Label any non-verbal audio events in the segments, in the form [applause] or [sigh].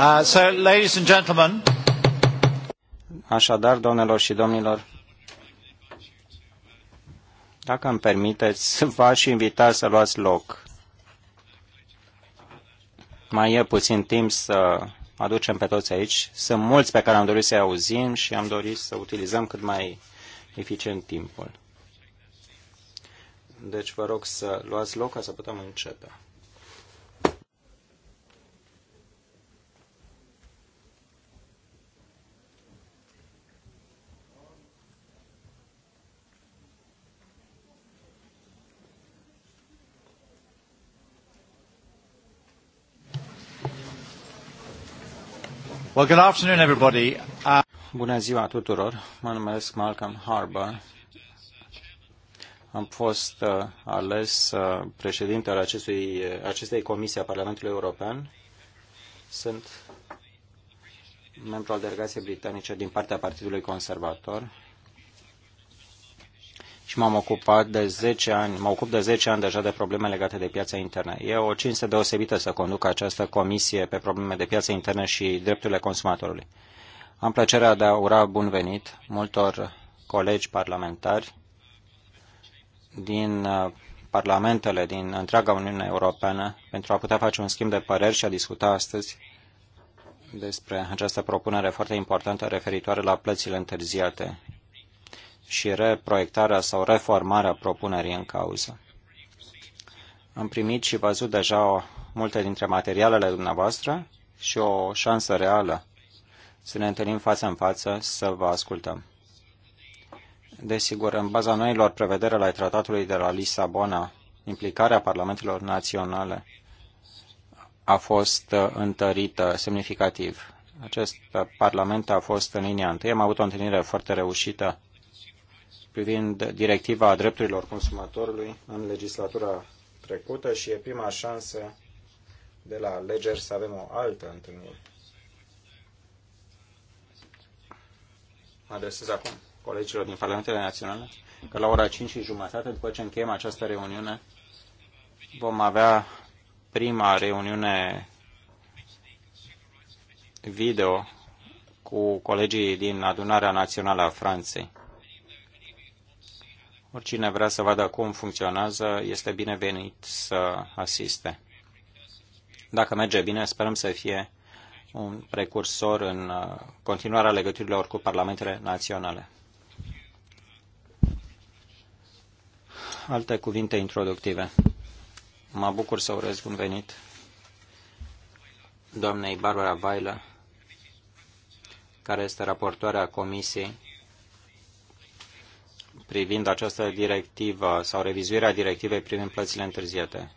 Uh, so, ladies and gentlemen. Așadar, doamnelor și domnilor, dacă îmi permiteți, [laughs] v-aș invita să luați loc. Mai e puțin timp să aducem pe toți aici. Sunt mulți pe care am dorit să-i auzim și am dorit să utilizăm cât mai eficient timpul. Deci vă rog să luați loc ca să putem începe. good afternoon, everybody. Uh, Bună ziua tuturor. Mă numesc Malcolm Harbour. Am fost uh, ales uh, președinte al acestui, acestei comisii a Parlamentului European. Sunt membru al delegației britanice din partea Partidului Conservator și m-am ocupat de 10 ani, mă ocup de 10 ani deja de probleme legate de piața internă. E o cinste deosebită să conduc această comisie pe probleme de piață internă și drepturile consumatorului. Am plăcerea de a ura bun venit multor colegi parlamentari din uh, parlamentele din întreaga Uniune Europeană pentru a putea face un schimb de păreri și a discuta astăzi despre această propunere foarte importantă referitoare la plățile întârziate și reproiectarea sau reformarea propunerii în cauză. Am primit și văzut deja multe dintre materialele dumneavoastră și o șansă reală să ne întâlnim față în față, să vă ascultăm. Desigur, în baza noilor prevedere ale tratatului de la Lisabona, implicarea parlamentelor naționale a fost uh, întărită semnificativ. Acest uh, parlament a fost în linia întâi. Am avut o întâlnire foarte reușită privind directiva drepturilor consumatorului în legislatura trecută și e prima șansă de la alegeri să avem o altă întâlnire. Mă adresez acum colegilor din Parlamentele Naționale că la ora 5 și jumătate, după ce încheiem această reuniune, vom avea prima reuniune video cu colegii din Adunarea Națională a Franței. Oricine vrea să vadă cum funcționează, este binevenit să asiste. Dacă merge bine, sperăm să fie un precursor în uh, continuarea legăturilor cu parlamentele naționale. Alte cuvinte introductive. Mă bucur să urez bun venit doamnei Barbara Vaila, care este raportoarea Comisiei privind această directivă sau revizuirea directivei privind plățile întârziate.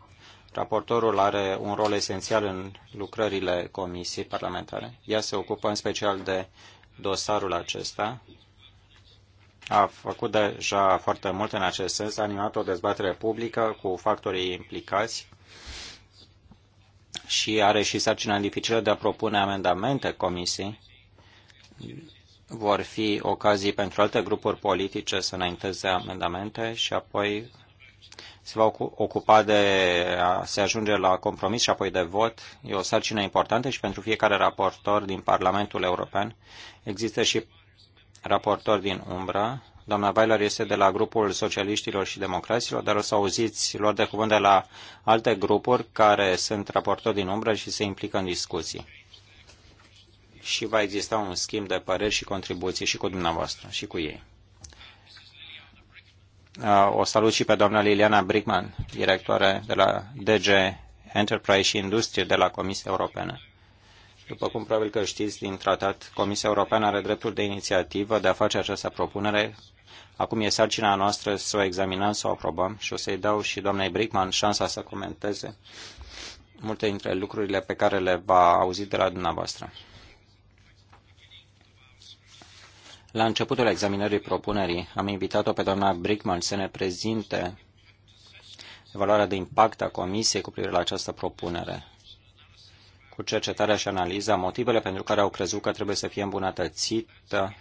Raportorul are un rol esențial în lucrările comisiei parlamentare. Ea se ocupă în special de dosarul acesta. A făcut deja foarte mult în acest sens, a animat o dezbatere publică cu factorii implicați și are și sarcina dificilă de a propune amendamente comisiei vor fi ocazii pentru alte grupuri politice să înainteze amendamente și apoi se va ocupa de a se ajunge la compromis și apoi de vot. E o sarcină importantă și pentru fiecare raportor din Parlamentul European există și raportor din umbra. Doamna Weiler este de la grupul socialiștilor și democraților, dar o să auziți lor de cuvânt de la alte grupuri care sunt raportori din umbră și se implică în discuții și va exista un schimb de păreri și contribuții și cu dumneavoastră și cu ei. Uh, o salut și pe doamna Liliana Brickman, directoare de la DG Enterprise și Industrie de la Comisia Europeană. După cum probabil că știți din tratat, Comisia Europeană are dreptul de inițiativă de a face această propunere. Acum e sarcina noastră să o examinăm, să o aprobăm și o să-i dau și doamnei Brickman șansa să comenteze multe dintre lucrurile pe care le va auzi de la dumneavoastră. La începutul examinării propunerii am invitat-o pe doamna Brickman să ne prezinte evaluarea de impact a Comisiei cu privire la această propunere, cu cercetarea și analiza motivele pentru care au crezut că trebuie să fie îmbunătățită.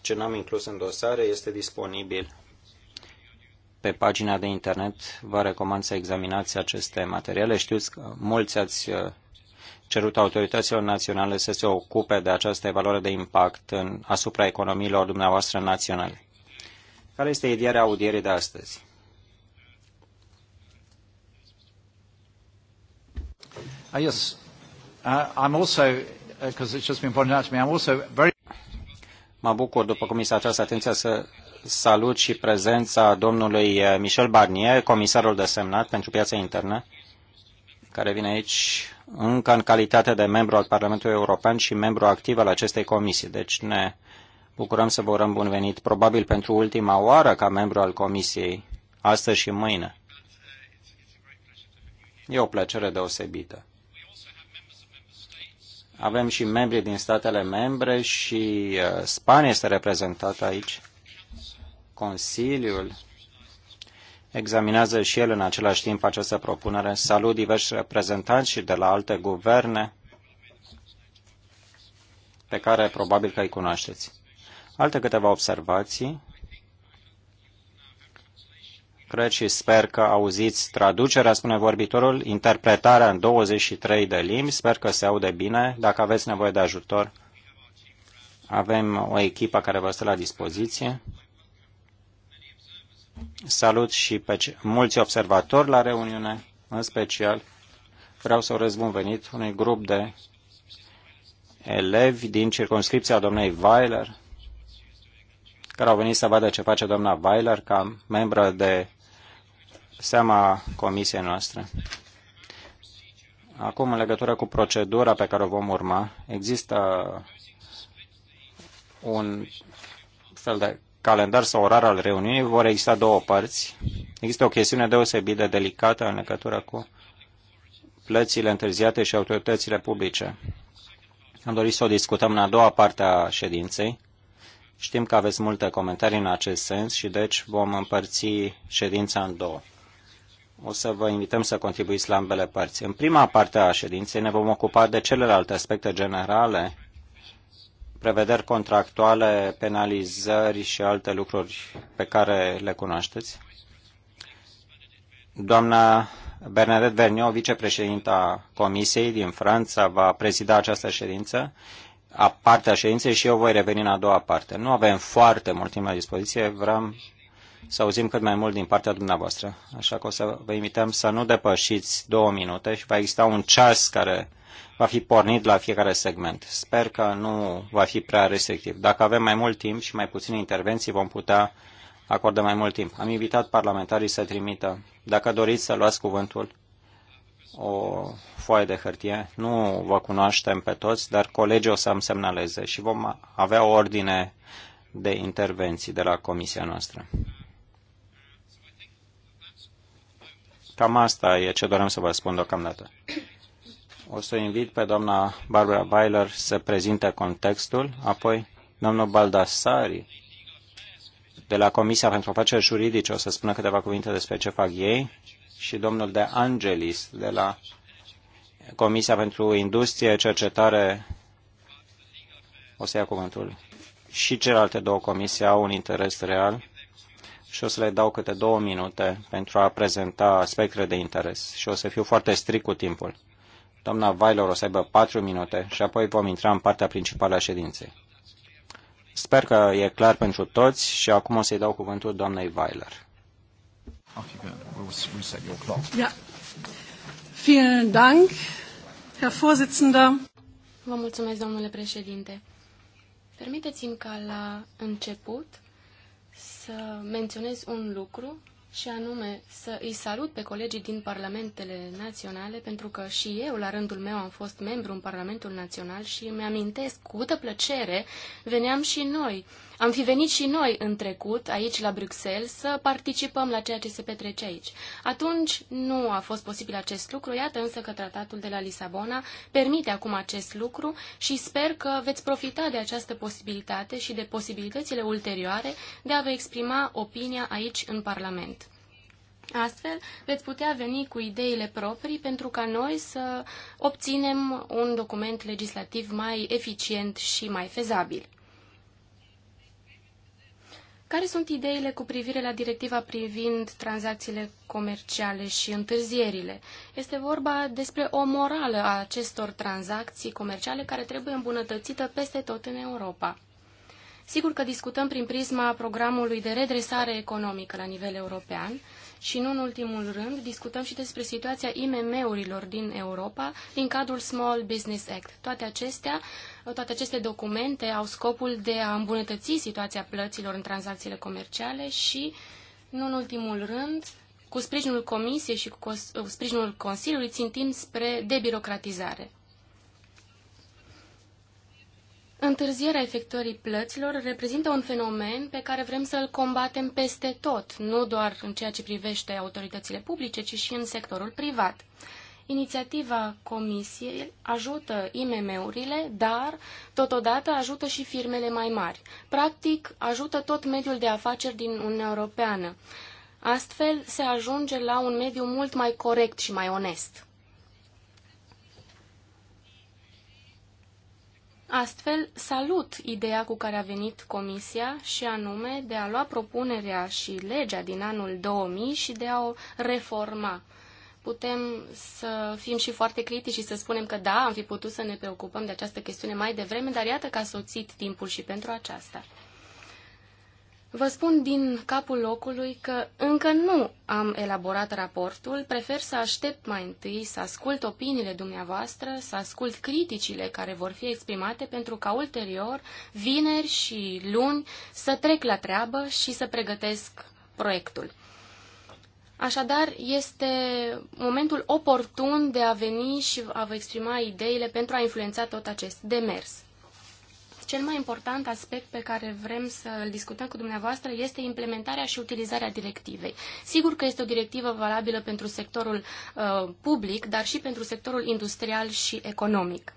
Ce n-am inclus în dosare este disponibil pe pagina de internet. Vă recomand să examinați aceste materiale. Știți că mulți ați cerut autorităților naționale să se ocupe de această evaluare de impact în, asupra economiilor dumneavoastră naționale. Care este ideea audierii de astăzi? Uh, yes. Uh, I'm also, because uh, it's just been pointed out to me, I'm also very... Mă bucur, după cum mi s-a atras atenția, să salut și prezența domnului uh, Michel Barnier, comisarul desemnat pentru piața internă, care vine aici încă în calitate de membru al Parlamentului European și membru activ al acestei comisii. Deci ne bucurăm să vă urăm bun venit, probabil pentru ultima oară ca membru al comisiei, astăzi și mâine. E o plăcere deosebită. Avem și membri din statele membre și uh, Spania este reprezentată aici. Consiliul examinează și el în același timp această propunere. Salut diversi reprezentanți și de la alte guverne pe care probabil că îi cunoașteți. Alte câteva observații. Cred și sper că auziți traducerea, spune vorbitorul, interpretarea în 23 de limbi. Sper că se aude bine. Dacă aveți nevoie de ajutor, avem o echipă care vă stă la dispoziție. Salut și pe mulți observatori la reuniune, în special vreau să urez bun venit unui grup de elevi din circunscripția domnei Weiler, care au venit să vadă ce face doamna Weiler ca membră de seama comisiei noastre. Acum, în legătură cu procedura pe care o vom urma, există un fel de calendar sau orar al reuniunii vor exista două părți. Există o chestiune deosebit de delicată în legătură cu plățile întârziate și autoritățile publice. Am dorit să o discutăm în a doua parte a ședinței. Știm că aveți multe comentarii în acest sens și deci vom împărți ședința în două. O să vă invităm să contribuiți la ambele părți. În prima parte a ședinței ne vom ocupa de celelalte aspecte generale prevederi contractuale, penalizări și alte lucruri pe care le cunoașteți. Doamna Bernadette Verniot, vicepreședinta Comisiei din Franța, va prezida această ședință, a partea ședinței și eu voi reveni în a doua parte. Nu avem foarte mult timp la dispoziție, vreau să auzim cât mai mult din partea dumneavoastră. Așa că o să vă invităm să nu depășiți două minute și va exista un ceas care va fi pornit la fiecare segment. Sper că nu va fi prea restrictiv. Dacă avem mai mult timp și mai puține intervenții, vom putea acorda mai mult timp. Am invitat parlamentarii să trimită, dacă doriți să luați cuvântul, o foaie de hârtie. Nu vă cunoaștem pe toți, dar colegii o să îmi semnaleze și vom avea o ordine de intervenții de la comisia noastră. Cam asta e ce doream să vă spun deocamdată. O să invit pe doamna Barbara Bailer să prezinte contextul, apoi domnul Baldassari de la Comisia pentru Afaceri Juridice o să spună câteva cuvinte despre ce fac ei și domnul De Angelis de la Comisia pentru Industrie, Cercetare, o să ia cuvântul. Și celelalte două comisii au un interes real și o să le dau câte două minute pentru a prezenta aspectele de interes și o să fiu foarte strict cu timpul. Doamna Vailor o să aibă patru minute și apoi vom intra în partea principală a ședinței. Sper că e clar pentru toți și acum o să-i dau cuvântul doamnei Weiler. Vă mulțumesc, domnule președinte. Permiteți-mi ca la început să menționez un lucru și anume să îi salut pe colegii din parlamentele naționale, pentru că și eu, la rândul meu, am fost membru în Parlamentul Național și îmi amintesc cu plăcere veneam și noi am fi venit și noi în trecut, aici la Bruxelles, să participăm la ceea ce se petrece aici. Atunci nu a fost posibil acest lucru, iată însă că tratatul de la Lisabona permite acum acest lucru și sper că veți profita de această posibilitate și de posibilitățile ulterioare de a vă exprima opinia aici în Parlament. Astfel, veți putea veni cu ideile proprii pentru ca noi să obținem un document legislativ mai eficient și mai fezabil. Care sunt ideile cu privire la directiva privind tranzacțiile comerciale și întârzierile? Este vorba despre o morală a acestor tranzacții comerciale care trebuie îmbunătățită peste tot în Europa. Sigur că discutăm prin prisma programului de redresare economică la nivel european și, nu în ultimul rând, discutăm și despre situația IMM-urilor din Europa din cadrul Small Business Act. Toate acestea toate aceste documente au scopul de a îmbunătăți situația plăților în tranzacțiile comerciale și, nu în ultimul rând, cu sprijinul Comisiei și cu sprijinul Consiliului țintim spre debirocratizare. Întârzierea efectuării plăților reprezintă un fenomen pe care vrem să-l combatem peste tot, nu doar în ceea ce privește autoritățile publice, ci și în sectorul privat. Inițiativa Comisiei ajută IMM-urile, dar totodată ajută și firmele mai mari. Practic, ajută tot mediul de afaceri din Uniunea Europeană. Astfel, se ajunge la un mediu mult mai corect și mai onest. Astfel, salut ideea cu care a venit Comisia și anume de a lua propunerea și legea din anul 2000 și de a o reforma putem să fim și foarte critici și să spunem că da, am fi putut să ne preocupăm de această chestiune mai devreme, dar iată că a soțit timpul și pentru aceasta. Vă spun din capul locului că încă nu am elaborat raportul, prefer să aștept mai întâi, să ascult opiniile dumneavoastră, să ascult criticile care vor fi exprimate pentru ca ulterior, vineri și luni, să trec la treabă și să pregătesc proiectul. Așadar, este momentul oportun de a veni și a vă exprima ideile pentru a influența tot acest demers. Cel mai important aspect pe care vrem să îl discutăm cu dumneavoastră este implementarea și utilizarea directivei. Sigur că este o directivă valabilă pentru sectorul uh, public, dar și pentru sectorul industrial și economic.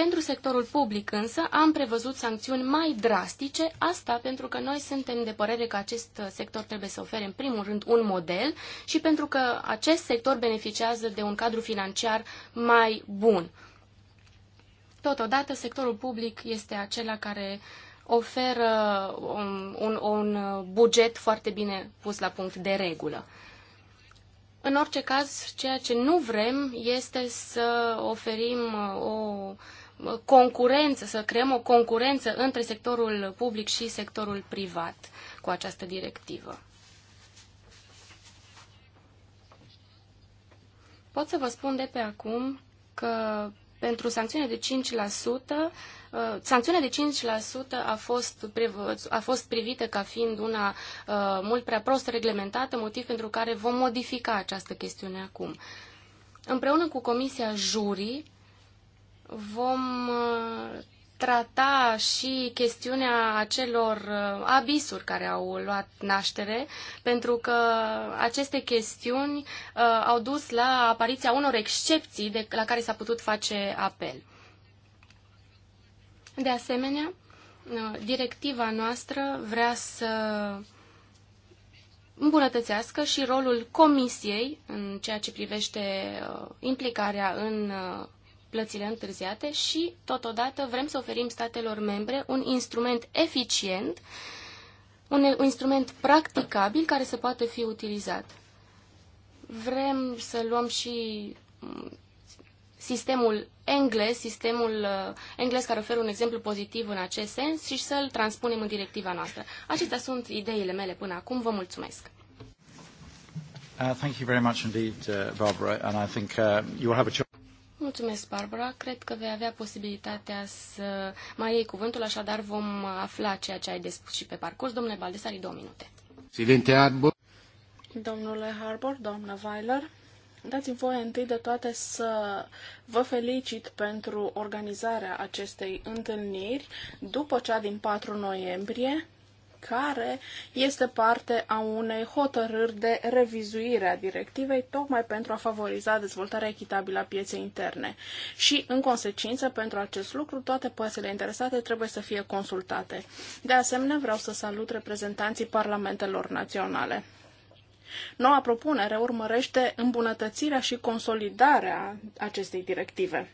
Pentru sectorul public însă am prevăzut sancțiuni mai drastice, asta pentru că noi suntem de părere că acest sector trebuie să ofere în primul rând un model și pentru că acest sector beneficiază de un cadru financiar mai bun. Totodată, sectorul public este acela care oferă un, un, un buget foarte bine pus la punct de regulă. În orice caz, ceea ce nu vrem este să oferim uh, o concurență, să creăm o concurență între sectorul public și sectorul privat cu această directivă. Pot să vă spun de pe acum că pentru sancțiune de 5%, uh, sancțiunea de 5% a fost, a fost privită ca fiind una uh, mult prea prost reglementată, motiv pentru care vom modifica această chestiune acum. Împreună cu Comisia Jurii, vom uh, trata și chestiunea acelor uh, abisuri care au luat naștere, pentru că aceste chestiuni uh, au dus la apariția unor excepții de, la care s-a putut face apel. De asemenea, directiva noastră vrea să îmbunătățească și rolul comisiei în ceea ce privește implicarea în plățile întârziate și, totodată, vrem să oferim statelor membre un instrument eficient, un instrument practicabil care să poată fi utilizat. Vrem să luăm și mm, sistemul englez, sistemul uh, englez care oferă un exemplu pozitiv în acest sens și să-l transpunem în directiva noastră. Acestea sunt ideile mele până acum. Vă mulțumesc! Uh, thank you very much indeed, uh, Barbara, and I think uh, you will have a Mulțumesc, Barbara. Cred că vei avea posibilitatea să mai iei cuvântul, așadar vom afla ceea ce ai de spus și pe parcurs. Domnule Baldesari, două minute. Silente Arbor. Domnule Harbor, doamnă Weiler, dați-mi voie întâi de toate să vă felicit pentru organizarea acestei întâlniri după cea din 4 noiembrie, care este parte a unei hotărâri de revizuire a directivei, tocmai pentru a favoriza dezvoltarea echitabilă a pieței interne. Și, în consecință, pentru acest lucru, toate părțile interesate trebuie să fie consultate. De asemenea, vreau să salut reprezentanții parlamentelor naționale. Noua propunere urmărește îmbunătățirea și consolidarea acestei directive.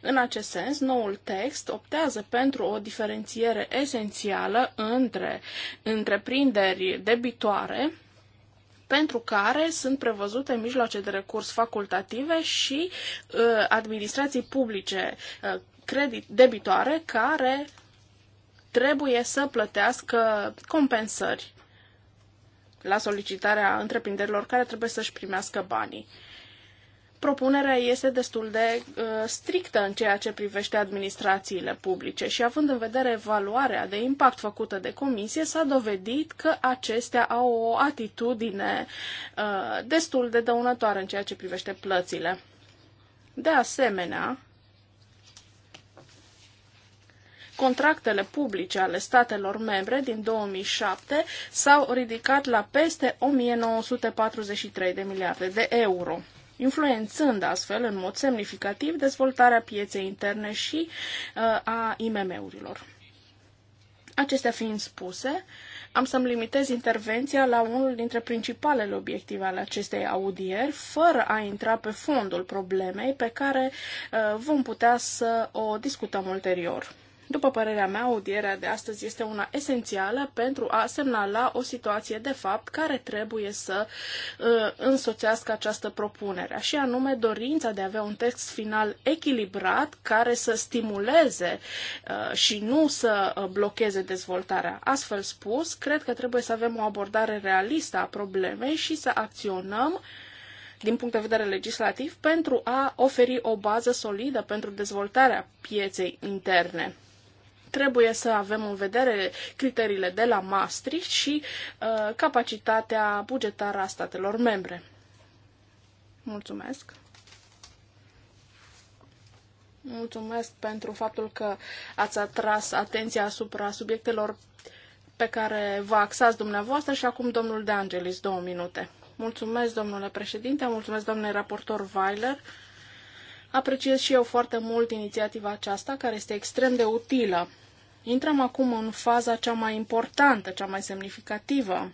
În acest sens, noul text optează pentru o diferențiere esențială între întreprinderi debitoare pentru care sunt prevăzute mijloace de recurs facultative și uh, administrații publice uh, credit debitoare care trebuie să plătească compensări la solicitarea întreprinderilor care trebuie să-și primească banii propunerea este destul de uh, strictă în ceea ce privește administrațiile publice și având în vedere evaluarea de impact făcută de comisie, s-a dovedit că acestea au o atitudine uh, destul de dăunătoare în ceea ce privește plățile. De asemenea, contractele publice ale statelor membre din 2007 s-au ridicat la peste 1943 de miliarde de euro influențând astfel în mod semnificativ dezvoltarea pieței interne și uh, a IMM-urilor. Acestea fiind spuse, am să-mi limitez intervenția la unul dintre principalele obiective ale acestei audieri, fără a intra pe fondul problemei pe care uh, vom putea să o discutăm ulterior. După părerea mea, audierea de astăzi este una esențială pentru a semnala o situație de fapt care trebuie să uh, însoțească această propunere, și anume dorința de a avea un text final echilibrat care să stimuleze uh, și nu să uh, blocheze dezvoltarea. Astfel spus, cred că trebuie să avem o abordare realistă a problemei și să acționăm din punct de vedere legislativ pentru a oferi o bază solidă pentru dezvoltarea pieței interne. Trebuie să avem în vedere criteriile de la Maastricht și uh, capacitatea bugetară a statelor membre. Mulțumesc! Mulțumesc pentru faptul că ați atras atenția asupra subiectelor pe care vă axați dumneavoastră și acum domnul De Angelis, două minute. Mulțumesc, domnule președinte, mulțumesc, domnule raportor Weiler. Apreciez și eu foarte mult inițiativa aceasta, care este extrem de utilă. Intrăm acum în faza cea mai importantă, cea mai semnificativă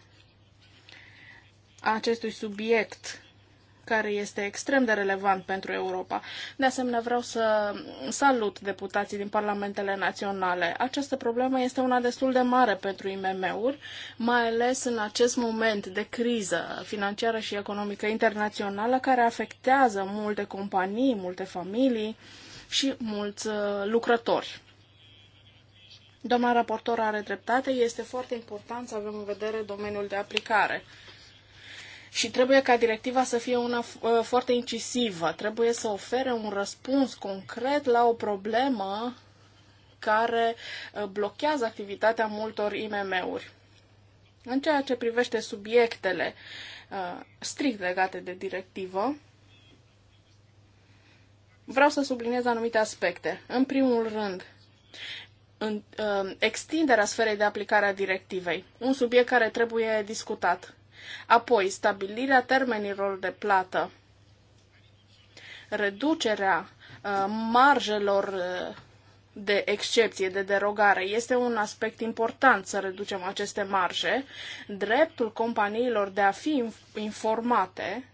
a acestui subiect care este extrem de relevant pentru Europa. De asemenea, vreau să salut deputații din parlamentele naționale. Această problemă este una destul de mare pentru IMM-uri, mai ales în acest moment de criză financiară și economică internațională care afectează multe companii, multe familii și mulți uh, lucrători. Doamna raportor are dreptate, este foarte important să avem în vedere domeniul de aplicare și trebuie ca directiva să fie una uh, foarte incisivă. Trebuie să ofere un răspuns concret la o problemă care uh, blochează activitatea multor IMM-uri. În ceea ce privește subiectele uh, strict legate de directivă, vreau să subliniez anumite aspecte. În primul rând, în, uh, extinderea sferei de aplicare a directivei, un subiect care trebuie discutat. Apoi, stabilirea termenilor de plată, reducerea uh, marjelor uh, de excepție, de derogare. Este un aspect important să reducem aceste marje. Dreptul companiilor de a fi informate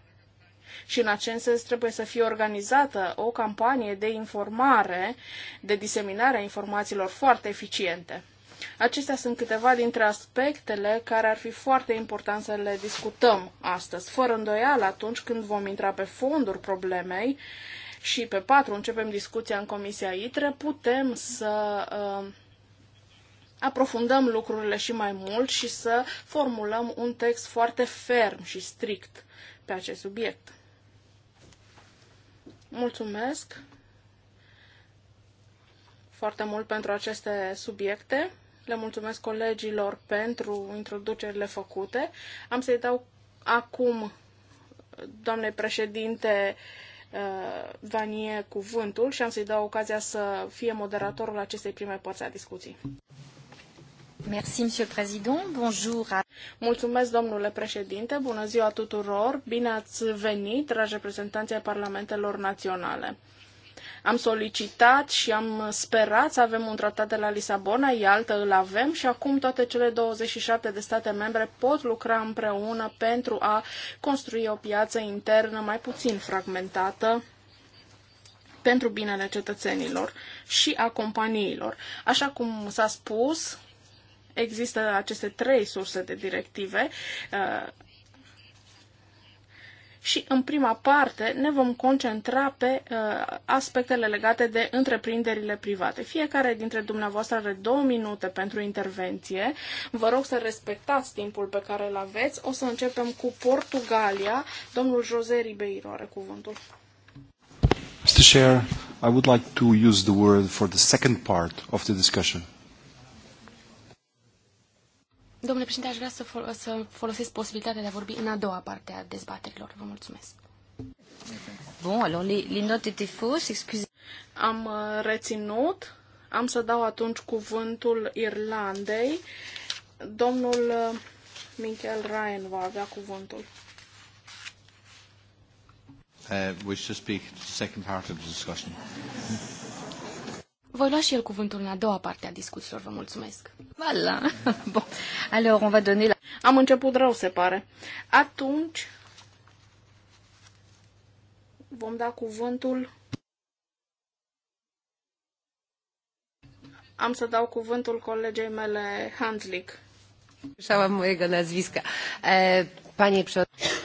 și în acest sens trebuie să fie organizată o campanie de informare, de diseminare a informațiilor foarte eficiente. Acestea sunt câteva dintre aspectele care ar fi foarte important să le discutăm astăzi, fără îndoială atunci când vom intra pe fondul problemei și pe patru începem discuția în Comisia ITRE, putem să uh, aprofundăm lucrurile și mai mult și să formulăm un text foarte ferm și strict pe acest subiect. Mulțumesc! foarte mult pentru aceste subiecte. Le mulțumesc colegilor pentru introducerile făcute. Am să-i dau acum, doamnei președinte, uh, Vanie cuvântul și am să-i dau ocazia să fie moderatorul acestei prime părți a discuției. Merci, Monsieur Président. Bonjour. Mulțumesc, domnule președinte. Bună ziua tuturor. Bine ați venit, dragi reprezentanții ai parlamentelor naționale. Am solicitat și am sperat să avem un tratat de la Lisabona, iată îl avem și acum toate cele 27 de state membre pot lucra împreună pentru a construi o piață internă mai puțin fragmentată pentru binele cetățenilor și a companiilor. Așa cum s-a spus, există aceste trei surse de directive uh, și în prima parte ne vom concentra pe uh, aspectele legate de întreprinderile private. Fiecare dintre dumneavoastră are două minute pentru intervenție. Vă rog să respectați timpul pe care îl aveți. O să începem cu Portugalia. Domnul José Ribeiro are cuvântul. Mr. Chair, I would like to use the word for the second part of the discussion. Domnule președinte, aș vrea să, fol să folosesc posibilitatea de a vorbi în a doua parte a dezbaterilor. Vă mulțumesc. Bun, alors les, les notes étaient fausses, excusez. Am uh, reținut, am să dau atunci cuvântul Irlandei. Domnul uh, Michael Ryan va avea cuvântul. Uh, we should speak to the second part of the discussion. Voi lua și el cuvântul în a doua parte a discuțiilor, vă mulțumesc. Voilà. [laughs] Bun. Alors, on va donner la... Am început rău, se pare. Atunci, vom da cuvântul... Am să dau cuvântul colegei mele, Hanslik. Așa am mojego nazwiska. E, panie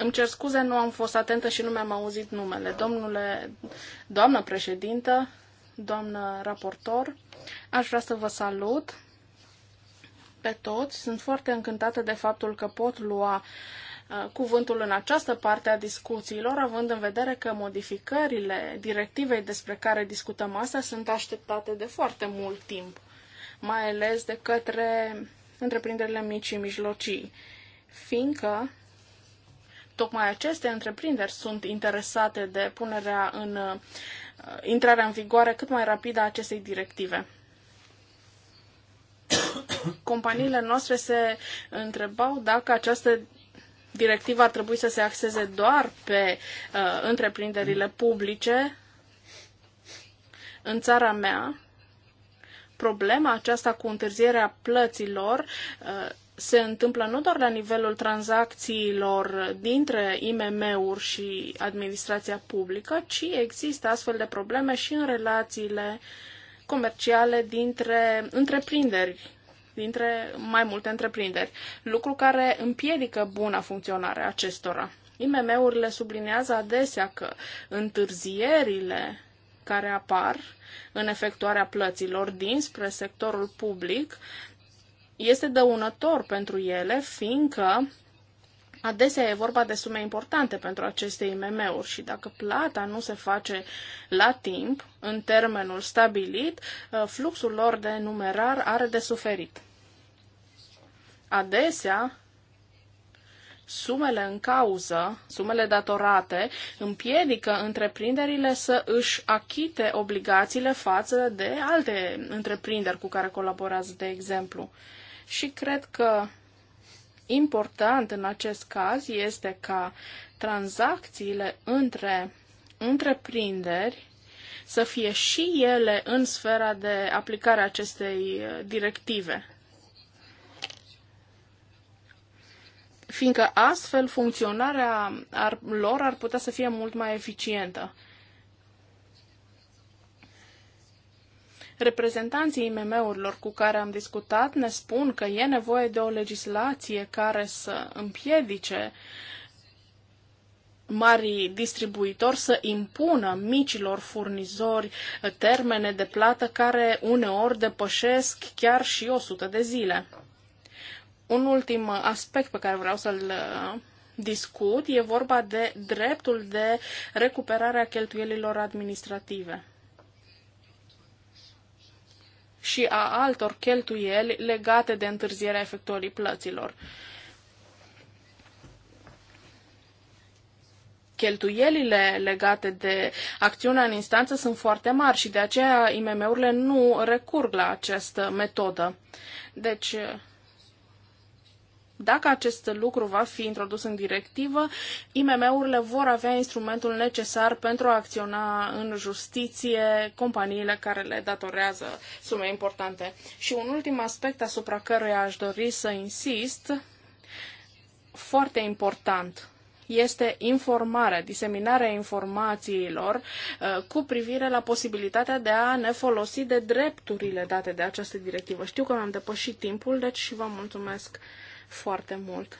Îmi cer scuze, nu am fost atentă și nu mi-am auzit numele. Domnule, doamnă președintă, doamnă raportor. Aș vrea să vă salut pe toți. Sunt foarte încântată de faptul că pot lua uh, cuvântul în această parte a discuțiilor, având în vedere că modificările directivei despre care discutăm astăzi sunt așteptate de foarte mult timp, mai ales de către întreprinderile mici și mijlocii, fiindcă tocmai aceste întreprinderi sunt interesate de punerea în intrarea în vigoare cât mai rapidă a acestei directive. [coughs] Companiile noastre se întrebau dacă această directivă ar trebui să se axeze doar pe uh, întreprinderile publice. În țara mea, problema aceasta cu întârzierea plăților uh, se întâmplă nu doar la nivelul tranzacțiilor dintre IMM-uri și administrația publică, ci există astfel de probleme și în relațiile comerciale dintre întreprinderi, dintre mai multe întreprinderi, lucru care împiedică buna funcționare acestora. IMM-urile sublinează adesea că întârzierile care apar în efectuarea plăților dinspre sectorul public este dăunător pentru ele, fiindcă Adesea e vorba de sume importante pentru aceste IMM-uri și dacă plata nu se face la timp, în termenul stabilit, uh, fluxul lor de numerar are de suferit. Adesea, sumele în cauză, sumele datorate, împiedică întreprinderile să își achite obligațiile față de alte întreprinderi cu care colaborează, de exemplu și cred că important în acest caz este ca tranzacțiile între întreprinderi să fie și ele în sfera de aplicare a acestei uh, directive. Fiindcă astfel funcționarea lor ar putea să fie mult mai eficientă. Reprezentanții IMM-urilor cu care am discutat ne spun că e nevoie de o legislație care să împiedice mari distribuitori să impună micilor furnizori termene de plată care uneori depășesc chiar și 100 de zile. Un ultim aspect pe care vreau să-l uh, discut e vorba de dreptul de recuperare a cheltuielilor administrative și a altor cheltuieli legate de întârzierea efectuării plăților. cheltuielile legate de acțiunea în instanță sunt foarte mari și de aceea IMM-urile nu recurg la această metodă. Deci, dacă acest lucru va fi introdus în directivă, IMM-urile vor avea instrumentul necesar pentru a acționa în justiție companiile care le datorează sume importante. Și un ultim aspect asupra căruia aș dori să insist, foarte important, este informarea, diseminarea informațiilor uh, cu privire la posibilitatea de a ne folosi de drepturile date de această directivă. Știu că am depășit timpul, deci și vă mulțumesc foarte mult.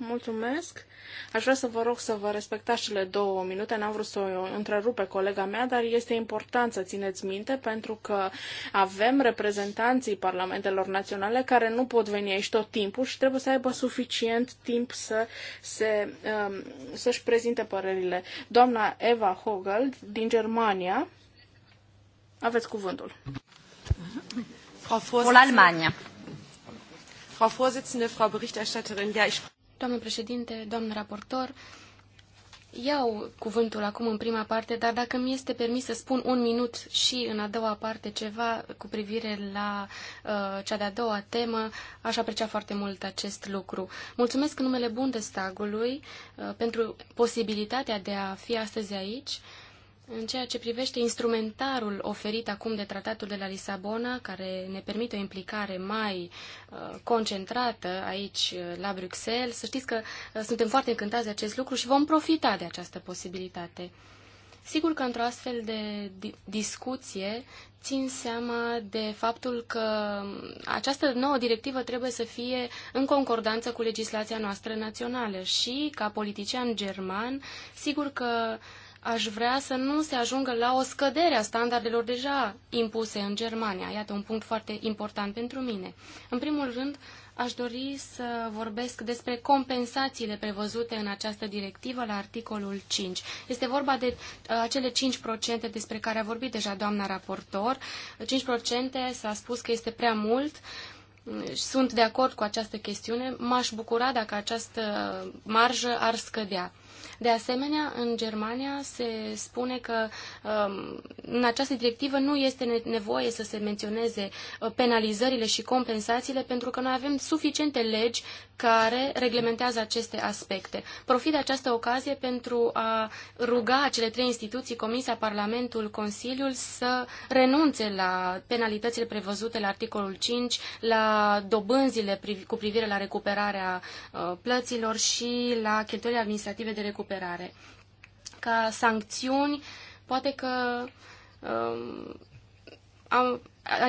Mulțumesc. Aș vrea să vă rog să vă respectați cele două minute. N-am vrut să o întrerup pe colega mea, dar este important să țineți minte pentru că avem reprezentanții parlamentelor naționale care nu pot veni aici tot timpul și trebuie să aibă suficient timp să se, um, să-și prezinte părerile. Doamna Eva Hogel din Germania, aveți cuvântul. Frau Vorsitzende, Frau Vorsitzende, Frau Berichterstatterin, ja, ich... Doamnă președinte, doamnă raportor, iau cuvântul acum în prima parte, dar dacă mi este permis să spun un minut și în a doua parte ceva cu privire la uh, cea de-a doua temă, aș aprecia foarte mult acest lucru. Mulțumesc în numele Bundestagului uh, pentru posibilitatea de a fi astăzi aici. Uh, în ceea ce privește instrumentarul oferit acum de tratatul de la Lisabona, care ne permite o implicare mai uh, concentrată aici uh, la Bruxelles, să știți că uh, suntem foarte încântați de acest lucru și vom profita de această posibilitate. Sigur că într-o astfel de discuție țin seama de faptul că um, această nouă directivă trebuie să fie în concordanță cu legislația noastră națională și, ca politician german, sigur că uh, aș vrea să nu se ajungă la o scădere a standardelor deja impuse în Germania. Iată un punct foarte important pentru mine. În primul rând, aș dori să vorbesc despre compensațiile prevăzute în această directivă la articolul 5. Este vorba de uh, acele 5% despre care a vorbit deja doamna raportor. 5% s-a spus că este prea mult. Sunt de acord cu această chestiune. M-aș bucura dacă această marjă ar scădea. De asemenea, în Germania se spune că um, în această directivă nu este nevoie să se menționeze uh, penalizările și compensațiile, pentru că noi avem suficiente legi care reglementează aceste aspecte. Profit de această ocazie pentru a ruga cele trei instituții, Comisia, Parlamentul, Consiliul, să renunțe la penalitățile prevăzute la articolul 5, la dobânzile cu privire la recuperarea uh, plăților și la cheltuielile administrative de recuperare. Ca sancțiuni, poate că um, am,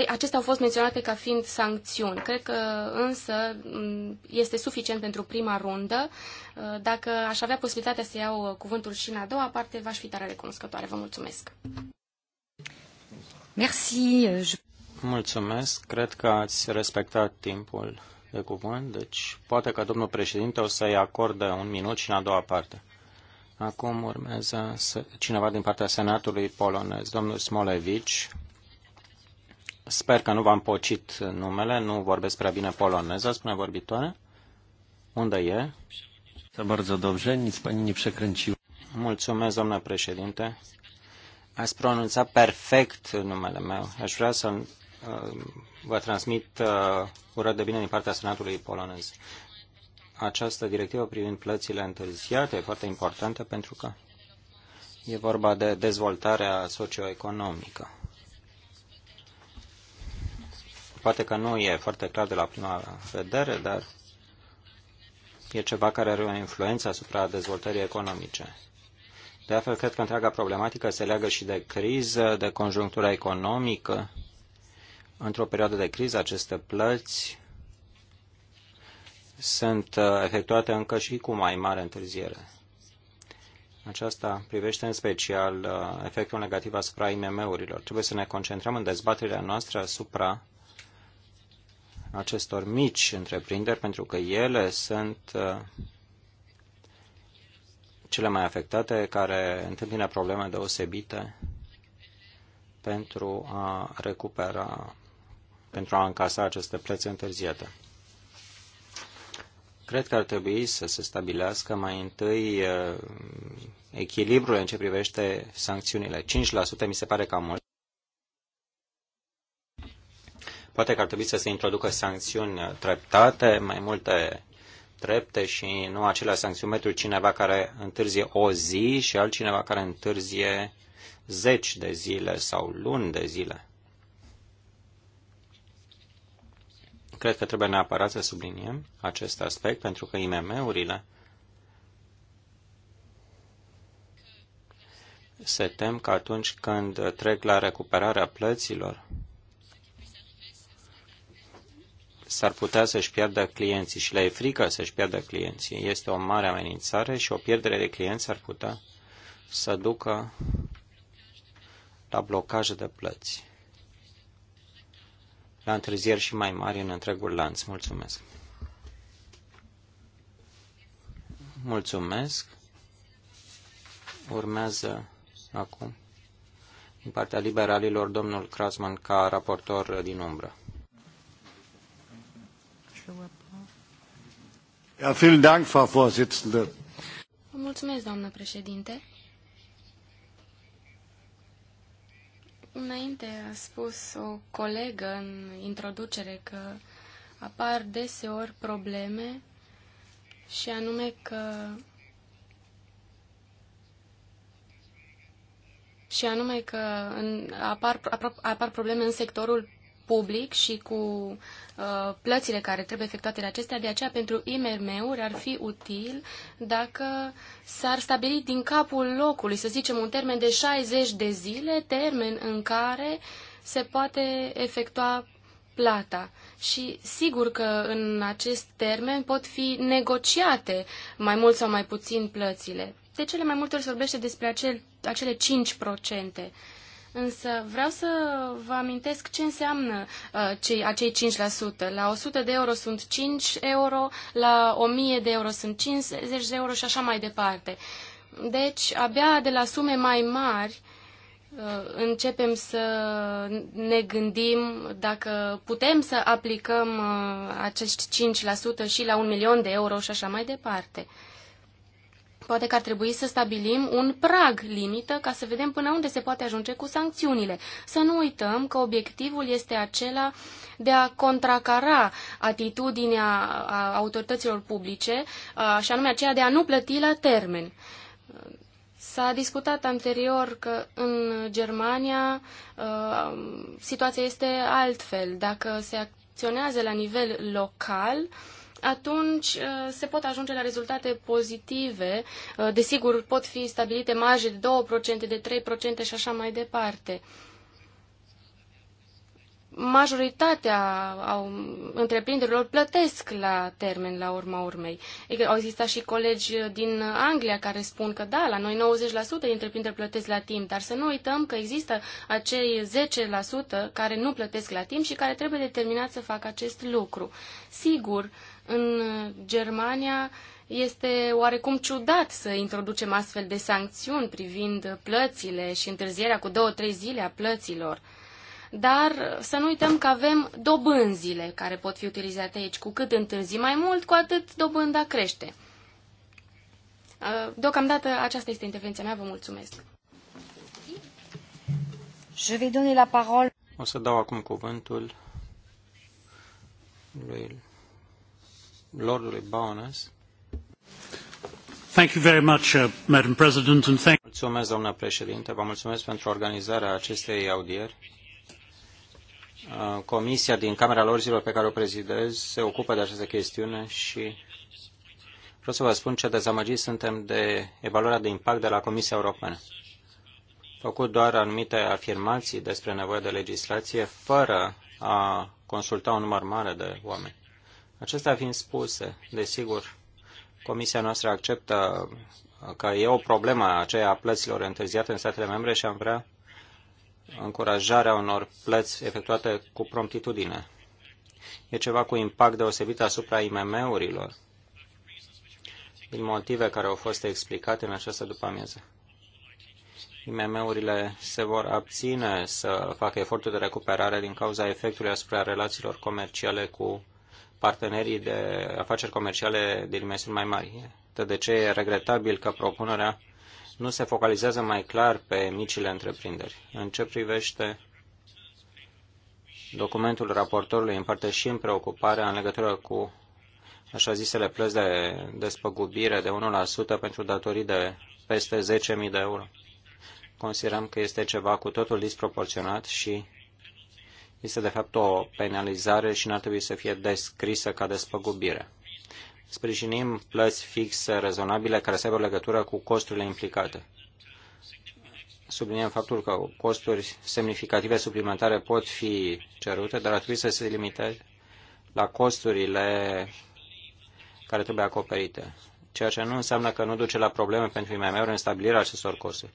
acestea au fost menționate ca fiind sancțiuni. Cred că însă um, este suficient pentru prima rundă. Uh, dacă aș avea posibilitatea să iau uh, cuvântul și în a doua parte, v-aș fi tare recunoscătoare. Vă mulțumesc. Merci. Euh, mulțumesc. Cred că ați respectat timpul de cuvânt, deci poate că domnul președinte o să-i acorde un minut și în a doua parte. Acum urmează cineva din partea Senatului polonez, domnul Smolevici. Sper că nu v-am pocit numele, nu vorbesc prea bine poloneză, spune vorbitoare. Unde e? Să bardzo dobrze, nic pani nie przekręciła. Mulțumesc, domnule președinte. Ați pronunțat perfect numele meu. Aș vrea să uh, vă transmit uh, urări de bine din partea Senatului polonez această directivă privind plățile întârziate e foarte importantă pentru că e vorba de dezvoltarea socioeconomică. Poate că nu e foarte clar de la prima vedere, dar e ceva care are o influență asupra dezvoltării economice. De altfel, cred că întreaga problematică se leagă și de criză, de conjunctura economică. Într-o perioadă de criză, aceste plăți sunt uh, efectuate încă și cu mai mare întârziere. Aceasta privește în special uh, efectul negativ asupra IMM-urilor. Trebuie să ne concentrăm în dezbaterea noastră asupra acestor mici întreprinderi, pentru că ele sunt uh, cele mai afectate, care întâmpină probleme deosebite pentru a recupera, pentru a încasa aceste plăți întârziate. Cred că ar trebui să se stabilească mai întâi uh, echilibrul în ce privește sancțiunile. 5% mi se pare cam mult. Poate că ar trebui să se introducă sancțiuni treptate, mai multe trepte și nu acelea sancțiuni pentru cineva care întârzie o zi și altcineva care întârzie zeci de zile sau luni de zile. Cred că trebuie neapărat să subliniem acest aspect, pentru că IMM-urile se tem că atunci când trec la recuperarea plăților, s-ar putea să-și piardă clienții și le e frică să-și piardă clienții. Este o mare amenințare și o pierdere de clienți ar putea să ducă la blocaje de plăți la întârzieri și mai mari în întregul lanț. Mulțumesc! Mulțumesc! Urmează acum din partea liberalilor domnul Krasman ca raportor din umbră. Mulțumesc, doamnă președinte. Înainte a spus o colegă în introducere că apar deseori probleme și anume că și anume că în, apar, apar probleme în sectorul public și cu uh, plățile care trebuie efectuate la acestea. De aceea, pentru IMM-uri ar fi util dacă s-ar stabili din capul locului, să zicem, un termen de 60 de zile, termen în care se poate efectua plata. Și sigur că în acest termen pot fi negociate mai mult sau mai puțin plățile. De cele mai multe ori se vorbește despre acel, acele 5%. Însă vreau să vă amintesc ce înseamnă uh, cei, acei 5%. La 100 de euro sunt 5 euro, la 1000 de euro sunt 50 de euro și așa mai departe. Deci, abia de la sume mai mari uh, începem să ne gândim dacă putem să aplicăm uh, acești 5% și la un milion de euro și așa mai departe. Poate că ar trebui să stabilim un prag limită ca să vedem până unde se poate ajunge cu sancțiunile. Să nu uităm că obiectivul este acela de a contracara atitudinea autorităților publice, și anume aceea de a nu plăti la termen. S-a discutat anterior că în Germania situația este altfel. Dacă se acționează la nivel local, uh, atunci uh, se pot ajunge la rezultate pozitive. Uh, desigur, pot fi stabilite marje de 2%, de 3% și așa mai departe. Majoritatea au, întreprinderilor plătesc la termen, la urma urmei. Adică au existat și colegi din Anglia care spun că da, la noi 90% întreprinderi plătesc la timp, dar să nu uităm că există acei 10% care nu plătesc la timp și care trebuie determinat să facă acest lucru. Sigur, uh, în Germania este oarecum ciudat să introducem astfel de sancțiuni privind plățile și întârzierea cu două-trei zile a plăților. Dar să nu uităm că avem dobânzile care pot fi utilizate aici. Cu cât întârzi mai mult, cu atât dobânda crește. Uh, deocamdată aceasta este intervenția mea. Vă mulțumesc. Je vais donner la parole. O să dau acum cuvântul lui Lordului Thank you very much, uh, Madam President, and thank Mulțumesc, doamnă președinte. Vă mulțumesc pentru organizarea acestei audieri. Uh, comisia din Camera Lorzilor pe care o prezidez se ocupă de această chestiune și vreau să vă spun ce dezamăgiți suntem de evaluarea de impact de la Comisia Europeană. Făcut doar anumite afirmații despre nevoia de legislație fără a consulta un număr mare de oameni. Acestea fiind spuse, desigur, Comisia noastră acceptă că e o problemă aceea a plăților întârziate în statele membre și am vrea încurajarea unor plăți efectuate cu promptitudine. E ceva cu impact deosebit asupra IMM-urilor, din motive care au fost explicate în această după-amiază. IMM-urile se vor abține să facă efortul de recuperare din cauza efectului asupra relațiilor comerciale cu partenerii de afaceri comerciale de dimensiuni mai mari. De ce e regretabil că propunerea nu se focalizează mai clar pe micile întreprinderi. În ce privește documentul raportorului, în preocuparea în legătură cu așa zisele plăți de despăgubire de 1% pentru datorii de peste 10.000 de euro. Considerăm că este ceva cu totul disproporționat și este de fapt o penalizare și n-ar trebui să fie descrisă ca despăgubire. Sprijinim plăți fixe rezonabile care să aibă legătură cu costurile implicate. Subliniem faptul că costuri semnificative suplimentare pot fi cerute, dar ar trebui să se limiteze la costurile care trebuie acoperite, ceea ce nu înseamnă că nu duce la probleme pentru IMM-uri în stabilirea acestor costuri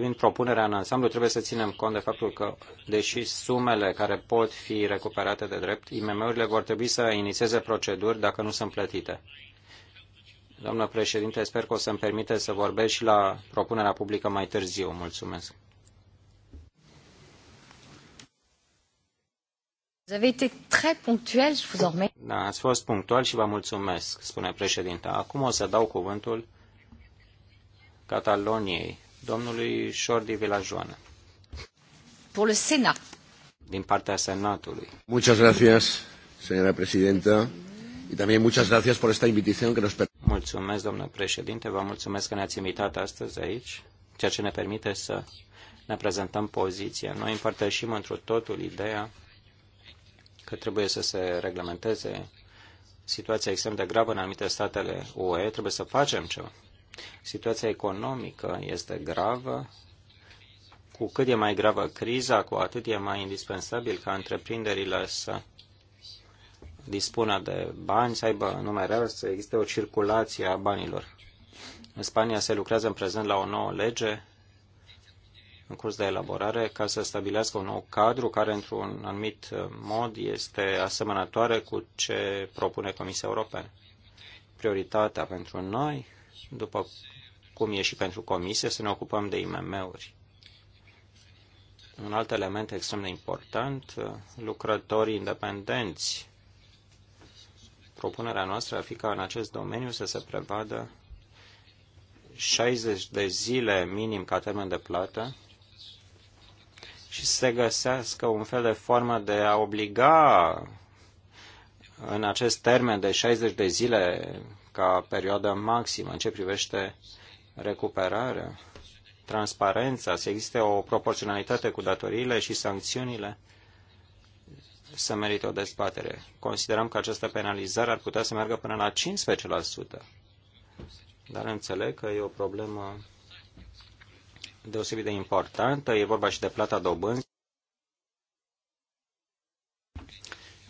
privind propunerea în ansamblu, trebuie să ținem cont de faptul că, deși sumele care pot fi recuperate de drept, IMM-urile vor trebui să inițieze proceduri dacă nu sunt plătite. Doamnă președinte, sper că o să-mi permite să vorbesc și la propunerea publică mai târziu. Mulțumesc. Da, ați fost punctual și vă mulțumesc, spune președinta. Acum o să dau cuvântul Cataloniei domnului Jordi Vilajoană. Pour le Senat. Din partea Senatului. Muchas gracias, señora presidenta. Y también muchas gracias por esta invitación que nos Mulțumesc, domnule președinte, vă mulțumesc că ne-ați invitat astăzi aici, ceea ce ne permite să ne prezentăm poziția. Noi împărtășim într totul ideea că trebuie să se reglementeze situația extrem de gravă în anumite statele UE, trebuie să facem ceva. Situația economică este gravă. Cu cât e mai gravă criza, cu atât e mai indispensabil ca întreprinderile să dispună de bani, să aibă numere, să existe o circulație a banilor. În Spania se lucrează în prezent la o nouă lege în curs de elaborare ca să stabilească un nou cadru care, într-un anumit mod, este asemănătoare cu ce propune Comisia Europeană. Prioritatea pentru noi după cum e și pentru comisie, să ne ocupăm de IMM-uri. Un alt element extrem de important, lucrătorii independenți. Propunerea noastră ar fi ca în acest domeniu să se prevadă 60 de zile minim ca termen de plată și să se găsească un fel de formă de a obliga în acest termen de 60 de zile ca perioadă maximă în ce privește recuperarea, transparența, să existe o proporționalitate cu datoriile și sancțiunile, să merită o dezbatere. Considerăm că această penalizare ar putea să meargă până la 15%. Dar înțeleg că e o problemă deosebit de importantă. E vorba și de plata dobânzii.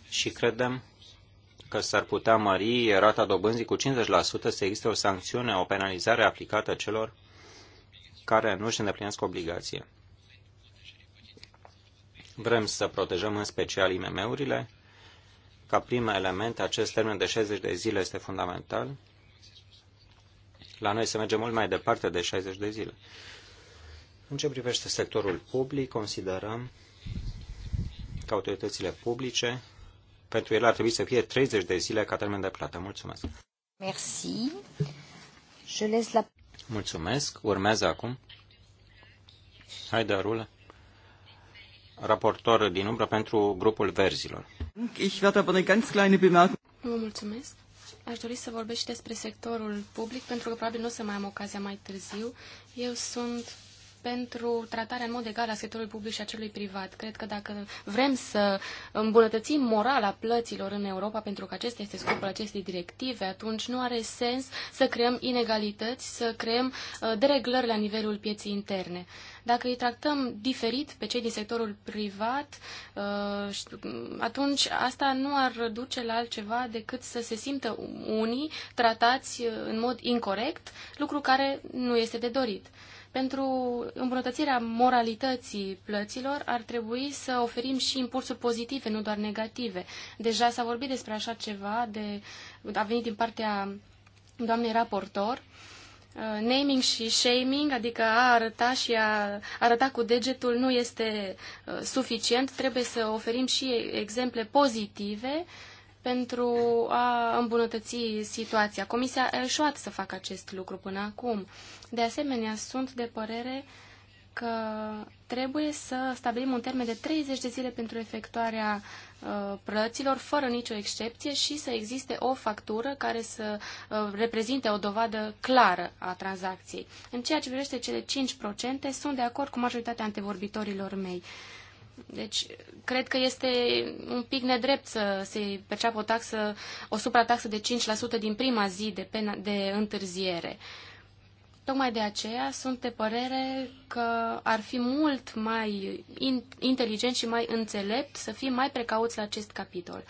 Și credem că s-ar putea mări rata dobânzii cu 50%, să existe o sancțiune, o penalizare aplicată celor care nu își îndeplinesc obligație. Vrem să protejăm în special IMM-urile. Ca prim element, acest termen de 60 de zile este fundamental. La noi se merge mult mai departe de 60 de zile. În ce privește sectorul public, considerăm că autoritățile publice pentru el ar trebui să fie 30 de zile ca termen de plată. Mulțumesc. Merci. Je laisse la... Mulțumesc. Urmează acum. Hai de Arulă. Raportor din umbră pentru grupul verzilor. Ich werde aber eine ganz kleine Bemerkung. Vă mulțumesc. Aș dori să vorbesc și despre sectorul public, pentru că probabil nu o să mai am ocazia mai târziu. Eu sunt pentru tratarea în mod egal a sectorului public și a celui privat. Cred că dacă vrem să îmbunătățim morala plăților în Europa, pentru că acesta este scopul acestei directive, atunci nu are sens să creăm inegalități, să creăm uh, dereglări la nivelul pieții interne. Dacă îi tratăm diferit pe cei din sectorul privat, uh, atunci asta nu ar duce la altceva decât să se simtă unii tratați uh, în mod incorrect, lucru care nu este de dorit. Pentru îmbunătățirea moralității plăților ar trebui să oferim și impulsuri pozitive, nu doar negative. Deja s-a vorbit despre așa ceva, de, a venit din partea doamnei raportor, uh, naming și shaming, adică a arăta și a arăta cu degetul nu este uh, suficient, trebuie să oferim și exemple pozitive uh, pentru a îmbunătăți situația. Comisia a eșuat să facă acest lucru până acum. De asemenea, sunt de părere că trebuie să stabilim un termen de 30 de zile pentru efectuarea uh, plăților, fără nicio excepție, și să existe o factură care să uh, reprezinte o dovadă clară a tranzacției. În ceea ce privește cele 5%, sunt de acord cu majoritatea antevorbitorilor mei. Deci, cred că este un pic nedrept să se perceapă o taxă, o suprataxă de 5% din prima zi de, pena, de întârziere. Tocmai de aceea sunt de părere că ar fi mult mai in, inteligent și mai înțelept să fim mai precauți la acest capitol.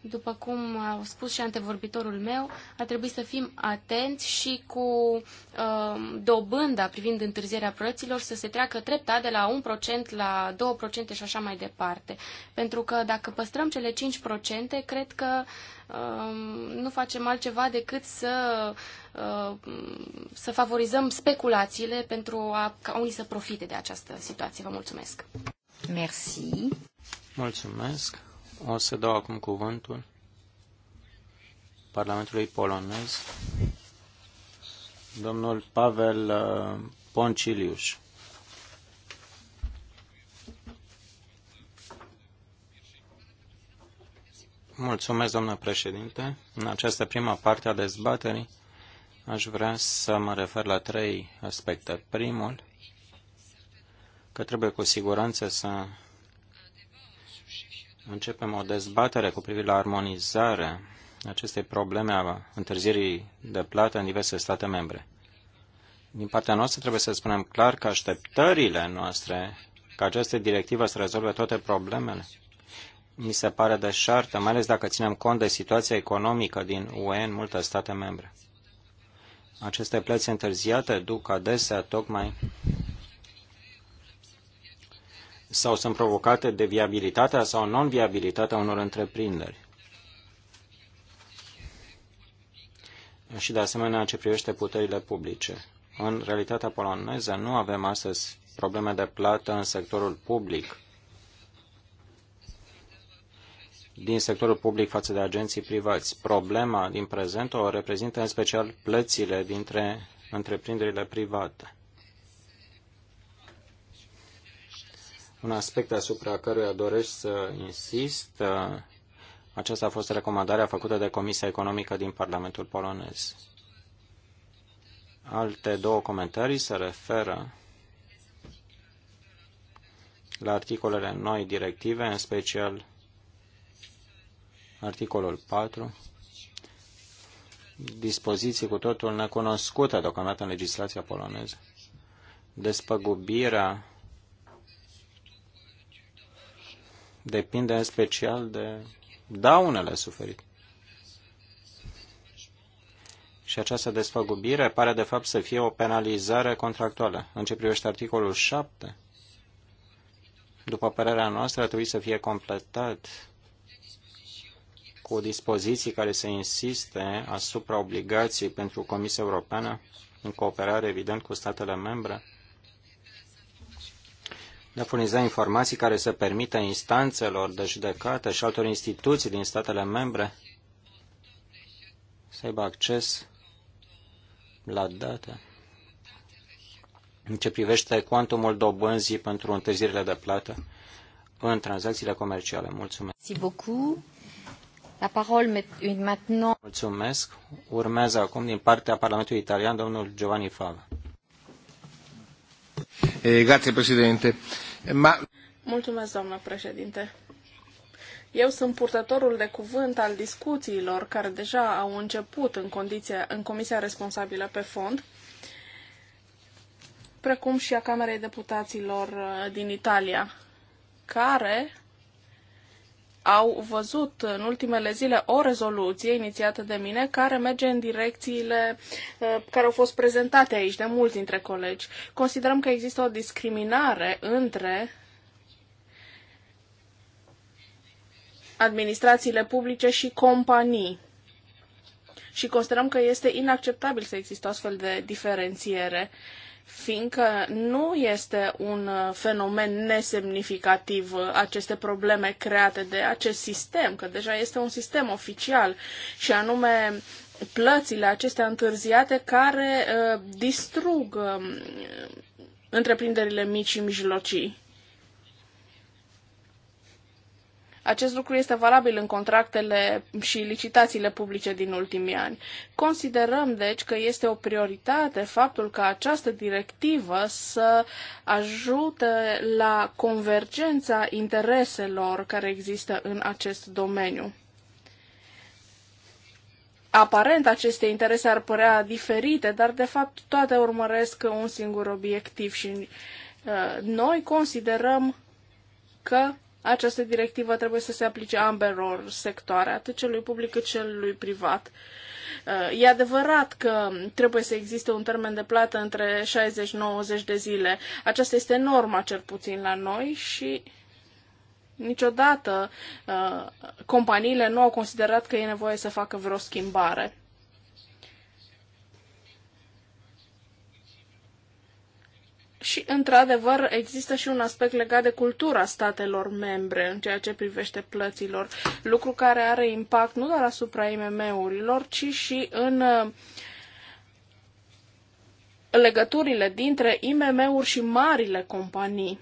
După cum a spus și antevorbitorul meu, ar trebui să fim atenți și cu uh, dobânda privind întârzierea proiecților să se treacă treptat de la 1% la 2% și așa mai departe. Pentru că dacă păstrăm cele 5%, cred că uh, nu facem altceva decât să uh, să favorizăm speculațiile pentru a, ca unii să profite de această situație. Vă mulțumesc! Merci! Mulțumesc! O să dau acum cuvântul Parlamentului polonez, domnul Pavel uh, Ponciliuș. Mulțumesc, domnule președinte. În această prima parte a dezbaterii aș vrea să mă refer la trei aspecte. Primul, că trebuie cu siguranță să începem o dezbatere cu privire la armonizare acestei probleme a întârzierii de plată în diverse state membre. Din partea noastră trebuie să spunem clar că așteptările noastre ca această directivă să rezolve toate problemele mi se pare de șartă, mai ales dacă ținem cont de situația economică din UE în multe state membre. Aceste plăți întârziate duc adesea tocmai sau sunt provocate de viabilitatea sau non-viabilitatea unor întreprinderi. Și de asemenea ce privește puterile publice. În realitatea poloneză nu avem astăzi probleme de plată în sectorul public, din sectorul public față de agenții privați. Problema din prezent o reprezintă în special plățile dintre întreprinderile private. Un aspect asupra căruia doresc să insist, aceasta a fost recomandarea făcută de Comisia Economică din Parlamentul polonez. Alte două comentarii se referă la articolele noi directive, în special articolul 4, dispoziții cu totul necunoscute deocamdată în legislația poloneză, despăgubirea depinde în special de daunele suferite. Și această desfăgubire pare de fapt să fie o penalizare contractuală. În ce privește articolul 7, după părerea noastră, ar trebui să fie completat cu dispoziții care să insiste asupra obligației pentru Comisia Europeană, în cooperare evident cu statele membre, de a furniza informații care să permită instanțelor de judecată și altor instituții din statele membre să aibă acces la date. În ce privește cuantumul dobânzii pentru întârzierile de plată în tranzacțiile comerciale. Mulțumesc. La parole maintenant. Mulțumesc. Urmează acum din partea Parlamentului Italian domnul Giovanni Fava. Eh, grazie Presidente. Ma... Mulțumesc, doamnă președinte. Eu sunt purtătorul de cuvânt al discuțiilor care deja au început în, condiția, în comisia responsabilă pe fond, precum și a Camerei Deputaților uh, din Italia, care au văzut în ultimele zile o rezoluție inițiată de mine care merge în direcțiile uh, care au fost prezentate aici de mulți dintre colegi. Considerăm că există o discriminare între administrațiile publice și companii. Și considerăm că este inacceptabil să există astfel de diferențiere. Uh, fiindcă nu este un uh, fenomen nesemnificativ uh, aceste probleme create de acest sistem, că deja este un sistem oficial și anume plățile acestea întârziate care uh, distrug uh, întreprinderile mici și mijlocii. Acest lucru este valabil în contractele și licitațiile publice din ultimii ani. Considerăm, deci, că este o prioritate faptul ca această directivă să ajute la convergența intereselor care există în acest domeniu. Aparent, aceste interese ar părea diferite, dar, de fapt, toate urmăresc un singur obiectiv și uh, noi considerăm că această directivă trebuie să se aplice ambelor sectoare, atât celui public cât celui privat. Uh, e adevărat că trebuie să existe un termen de plată între 60-90 de zile. Aceasta este norma, cel puțin la noi, și niciodată uh, companiile nu au considerat că e nevoie să facă vreo schimbare. Și, într-adevăr, există și un aspect legat de cultura statelor membre în ceea ce privește plăților, lucru care are impact nu doar asupra IMM-urilor, ci și în uh, legăturile dintre IMM-uri și marile companii.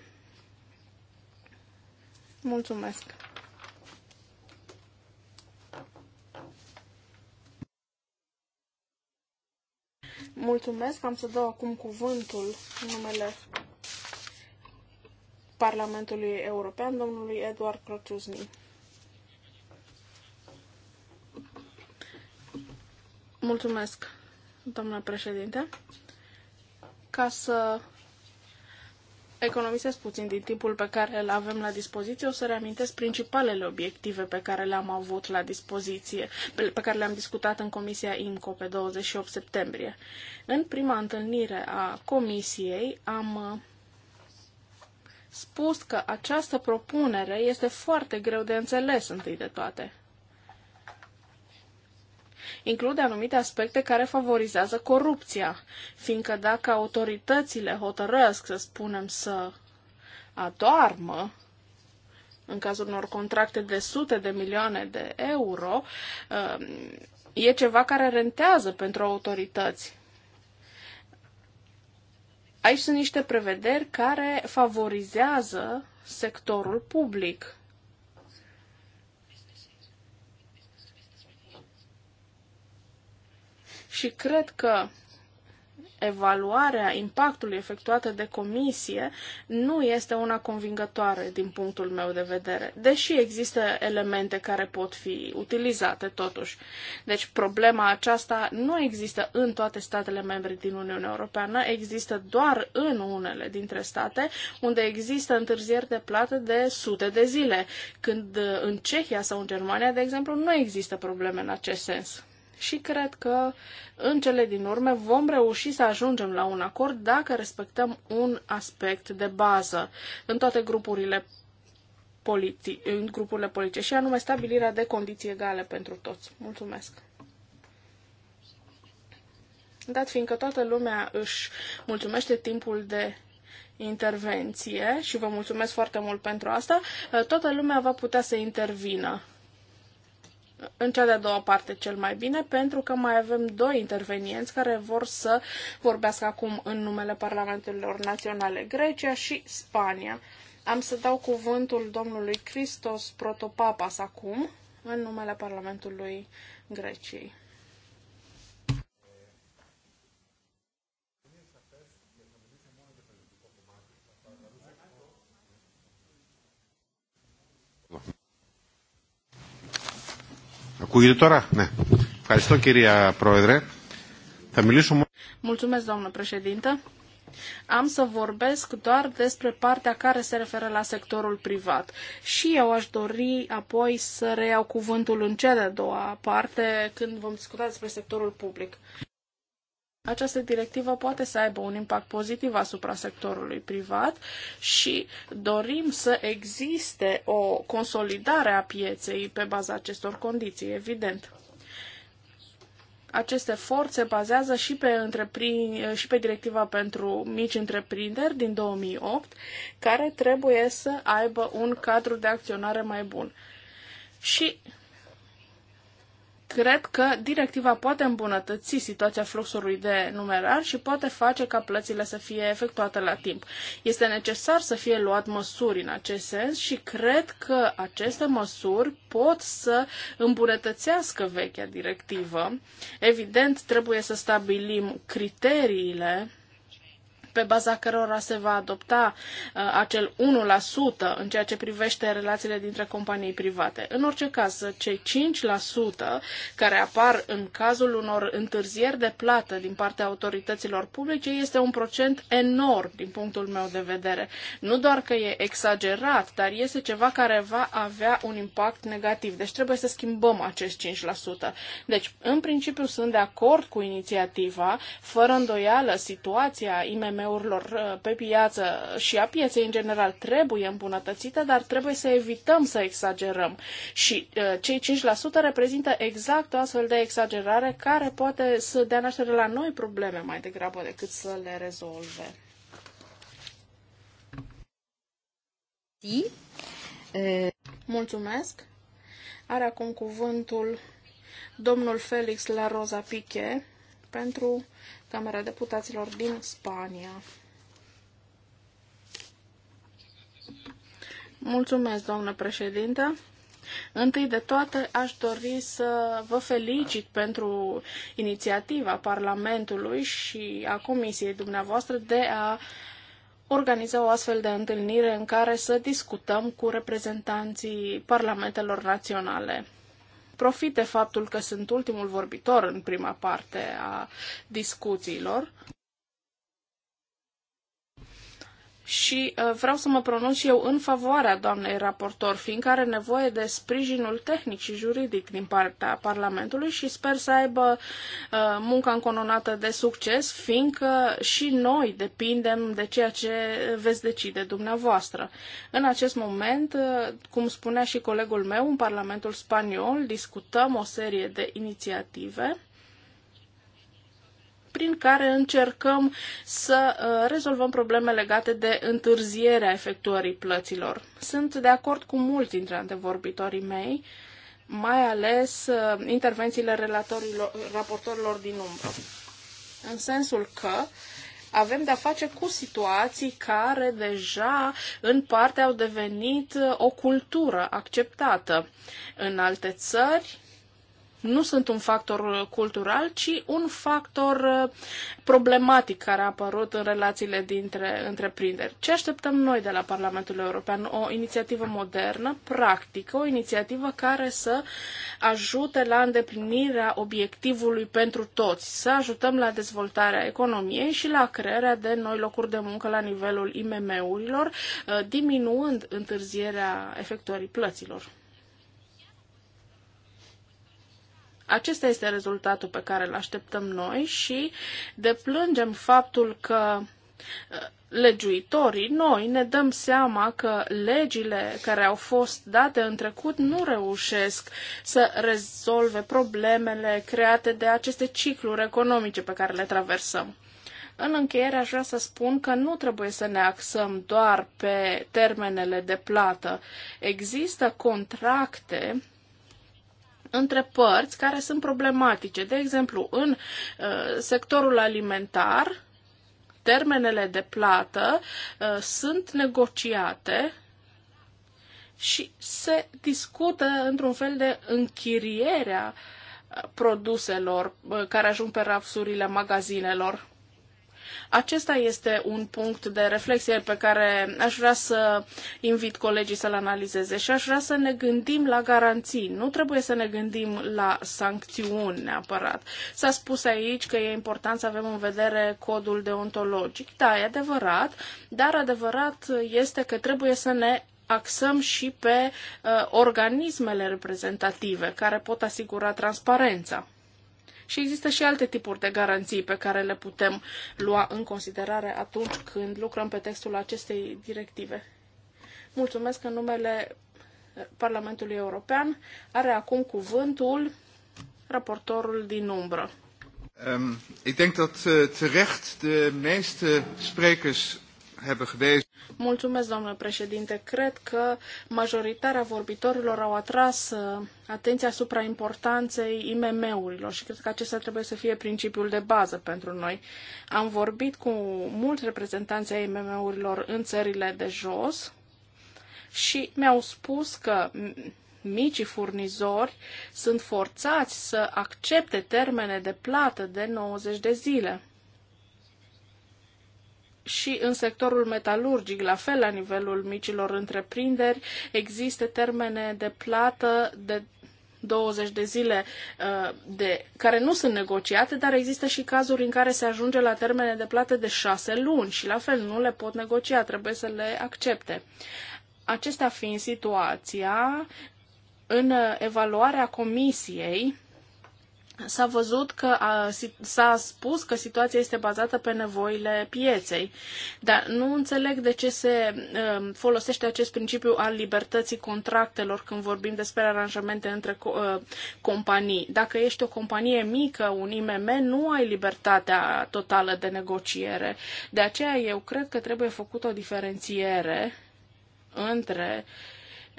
Mulțumesc! Mulțumesc, am să dau acum cuvântul în numele Parlamentului European, domnului Eduard Crociuzni. Mulțumesc, doamna președinte. Ca să economisesc puțin din timpul pe care îl avem la dispoziție, o să reamintesc principalele obiective pe care le-am avut la dispoziție, pe care le-am discutat în Comisia IMCO pe 28 septembrie. În prima întâlnire a Comisiei am uh, spus că această propunere este foarte greu de înțeles întâi de toate include anumite aspecte care favorizează corupția, fiindcă dacă autoritățile hotărăsc, să spunem, să adoarmă în cazul unor contracte de sute de milioane de euro, um, e ceva care rentează pentru autorități. Aici sunt niște prevederi care favorizează sectorul public. și cred că evaluarea impactului efectuată de comisie nu este una convingătoare din punctul meu de vedere, deși există elemente care pot fi utilizate totuși. Deci problema aceasta nu există în toate statele membre din Uniunea Europeană, există doar în unele dintre state unde există întârzieri de plată de sute de zile, când în Cehia sau în Germania, de exemplu, nu există probleme în acest sens și cred că în cele din urmă vom reuși să ajungem la un acord dacă respectăm un aspect de bază în toate grupurile politi- în grupurile politice și anume stabilirea de condiții egale pentru toți. Mulțumesc! Dat fiindcă toată lumea își mulțumește timpul de intervenție și vă mulțumesc foarte mult pentru asta, toată lumea va putea să intervină în cea de-a doua parte cel mai bine, pentru că mai avem doi intervenienți care vor să vorbească acum în numele Parlamentelor Naționale Grecia și Spania. Am să dau cuvântul domnului Christos Protopapas acum, în numele Parlamentului Greciei. Ακούγεται τώρα, ναι. Ευχαριστώ κυρία Πρόεδρε. Θα μιλήσω Mulțumesc, doamnă președintă. Am să vorbesc doar despre partea care se referă la sectorul privat. Și eu aș dori apoi să reiau cuvântul în cea de-a doua parte când vom discuta despre sectorul public această directivă poate să aibă un impact pozitiv asupra sectorului privat și dorim să existe o consolidare a pieței pe baza acestor condiții, evident aceste forțe bazează și pe, și pe directiva pentru mici întreprinderi din 2008, care trebuie să aibă un cadru de acționare mai bun. Și Cred că directiva poate îmbunătăți situația fluxului de numerar și poate face ca plățile să fie efectuate la timp. Este necesar să fie luat măsuri în acest sens și cred că aceste măsuri pot să îmbunătățească vechea directivă. Evident, trebuie să stabilim criteriile pe baza cărora se va adopta uh, acel 1% în ceea ce privește relațiile dintre companii private. În orice caz, cei 5% care apar în cazul unor întârzieri de plată din partea autorităților publice este un procent enorm din punctul meu de vedere. Nu doar că e exagerat, dar este ceva care va avea un impact negativ. Deci trebuie să schimbăm acest 5%. Deci, în principiu, sunt de acord cu inițiativa. Fără îndoială, situația imm IMM-urilor uh, pe piață și a pieței în general trebuie îmbunătățită, dar trebuie să evităm să exagerăm. Și uh, cei 5% reprezintă exact o astfel de exagerare care poate să dea naștere la noi probleme mai degrabă decât să le rezolve. Uh. Mulțumesc. Are acum cuvântul domnul Felix La Rosa Piche pentru Camera Deputaților din Spania. Mulțumesc, doamnă președintă. Întâi de toate, aș dori să vă felicit pentru inițiativa Parlamentului și a Comisiei dumneavoastră de a organiza o astfel de întâlnire în care să discutăm cu reprezentanții parlamentelor naționale profite faptul că sunt ultimul vorbitor în prima parte a discuțiilor și uh, vreau să mă pronunț eu în favoarea doamnei raportor, fiindcă are nevoie de sprijinul tehnic și juridic din partea Parlamentului și sper să aibă uh, munca încononată de succes, fiindcă și noi depindem de ceea ce veți decide dumneavoastră. În acest moment, uh, cum spunea și colegul meu, în Parlamentul Spaniol discutăm o serie de inițiative prin care încercăm să uh, rezolvăm probleme legate de întârzierea efectuării plăților. Sunt de acord cu mulți dintre antevorbitorii mei, mai ales uh, intervențiile raportorilor din umbră. În sensul că avem de-a face cu situații care deja în parte au devenit uh, o cultură acceptată. În alte țări, nu sunt un factor cultural, ci un factor uh, problematic care a apărut în relațiile dintre întreprinderi. Ce așteptăm noi de la Parlamentul European? O inițiativă modernă, practică, o inițiativă care să ajute la îndeplinirea obiectivului pentru toți, să ajutăm la dezvoltarea economiei și la crearea de noi locuri de muncă la nivelul IMM-urilor, uh, diminuând întârzierea efectuării plăților. Acesta este rezultatul pe care îl așteptăm noi și deplângem faptul că uh, legiuitorii, noi ne dăm seama că legile care au fost date în trecut nu reușesc să rezolve problemele create de aceste cicluri economice pe care le traversăm. În încheiere aș vrea să spun că nu trebuie să ne axăm doar pe termenele de plată. Există contracte între părți care sunt problematice. De exemplu, în uh, sectorul alimentar, termenele de plată uh, sunt negociate și se discută într-un fel de închirierea uh, produselor uh, care ajung pe rafsurile magazinelor. Acesta este un punct de reflexie pe care aș vrea să invit colegii să-l analizeze și aș vrea să ne gândim la garanții. Nu trebuie să ne gândim la sancțiuni neapărat. S-a spus aici că e important să avem în vedere codul deontologic. Da, e adevărat, dar adevărat este că trebuie să ne axăm și pe uh, organismele reprezentative care pot asigura transparența și există și alte tipuri de garanții pe care le putem lua în considerare atunci când lucrăm pe textul acestei directive. Mulțumesc în numele Parlamentului European. Are acum cuvântul raportorul din umbră. Um, ik denk dat uh, terecht de meeste sprekers hebben gewezen. Mulțumesc, domnule președinte. Cred că majoritatea vorbitorilor au atras uh, atenția asupra importanței IMM-urilor și cred că acesta trebuie să fie principiul de bază pentru noi. Am vorbit cu mulți reprezentanți ai IMM-urilor în țările de jos și mi-au spus că micii furnizori sunt forțați să accepte termene de plată de 90 de zile și în sectorul metalurgic, la fel la nivelul micilor întreprinderi, există termene de plată de 20 de zile uh, de, care nu sunt negociate, dar există și cazuri în care se ajunge la termene de plată de 6 luni și la fel nu le pot negocia, trebuie să le accepte. Acestea fiind situația, în evaluarea comisiei, S-a văzut că s-a spus că situația este bazată pe nevoile pieței, dar nu înțeleg de ce se uh, folosește acest principiu al libertății contractelor când vorbim despre aranjamente între co uh, companii. Dacă ești o companie mică, un IMM, nu ai libertatea totală de negociere. De aceea eu cred că trebuie făcută o diferențiere între uh,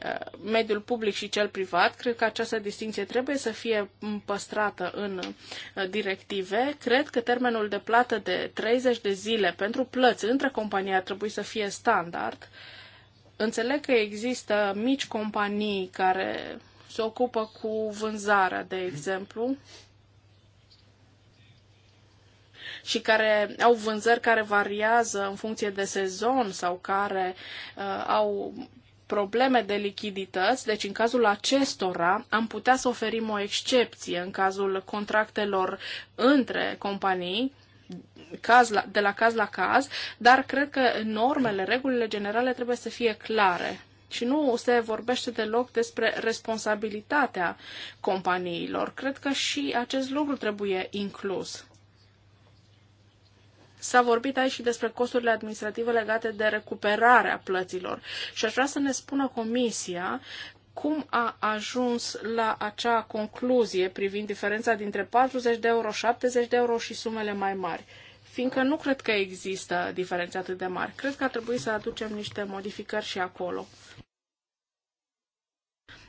Uh, mediul public și cel privat. Cred că această distinție trebuie să fie păstrată în uh, directive. Cred că termenul de plată de 30 de zile pentru plăți între companii ar trebui să fie standard. Înțeleg că există mici companii care se ocupă cu vânzarea, de exemplu, și care au vânzări care variază în funcție de sezon sau care uh, au probleme de lichidități, deci în cazul acestora am putea să oferim o excepție în cazul contractelor între companii, caz la, de la caz la caz, dar cred că normele, regulile generale trebuie să fie clare. Și nu se vorbește deloc despre responsabilitatea companiilor. Cred că și acest lucru trebuie inclus. S-a vorbit aici și despre costurile administrative legate de recuperarea plăților și aș vrea să ne spună Comisia cum a ajuns la acea concluzie privind diferența dintre 40 de euro, 70 de euro și sumele mai mari fiindcă nu cred că există diferențe atât de mari. Cred că ar trebui să aducem niște modificări și acolo.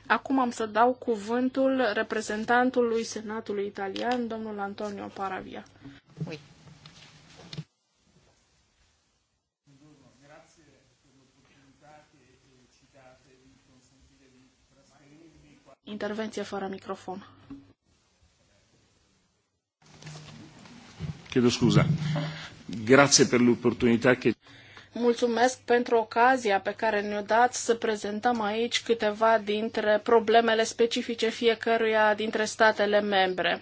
Acum am să dau cuvântul reprezentantului Senatului Italian, domnul Antonio Paravia. Oui. Intervenție fără microfon. Chiedo scuza. Grazie per l'opportunità che... Mulțumesc pentru ocazia pe care ne-o dați să prezentăm aici câteva dintre problemele specifice fiecăruia dintre statele membre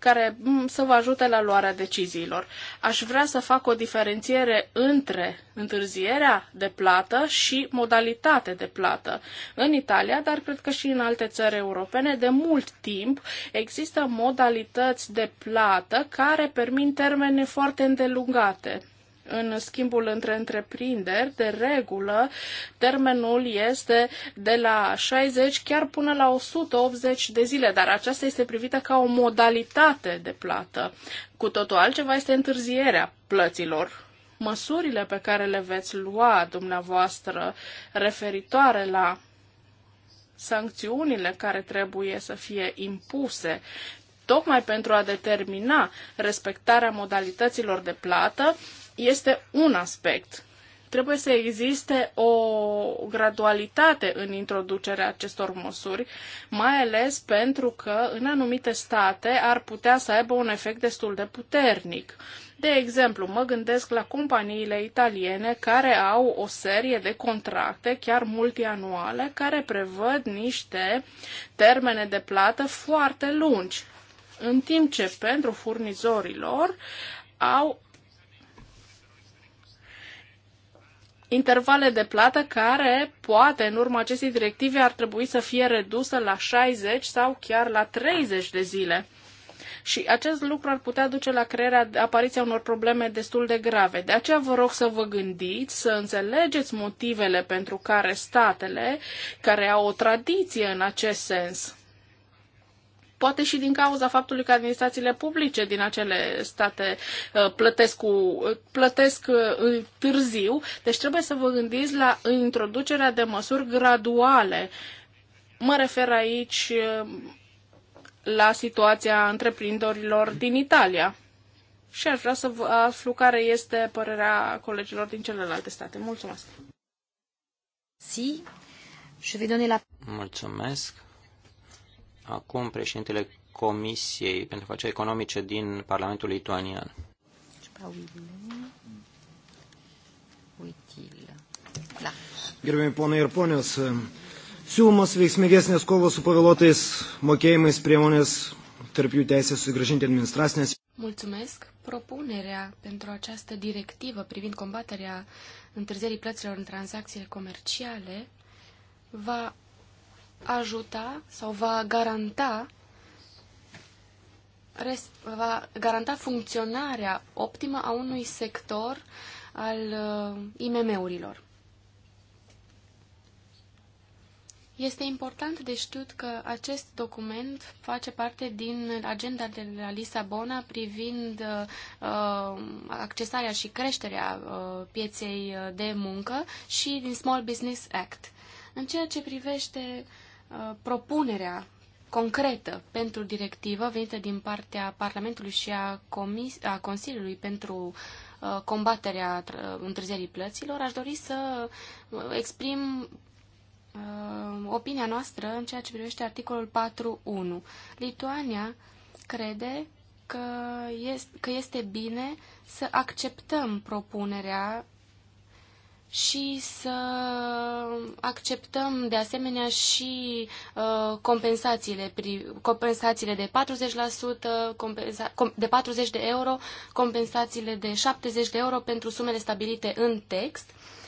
care mm, să vă ajute la luarea deciziilor. Aș vrea să fac o diferențiere între întârzierea de plată și modalitate de plată. În Italia, dar cred că și în alte țări europene, de mult timp există modalități de plată care permit termene foarte îndelungate în schimbul între întreprinderi, de regulă, termenul este de la 60 chiar până la 180 de zile, dar aceasta este privită ca o modalitate de plată. Cu totul altceva este întârzierea plăților. Măsurile pe care le veți lua dumneavoastră referitoare la sancțiunile care trebuie să fie impuse tocmai pentru a determina respectarea modalităților de plată, este un aspect. Trebuie să existe o gradualitate în introducerea acestor măsuri, mai ales pentru că în anumite state ar putea să aibă un efect destul de puternic. De exemplu, mă gândesc la companiile italiene care au o serie de contracte, chiar multianuale, care prevăd niște termene de plată foarte lungi, în timp ce pentru furnizorilor au intervale de plată care, poate, în urma acestei directive, ar trebui să fie redusă la 60 sau chiar la 30 de zile. Și acest lucru ar putea duce la crearea, apariția unor probleme destul de grave. De aceea vă rog să vă gândiți, să înțelegeți motivele pentru care statele, care au o tradiție în acest sens, poate și din cauza faptului că administrațiile publice din acele state uh, plătesc, cu, plătesc uh, târziu. Deci trebuie să vă gândiți la introducerea de măsuri graduale. Mă refer aici uh, la situația întreprinderilor din Italia. Și aș vrea să vă aflu care este părerea colegilor din celelalte state. Mulțumesc! Si, je vais donner la... Mulțumesc! Acum președintele Comisiei pentru Afaceri Economice din Parlamentul Lituanian. Da. Gerbiami ponai ir ponios, siūlomas veiksmingesnės kovos su pavėluotais mokėjimais priemonės, tarp jų teisės sugražinti administracinės. Mulțumesc. Propunerea pentru această directivă privind combaterea întârzierii plăților în tranzacțiile comerciale va ajuta sau va garanta va garanta funcționarea optimă a unui sector al uh, IMM-urilor. Este important de știut că acest document face parte din agenda de la Lisabona privind uh, uh accesarea și creșterea uh, pieței de muncă și din Small Business Act. În ceea ce privește uh, Uh, propunerea concretă pentru directivă venită din partea Parlamentului și a, Comis a Consiliului pentru uh, combaterea uh, întârzierii plăților, aș dori să exprim uh, opinia noastră în ceea ce privește articolul 4.1. Lituania crede că este, că este bine să acceptăm propunerea și să acceptăm de asemenea și uh, compensațiile, compensațiile de 40%, compensa, de 40 de euro, compensațiile de 70 de euro pentru sumele stabilite în text. Uh,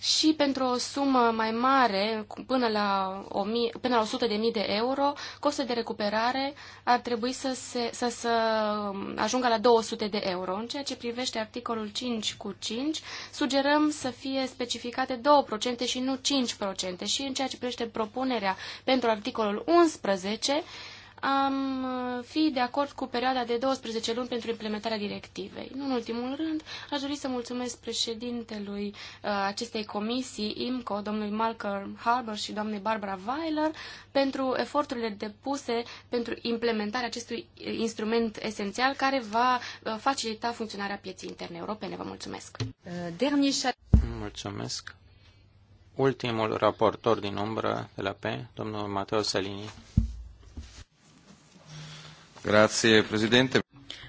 și pentru o sumă mai mare, până la, 1000, până la 100 de mii de euro, costul de recuperare ar trebui să, se, să, să ajungă la 200 de euro. În ceea ce privește articolul 5 cu 5, sugerăm să fie specificate 2% și nu 5%. Și în ceea ce privește propunerea pentru articolul 11, am uh, fi de acord cu perioada de 12 luni pentru implementarea directivei. Nu în ultimul rând, aș dori să mulțumesc președintelui uh, acestei comisii, IMCO, domnului Malcolm Harbour și doamnei Barbara Weiler, pentru eforturile depuse pentru implementarea acestui uh, instrument esențial care va facilita funcționarea pieței interne europene. Vă mulțumesc! Mulțumesc! Ultimul raportor din umbră de la P, domnul Mateo Salini președinte.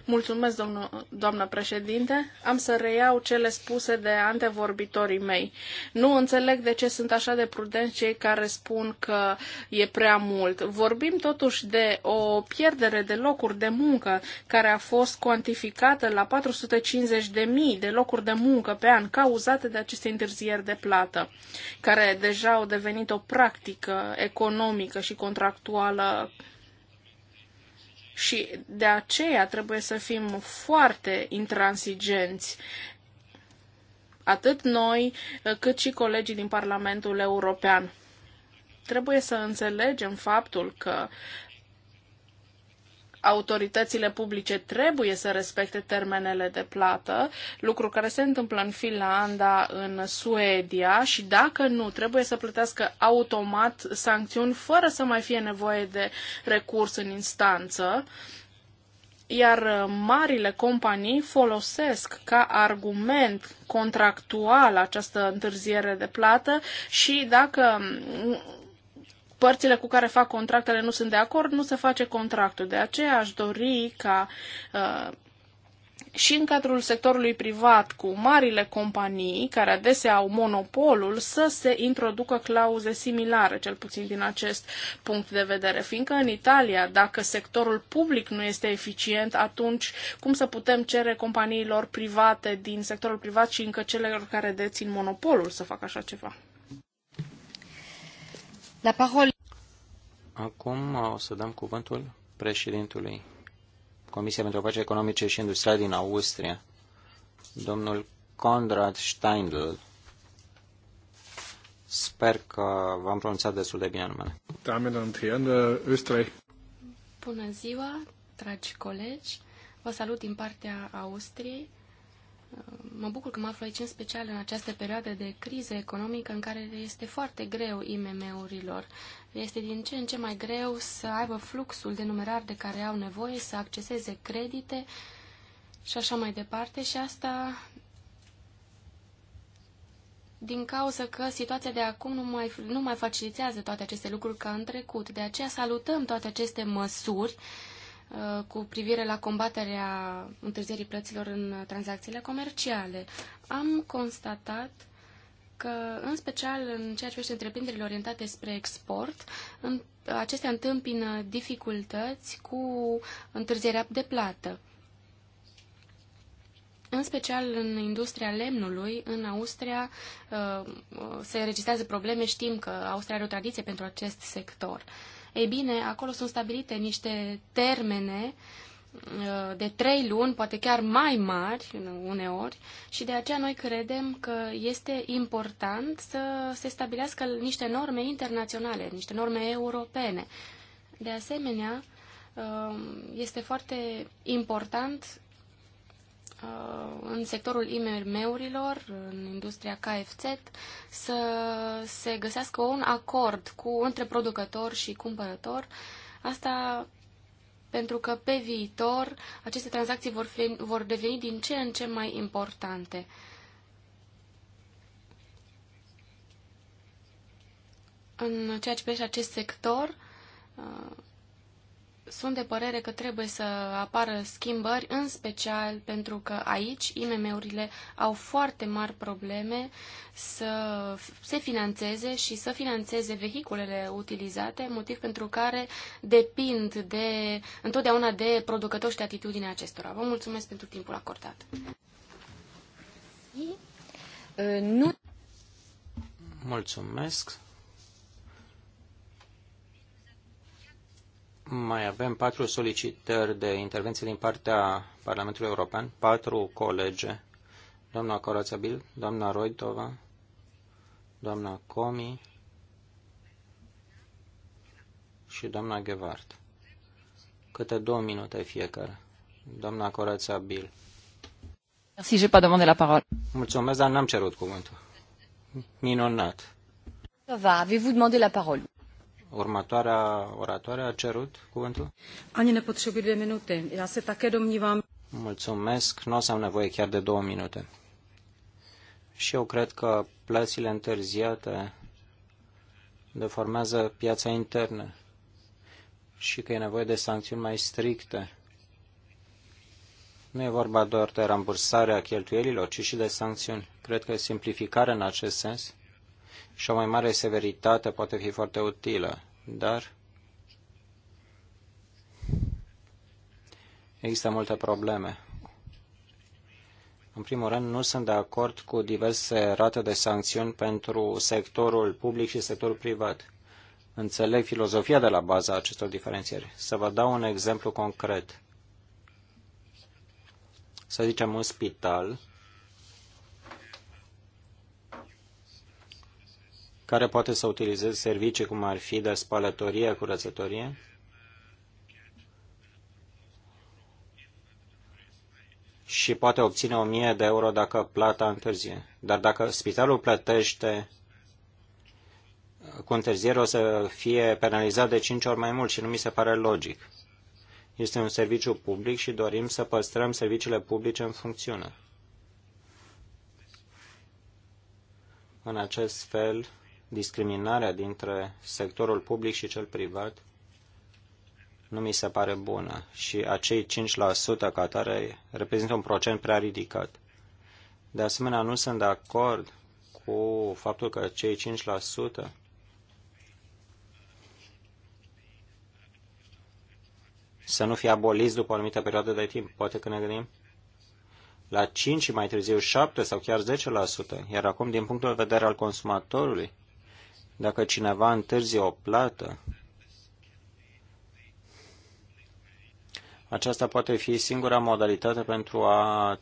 Mulțumesc, domnul, doamnă președinte. Am să reiau cele spuse de antevorbitorii mei. Nu înțeleg de ce sunt așa de prudenți cei care spun că e prea mult. Vorbim totuși de o pierdere de locuri de muncă care a fost cuantificată la 450.000 de locuri de muncă pe an cauzate de aceste întârzieri de plată, care deja au devenit o practică economică și contractuală și de aceea trebuie să fim foarte intransigenți atât noi, cât și colegii din Parlamentul European. Trebuie să înțelegem faptul că autoritățile publice trebuie să respecte termenele de plată, lucru care se întâmplă în Finlanda, în Suedia și dacă nu, trebuie să plătească automat sancțiuni fără să mai fie nevoie de recurs în instanță iar uh, marile companii folosesc ca argument contractual această întârziere de plată și dacă mm, părțile cu care fac contractele nu sunt de acord, nu se face contractul. De aceea aș dori ca uh, și în cadrul sectorului privat cu marile companii, care adesea au monopolul, să se introducă clauze similare, cel puțin din acest punct de vedere. Fiindcă în Italia, dacă sectorul public nu este eficient, atunci cum să putem cere companiilor private din sectorul privat și încă celor care dețin monopolul să facă așa ceva? La parole. Acum uh, o să dăm cuvântul președintului Comisia pentru Pace Economice și Industriale din Austria, domnul Konrad Steindl. Sper că v-am pronunțat destul de bine numele. Uh, Bună ziua, dragi colegi. Vă salut din partea Austriei. Mă bucur că mă aflu aici în special în această perioadă de criză economică în care este foarte greu IMM-urilor. Este din ce în ce mai greu să aibă fluxul de numerar de care au nevoie, să acceseze credite și așa mai departe și asta din cauza că situația de acum nu mai, nu mai facilitează toate aceste lucruri ca în trecut. De aceea salutăm toate aceste măsuri uh, Uh, cu privire la combaterea întârzierii plăților în tranzacțiile comerciale. Am constatat că, în special în ceea ce privește întreprinderile orientate spre export, în, acestea întâmpină dificultăți cu întârzierea de plată. În special în industria lemnului, în Austria uh, uh, se registrează probleme, știm că Austria are o tradiție pentru acest sector. Ei bine, acolo sunt stabilite niște termene uh, de trei luni, poate chiar mai mari uneori, și de aceea noi credem că este important să se stabilească niște norme internaționale, niște norme europene. De asemenea, uh, este foarte important Uh, în sectorul IMM-urilor, în industria KFZ, să se găsească un acord cu între producător și cumpărător. Asta pentru că pe viitor aceste tranzacții vor, fi, vor deveni din ce în ce mai importante. În ceea ce privește acest sector, uh, sunt de părere că trebuie să apară schimbări, în special pentru că aici IMM-urile au foarte mari probleme să se financeze și să financeze vehiculele utilizate, motiv pentru care depind de, întotdeauna de producători și de atitudinea acestora. Vă mulțumesc pentru timpul acordat. Nu. Mulțumesc. Mai avem patru solicitări de intervenție din partea Parlamentului European, patru colege, doamna Corațabil, doamna Roitova, doamna Comi și doamna Gevart. Câte două minute fiecare. Doamna Corațabil. Merci, j'ai pas demandé la parole. Mulțumesc, dar n-am cerut cuvântul. Minunat. Ça va, avez-vous demandé la parole? Următoarea oratoare a cerut cuvântul? Ani ne potrebuie de minute. Ja se také vam. Mulțumesc, nu o să am nevoie chiar de două minute. Și eu cred că plățile întârziate deformează piața internă și că e nevoie de sancțiuni mai stricte. Nu e vorba doar de rambursarea cheltuielilor, ci și de sancțiuni. Cred că simplificarea în acest sens și o mai mare severitate poate fi foarte utilă, dar există multe probleme. În primul rând, nu sunt de acord cu diverse rate de sancțiuni pentru sectorul public și sectorul privat. Înțeleg filozofia de la baza acestor diferențieri. Să vă dau un exemplu concret. Să zicem, un spital care poate să utilizeze servicii cum ar fi de spălătorie, curățătorie. și poate obține 1000 de euro dacă plata întârzie. Dar dacă spitalul plătește cu întârziere, o să fie penalizat de 5 ori mai mult și nu mi se pare logic. Este un serviciu public și dorim să păstrăm serviciile publice în funcțiune. În acest fel, discriminarea dintre sectorul public și cel privat nu mi se pare bună și acei 5% ca tare reprezintă un procent prea ridicat. De asemenea, nu sunt de acord cu faptul că cei 5% să nu fie aboliți după o anumită perioadă de timp. Poate că ne gândim la 5 și mai târziu 7 sau chiar 10%, iar acum, din punctul de vedere al consumatorului, dacă cineva întârzie o plată, aceasta poate fi singura modalitate pentru a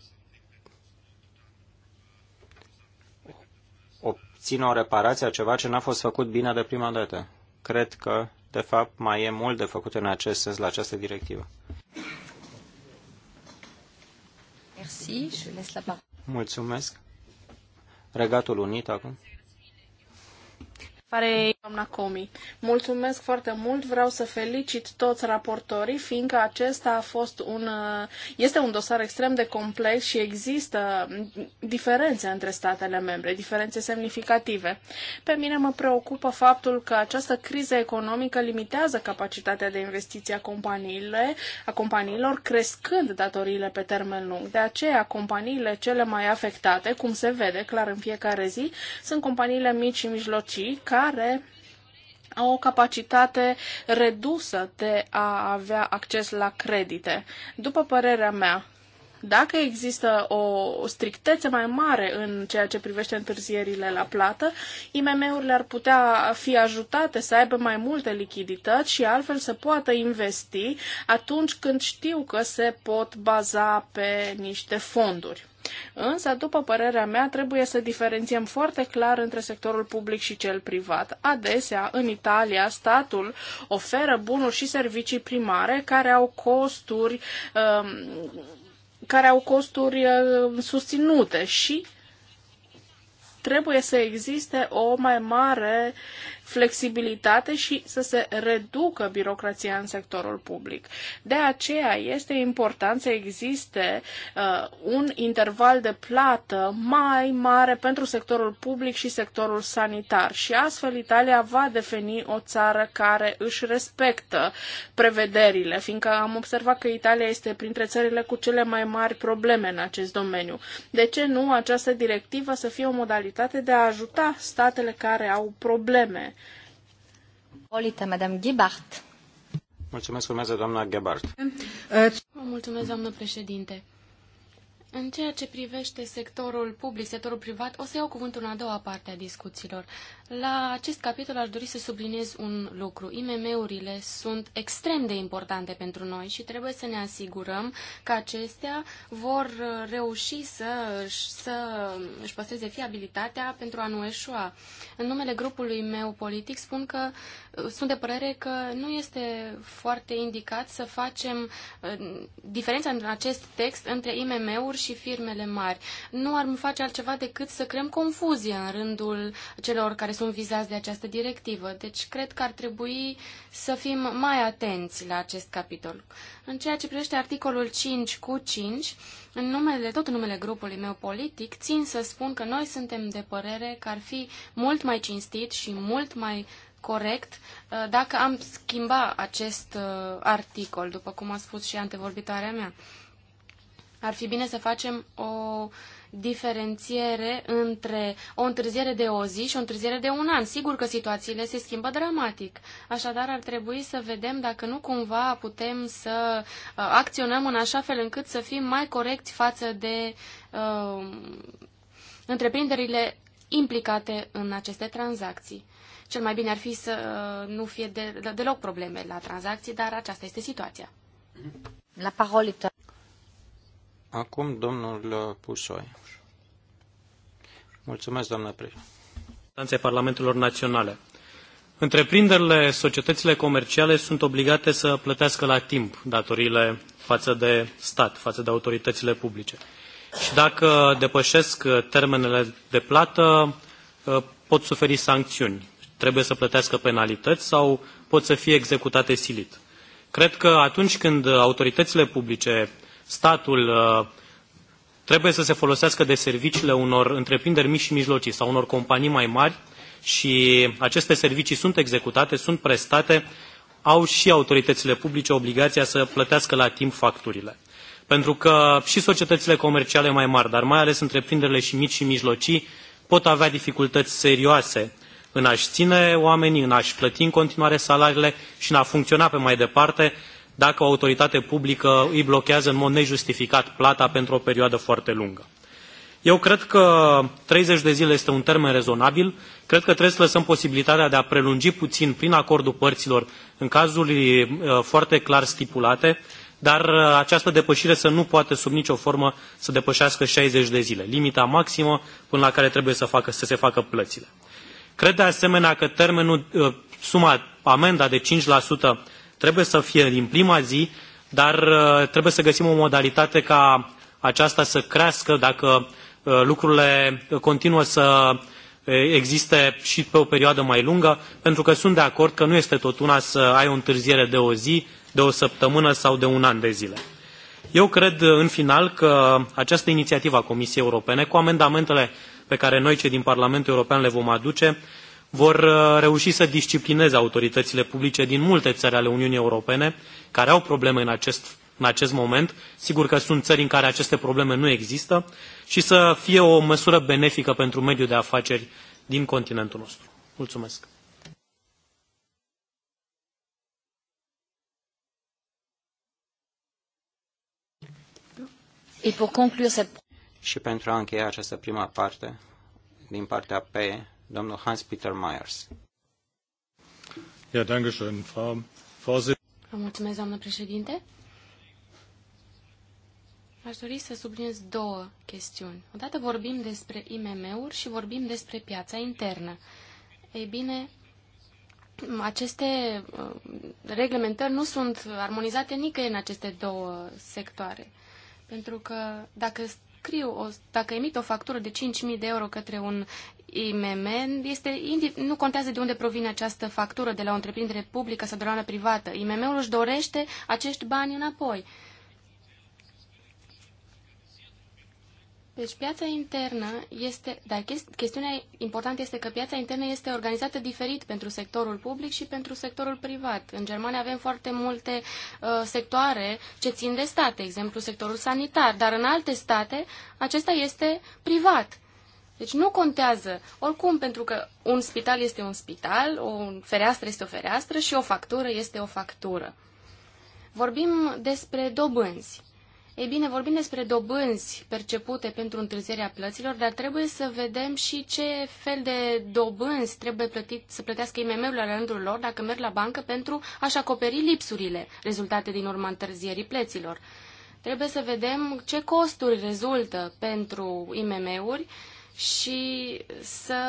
obține o reparație a ceva ce n-a fost făcut bine de prima dată. Cred că, de fapt, mai e mult de făcut în acest sens la această directivă. Mulțumesc. Regatul Unit acum. Care doamna Comi. Mulțumesc foarte mult, vreau să felicit toți raportorii, fiindcă acesta a fost un, uh, este un dosar extrem de complex și există diferențe între statele membre, diferențe semnificative. Pe mine mă preocupă faptul că această criză economică limitează capacitatea de investiție a, companiilor a companiilor, crescând datoriile pe termen lung. De aceea, companiile cele mai afectate, cum se vede clar în fiecare zi, sunt companiile mici și mijlocii, care care au o capacitate redusă de a avea acces la credite. După părerea mea, dacă există o strictețe mai mare în ceea ce privește întârzierile la plată, IMM-urile ar putea fi ajutate să aibă mai multe lichidități și altfel să poată investi atunci când știu că se pot baza pe niște fonduri. Însă, după părerea mea, trebuie să diferențiem foarte clar între sectorul public și cel privat. Adesea, în Italia, statul oferă bunuri și servicii primare care au costuri um, care au costuri uh, susținute și trebuie să existe o mai mare flexibilitate și să se reducă birocrația în sectorul public. De aceea este important să existe uh, un interval de plată mai mare pentru sectorul public și sectorul sanitar și astfel Italia va defini o țară care își respectă prevederile, fiindcă am observat că Italia este printre țările cu cele mai mari probleme în acest domeniu. De ce nu această directivă să fie o modalitate de a ajuta statele care au probleme Olita, Madame Gibart. Mulțumesc, urmează doamna Gebart. mulțumesc, doamnă președinte. În ceea ce privește sectorul public, sectorul privat, o să iau cuvântul în a doua parte a discuțiilor. La acest capitol aș dori să subliniez un lucru. IMM-urile sunt extrem de importante pentru noi și trebuie să ne asigurăm că acestea vor reuși să, să își păstreze fiabilitatea pentru a nu eșua. În numele grupului meu politic spun că sunt de părere că nu este foarte indicat să facem uh, diferența în acest text între IMM-uri și firmele mari. Nu ar face altceva decât să creăm confuzie în rândul celor care sunt vizați de această directivă. Deci cred că ar trebui să fim mai atenți la acest capitol. În ceea ce privește articolul 5 cu 5, în numele, tot în numele grupului meu politic, țin să spun că noi suntem de părere că ar fi mult mai cinstit și mult mai corect uh, dacă am schimba acest uh, articol, după cum a spus și antevorbitoarea mea ar fi bine să facem o diferențiere între o întârziere de o zi și o întârziere de un an. Sigur că situațiile se schimbă dramatic. Așadar, ar trebui să vedem dacă nu cumva putem să uh, acționăm în așa fel încât să fim mai corecți față de uh, întreprinderile implicate în aceste tranzacții. Cel mai bine ar fi să uh, nu fie de, de, deloc probleme la tranzacții, dar aceasta este situația. La parolită. Acum domnul uh, Pusoi. Mulțumesc, doamnă președinte. Parlamentelor Naționale. Întreprinderile, societățile comerciale sunt obligate să plătească la timp datoriile față de stat, față de autoritățile publice. Și dacă depășesc uh, termenele de plată, uh, pot suferi sancțiuni. Trebuie să plătească penalități sau pot să fie executate silit. Cred că atunci când autoritățile publice uh, statul uh, trebuie să se folosească de serviciile unor întreprinderi mici și mijlocii sau unor companii mai mari și aceste servicii sunt executate, sunt prestate, au și autoritățile publice obligația să plătească la timp facturile. Pentru că și societățile comerciale mai mari, dar mai ales întreprinderile și mici și mijlocii, pot avea dificultăți serioase în a-și ține oamenii, în a-și plăti în continuare salariile și în a funcționa pe mai departe, dacă o autoritate publică îi blochează în mod nejustificat plata pentru o perioadă foarte lungă. Eu cred că 30 de zile este un termen rezonabil. Cred că trebuie să lăsăm posibilitatea de a prelungi puțin prin acordul părților în cazuri uh, foarte clar stipulate, dar uh, această depășire să nu poate sub nicio formă să depășească 60 de zile, limita maximă până la care trebuie să, facă, să se facă plățile. Cred de asemenea că termenul, uh, suma, amenda de 5% Trebuie să fie din prima zi, dar uh, trebuie să găsim o modalitate ca aceasta să crească dacă uh, lucrurile continuă să uh, existe și pe o perioadă mai lungă, pentru că sunt de acord că nu este tot una să ai o întârziere de o zi, de o săptămână sau de un an de zile. Eu cred, în final, că această inițiativă a Comisiei Europene, cu amendamentele pe care noi, cei din Parlamentul European, le vom aduce, vor uh, reuși să disciplineze autoritățile publice din multe țări ale Uniunii Europene care au probleme în acest, în acest moment. Sigur că sunt țări în care aceste probleme nu există și să fie o măsură benefică pentru mediul de afaceri din continentul nostru. Mulțumesc! Și pentru a încheia această prima parte, din partea PE, Domnul Hans-Peter Myers. Vă mulțumesc, doamnă președinte. Aș dori să subliniez două chestiuni. Odată vorbim despre IMM-uri și vorbim despre piața internă. Ei bine, aceste uh, reglementări nu sunt armonizate nicăieri în aceste două sectoare. Pentru că dacă scriu, o, dacă emit o factură de 5.000 de euro către un IMM este, nu contează de unde provine această factură, de la o întreprindere publică sau de la una privată. IMM-ul își dorește acești bani înapoi. Deci piața internă este, dar chestiunea importantă este că piața internă este organizată diferit pentru sectorul public și pentru sectorul privat. În Germania avem foarte multe uh, sectoare ce țin de stat, exemplu sectorul sanitar, dar în alte state acesta este privat. Deci nu contează oricum, pentru că un spital este un spital, o fereastră este o fereastră și o factură este o factură. Vorbim despre dobânzi. Ei bine, vorbim despre dobânzi percepute pentru întârzierea plăților, dar trebuie să vedem și ce fel de dobânzi trebuie plătit, să plătească imm ul la rândul lor dacă merg la bancă pentru a-și acoperi lipsurile rezultate din urma întârzierii plăților. Trebuie să vedem ce costuri rezultă pentru IMM-uri și să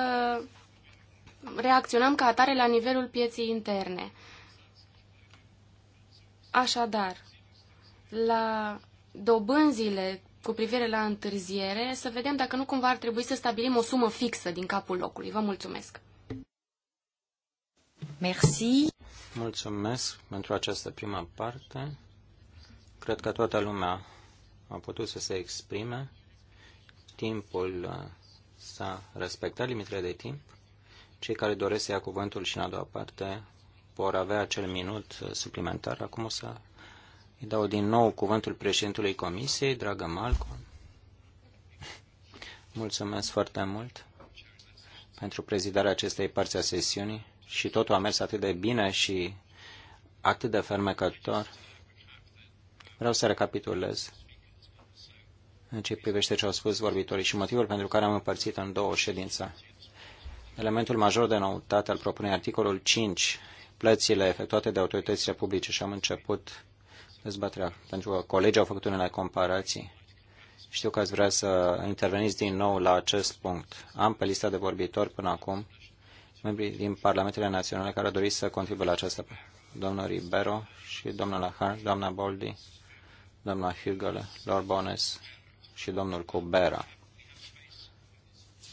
reacționăm ca atare la nivelul pieții interne. Așadar, la dobânzile cu privire la întârziere, să vedem dacă nu cumva ar trebui să stabilim o sumă fixă din capul locului. Vă mulțumesc! Merci! Mulțumesc pentru această prima parte. Cred că toată lumea a putut să se exprime. Timpul uh, S-a respectat limitele de timp. Cei care doresc să ia cuvântul și în a doua parte vor avea acel minut suplimentar. Acum o să îi dau din nou cuvântul președintului Comisiei, dragă Malcolm. Mulțumesc foarte mult pentru prezidarea acestei părți a sesiunii și totul a mers atât de bine și atât de fermecător. Vreau să recapitulez în ce privește ce au spus vorbitorii și motivul pentru care am împărțit în două ședințe. Elementul major de noutate al propunerii articolul 5, plățile efectuate de autoritățile publice și am început dezbaterea, pentru că colegii au făcut unele comparații. Știu că ați vrea să interveniți din nou la acest punct. Am pe lista de vorbitori până acum membrii din Parlamentele Naționale care dorit să contribuie la această domnul Ribero și domnul Lahar, doamna Boldi, doamna Hugel, Lord Bones, și domnul Cubera.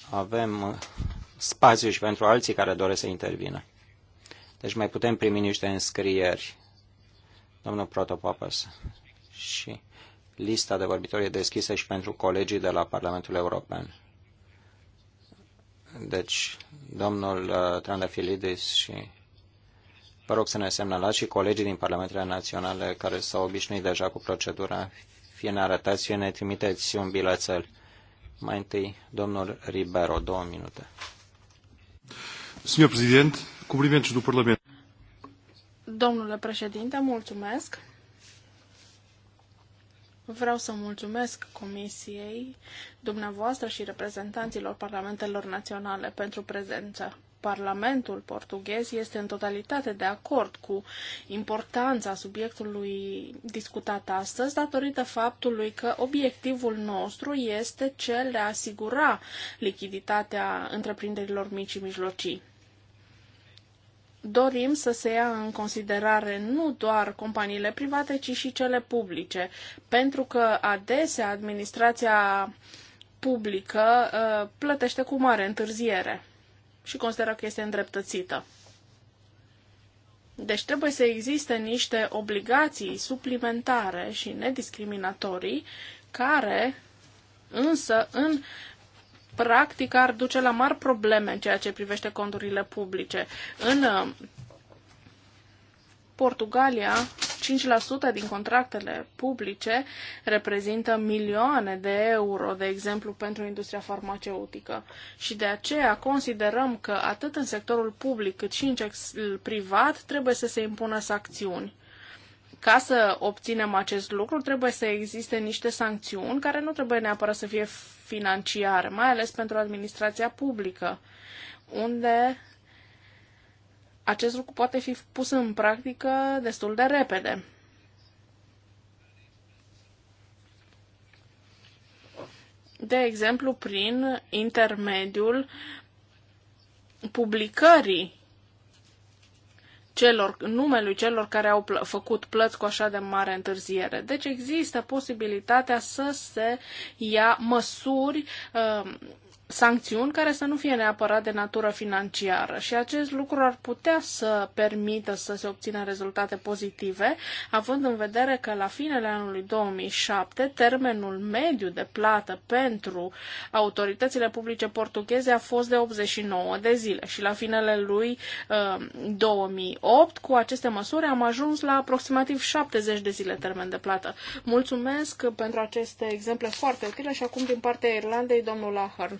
Avem uh, spațiu și pentru alții care doresc să intervină. Deci mai putem primi niște înscrieri, domnul Protopapas. Și lista de vorbitori e deschisă și pentru colegii de la Parlamentul European. Deci, domnul uh, Trandafilidis și vă rog să ne semnalați și colegii din Parlamentele Naționale care s-au obișnuit deja cu procedura, fie ne arătați, fie ne trimiteți un bilețel. Mai întâi, domnul Ribero, două minute. Signor Presidente, cumplimentul după Parlament. Domnule președinte, mulțumesc. Vreau să mulțumesc Comisiei, dumneavoastră și reprezentanților Parlamentelor Naționale pentru prezență. Parlamentul portughez este în totalitate de acord cu importanța subiectului discutat astăzi, datorită faptului că obiectivul nostru este cel de a asigura lichiditatea întreprinderilor mici și mijlocii dorim să se ia în considerare nu doar companiile private, ci și cele publice, pentru că adesea administrația publică uh, plătește cu mare întârziere și consideră că este îndreptățită. Deci trebuie să existe niște obligații suplimentare și nediscriminatorii care însă în practică ar duce la mari probleme în ceea ce privește conturile publice. În uh, Portugalia, 5% din contractele publice reprezintă milioane de euro, de exemplu, pentru industria farmaceutică. Și de aceea considerăm că atât în sectorul public cât și în cel privat trebuie să se impună sancțiuni. Ca să obținem acest lucru, trebuie să existe niște sancțiuni care nu trebuie neapărat să fie financiare, mai ales pentru administrația publică, unde acest lucru poate fi pus în practică destul de repede. De exemplu, prin intermediul publicării celor, numelui celor care au plă, făcut plăți cu așa de mare întârziere. Deci există posibilitatea să se ia măsuri uh, sancțiuni care să nu fie neapărat de natură financiară și acest lucru ar putea să permită să se obțină rezultate pozitive, având în vedere că la finele anului 2007 termenul mediu de plată pentru autoritățile publice portugheze a fost de 89 de zile și la finele lui 2008 uh, cu aceste măsuri am ajuns la aproximativ 70 de zile termen de plată. Mulțumesc pentru aceste exemple foarte utile și acum din partea Irlandei domnul Ahern.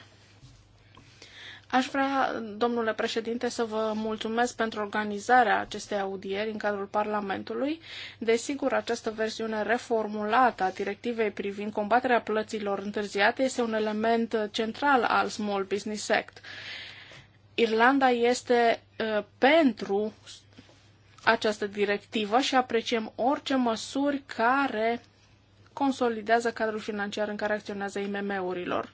Aș vrea, domnule președinte, să vă mulțumesc pentru organizarea acestei audieri în cadrul Parlamentului. Desigur, această versiune reformulată a directivei privind combaterea plăților întârziate este un element central al Small Business Act. Irlanda este uh, pentru această directivă și apreciem orice măsuri care consolidează cadrul financiar în care acționează IMM-urilor.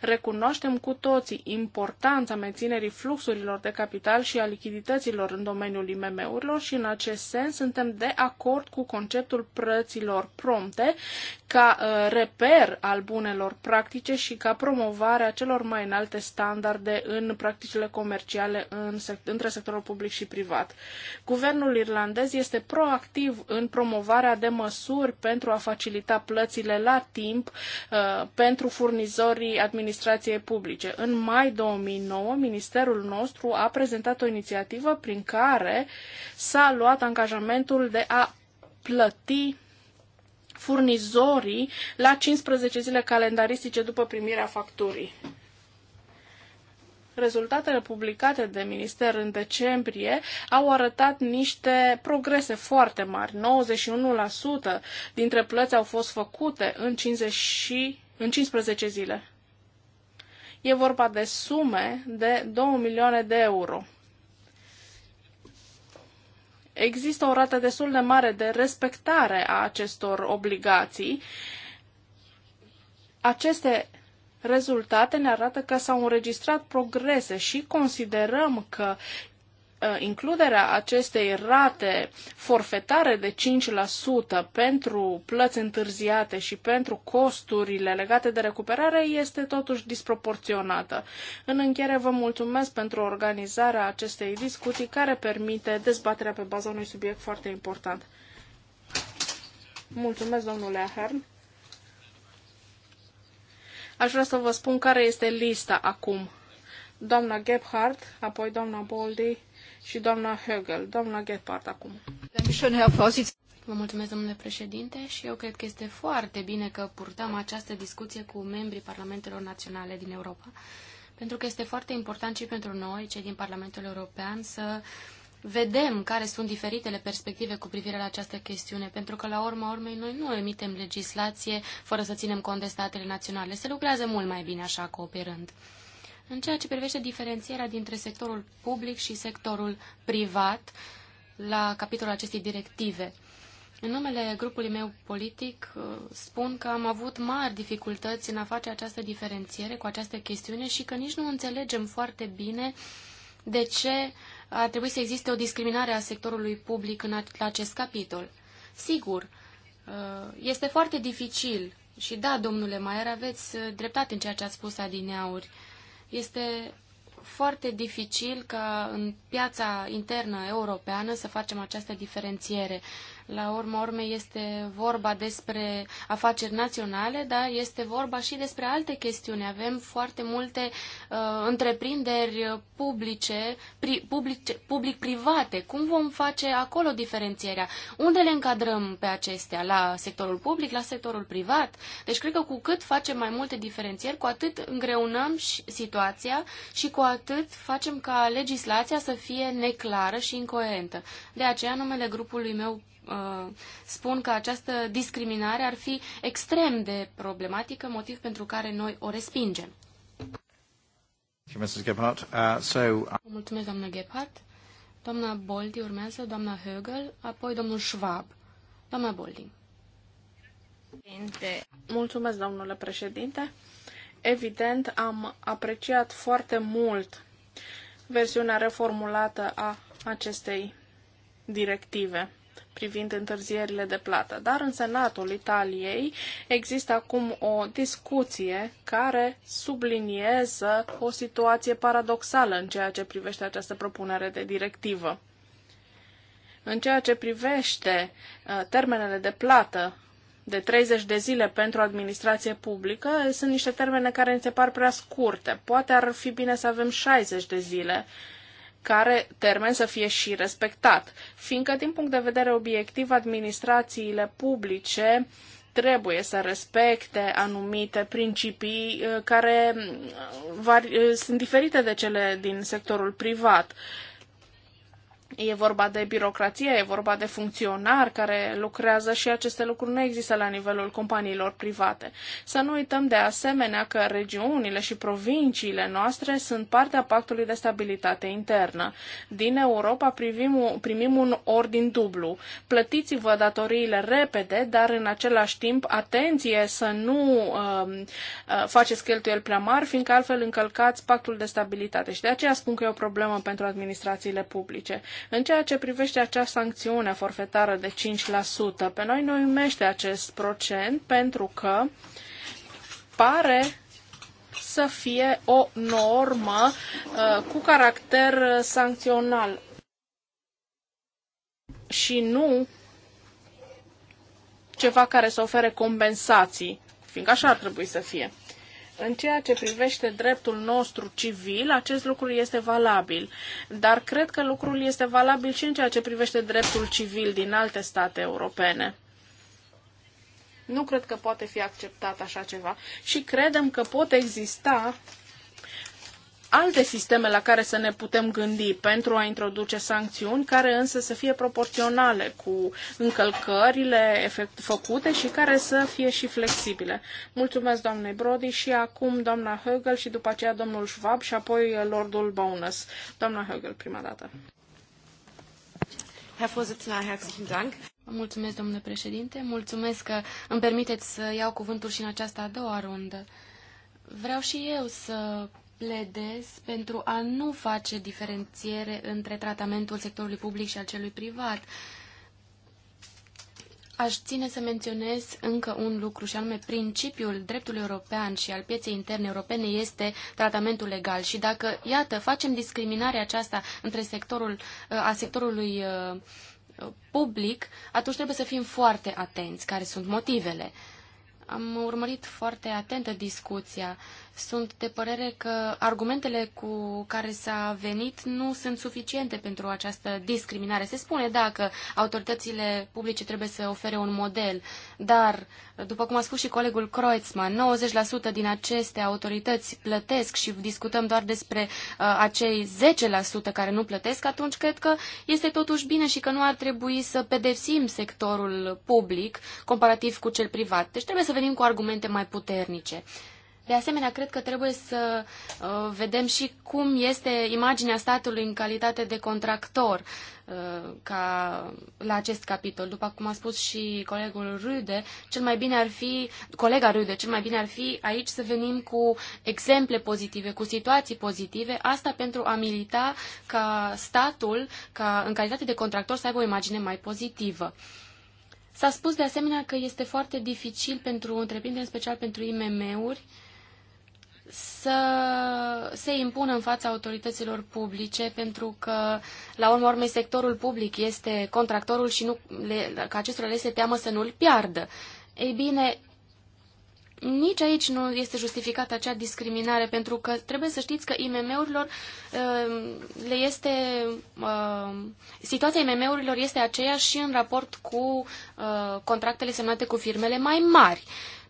Recunoaștem cu toții importanța menținerii fluxurilor de capital și a lichidităților în domeniul IMM-urilor și în acest sens suntem de acord cu conceptul prăților prompte ca uh, reper al bunelor practice și ca promovare a celor mai înalte standarde în practicile comerciale în sect- între sectorul public și privat. Guvernul irlandez este proactiv în promovarea de măsuri pentru a facilita plățile la timp uh, pentru furnizorii administrației publice. În mai 2009, ministerul nostru a prezentat o inițiativă prin care s-a luat angajamentul de a plăti furnizorii la 15 zile calendaristice după primirea facturii. Rezultatele publicate de minister în decembrie au arătat niște progrese foarte mari. 91% dintre plăți au fost făcute în, 50 și, în 15 zile. E vorba de sume de 2 milioane de euro există o rată destul de mare de respectare a acestor obligații. Aceste rezultate ne arată că s-au înregistrat progrese și considerăm că Uh, includerea acestei rate forfetare de 5% pentru plăți întârziate și pentru costurile legate de recuperare este totuși disproporționată. În încheiere vă mulțumesc pentru organizarea acestei discuții care permite dezbaterea pe baza unui subiect foarte important. Mulțumesc, domnule Ahern. Aș vrea să vă spun care este lista acum. Doamna Gebhardt, apoi doamna Boldi, și doamna Hegel. Doamna Gephardt acum. Vă mulțumesc, domnule președinte, și eu cred că este foarte bine că purtăm această discuție cu membrii Parlamentelor Naționale din Europa, pentru că este foarte important și pentru noi, cei din Parlamentul European, să vedem care sunt diferitele perspective cu privire la această chestiune, pentru că, la urma urmei, noi nu emitem legislație fără să ținem cont de statele naționale. Se lucrează mult mai bine așa, cooperând. În ceea ce privește diferențierea dintre sectorul public și sectorul privat la capitolul acestei directive, în numele grupului meu politic uh, spun că am avut mari dificultăți în a face această diferențiere cu această chestiune și că nici nu înțelegem foarte bine de ce ar trebui să existe o discriminare a sectorului public în acest capitol. Sigur, uh, este foarte dificil și da, domnule Maier, aveți uh, dreptate în ceea ce ați spus adineauri. Este foarte dificil ca în piața internă europeană să facem această diferențiere. La urma urmei este vorba despre afaceri naționale, dar este vorba și despre alte chestiuni. Avem foarte multe uh, întreprinderi publice, pri, publice, public-private. Cum vom face acolo diferențierea? Unde le încadrăm pe acestea? La sectorul public, la sectorul privat? Deci cred că cu cât facem mai multe diferențieri, cu atât îngreunăm situația și cu atât facem ca legislația să fie neclară și incoerentă. De aceea, numele grupului meu Uh, spun că această discriminare ar fi extrem de problematică, motiv pentru care noi o respingem. Uh, uh, mulțumesc, doamnă Gephardt. Doamna Boldi urmează, doamna Högel, apoi domnul Schwab. Doamna Boldi. Mulțumesc, domnule președinte. Evident, am apreciat foarte mult versiunea reformulată a acestei directive privind întârzierile de plată. Dar în Senatul Italiei există acum o discuție care subliniază o situație paradoxală în ceea ce privește această propunere de directivă. În ceea ce privește uh, termenele de plată de 30 de zile pentru administrație publică sunt niște termene care ni se par prea scurte. Poate ar fi bine să avem 60 de zile care termen să fie și respectat, fiindcă din punct de vedere obiectiv administrațiile publice trebuie să respecte anumite principii uh, care uh, uh, sunt diferite de cele din sectorul privat. E vorba de birocrație, e vorba de funcționari care lucrează și aceste lucruri nu există la nivelul companiilor private. Să nu uităm de asemenea că regiunile și provinciile noastre sunt parte a pactului de stabilitate internă. Din Europa privim, primim un ordin dublu. Plătiți-vă datoriile repede, dar în același timp atenție să nu um, uh, faceți cheltuieli prea mari, fiindcă altfel încălcați pactul de stabilitate. Și de aceea spun că e o problemă pentru administrațiile publice. În ceea ce privește acea sancțiune forfetară de 5%, pe noi nu uimește acest procent pentru că pare să fie o normă uh, cu caracter uh, sancțional și nu ceva care să ofere compensații, fiindcă așa ar trebui să fie. În ceea ce privește dreptul nostru civil, acest lucru este valabil, dar cred că lucrul este valabil și în ceea ce privește dreptul civil din alte state europene. Nu cred că poate fi acceptat așa ceva și credem că pot exista alte sisteme la care să ne putem gândi pentru a introduce sancțiuni care însă să fie proporționale cu încălcările efect făcute și care să fie și flexibile. Mulțumesc doamnei Brody și acum doamna Högel și după aceea domnul Schwab și apoi lordul Bonus. Doamna Högel, prima dată. herzlichen Dank. Mulțumesc, domnule președinte. Mulțumesc că îmi permiteți să iau cuvântul și în această a doua rundă. Vreau și eu să pledez pentru a nu face diferențiere între tratamentul sectorului public și al celui privat. Aș ține să menționez încă un lucru și anume principiul dreptului european și al pieței interne europene este tratamentul legal și dacă, iată, facem discriminarea aceasta între sectorul, a sectorului uh, public, atunci trebuie să fim foarte atenți care sunt motivele. Am urmărit foarte atentă discuția sunt de părere că argumentele cu care s-a venit nu sunt suficiente pentru această discriminare. Se spune, da, că autoritățile publice trebuie să ofere un model, dar, după cum a spus și colegul Kreutzmann, 90% din aceste autorități plătesc și discutăm doar despre uh, acei 10% care nu plătesc, atunci cred că este totuși bine și că nu ar trebui să pedepsim sectorul public comparativ cu cel privat. Deci trebuie să venim cu argumente mai puternice. De asemenea, cred că trebuie să uh, vedem și cum este imaginea statului în calitate de contractor uh, ca, la acest capitol. După cum a spus și colegul Rude, cel mai bine ar fi, colega Rude, cel mai bine ar fi aici să venim cu exemple pozitive, cu situații pozitive, asta pentru a milita ca statul, ca, în calitate de contractor, să aibă o imagine mai pozitivă. S-a spus de asemenea că este foarte dificil pentru întreprinderi, în special pentru IMM-uri, uh, să se impună în fața autorităților publice, pentru că, la urmă urmei, sectorul public este contractorul și nu, le, că acestora le este teamă să nu-l piardă. Ei bine, nici aici nu este justificată acea discriminare, pentru că trebuie să știți că IMM-urilor um, le este. Um, situația IMM-urilor este aceeași și în raport cu uh, contractele semnate cu firmele mai mari.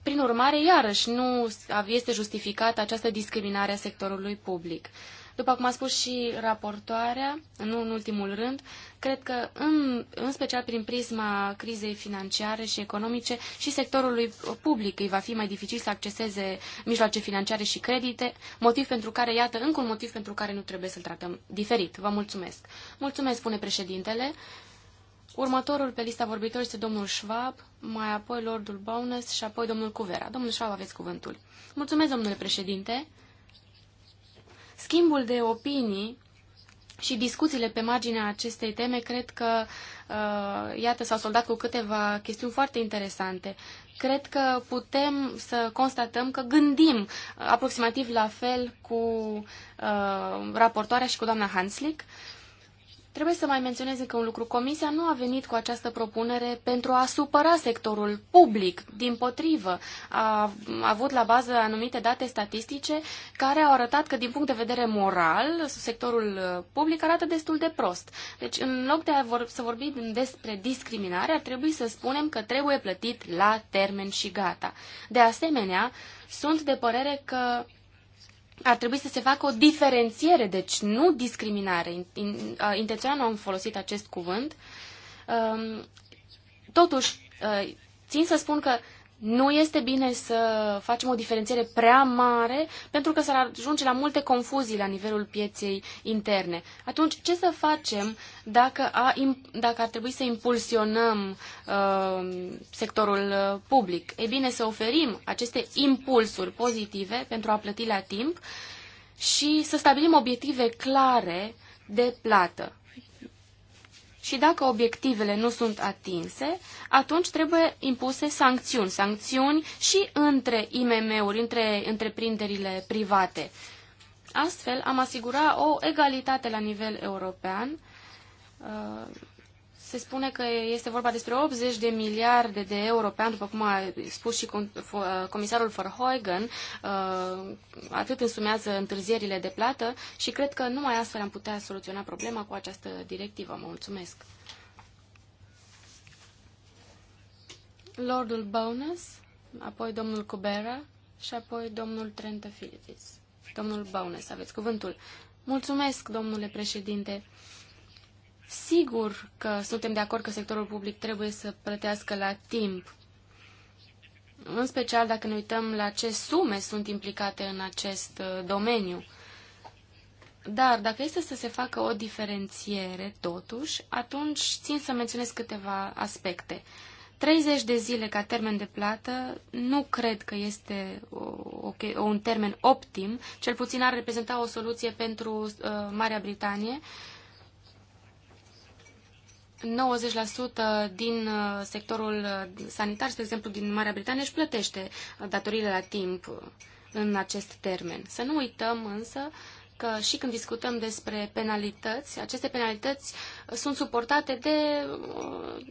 Prin urmare, iarăși, nu este justificată această discriminare a sectorului public. După cum a spus și raportoarea, nu în ultimul rând, cred că în, în special prin prisma crizei financiare și economice și sectorului public îi va fi mai dificil să acceseze mijloace financiare și credite, motiv pentru care, iată, încă un motiv pentru care nu trebuie să-l tratăm diferit. Vă mulțumesc. Mulțumesc, spune președintele. Următorul pe lista vorbitorilor este domnul Schwab, mai apoi Lordul Bowness și apoi domnul Cuvera. Domnul Schwab, aveți cuvântul. Mulțumesc, domnule președinte. Schimbul de opinii și discuțiile pe marginea acestei teme, cred că, uh, iată, s-au soldat cu câteva chestiuni foarte interesante. Cred că putem să constatăm că gândim uh, aproximativ la fel cu uh, raportoarea și cu doamna Hanslick. Uh, Trebuie să mai menționez încă un lucru. Comisia nu a venit cu această propunere pentru a supăra sectorul public. Din potrivă, a avut la bază anumite date statistice care au arătat că, din punct de vedere moral, sectorul uh, public arată destul de prost. Deci, în loc de a vor, să vorbim despre discriminare, ar trebui să spunem că trebuie plătit la termen și gata. De asemenea, sunt de părere că ar trebui să se facă o diferențiere, deci nu discriminare. Uh, intenționat nu am folosit acest cuvânt. Um, totuși, uh, țin să spun că nu este bine să facem o diferențiere prea mare pentru că s-ar ajunge la multe confuzii la nivelul pieței interne. Atunci, ce să facem dacă, a, dacă ar trebui să impulsionăm uh, sectorul uh, public? E bine să oferim aceste impulsuri pozitive pentru a plăti la timp și să stabilim obiective clare de plată și dacă obiectivele nu sunt atinse, atunci trebuie impuse sancțiuni, sancțiuni și între IMM-uri, între întreprinderile private. Astfel am asigura o egalitate la nivel european uh, se spune că este vorba despre 80 de miliarde de euro pe an, după cum a spus și comisarul Verheugen, uh, atât însumează întârzierile de plată și cred că numai astfel am putea soluționa problema cu această directivă. Mă mulțumesc. Lordul Bonus, apoi domnul Cubera și apoi domnul Trenta Filipis. Domnul Bonus, aveți cuvântul. Mulțumesc, domnule președinte. Sigur că suntem de acord că sectorul public trebuie să plătească la timp, în special dacă ne uităm la ce sume sunt implicate în acest uh, domeniu. Dar dacă este să se facă o diferențiere, totuși, atunci țin să menționez câteva aspecte. 30 de zile ca termen de plată nu cred că este o, o, un termen optim, cel puțin ar reprezenta o soluție pentru uh, Marea Britanie, uh, 90% din uh, sectorul uh, sanitar, spre exemplu din Marea Britanie, își plătește uh, datoriile la timp în acest termen. Să nu uităm însă că și când discutăm despre penalități, aceste penalități sunt suportate de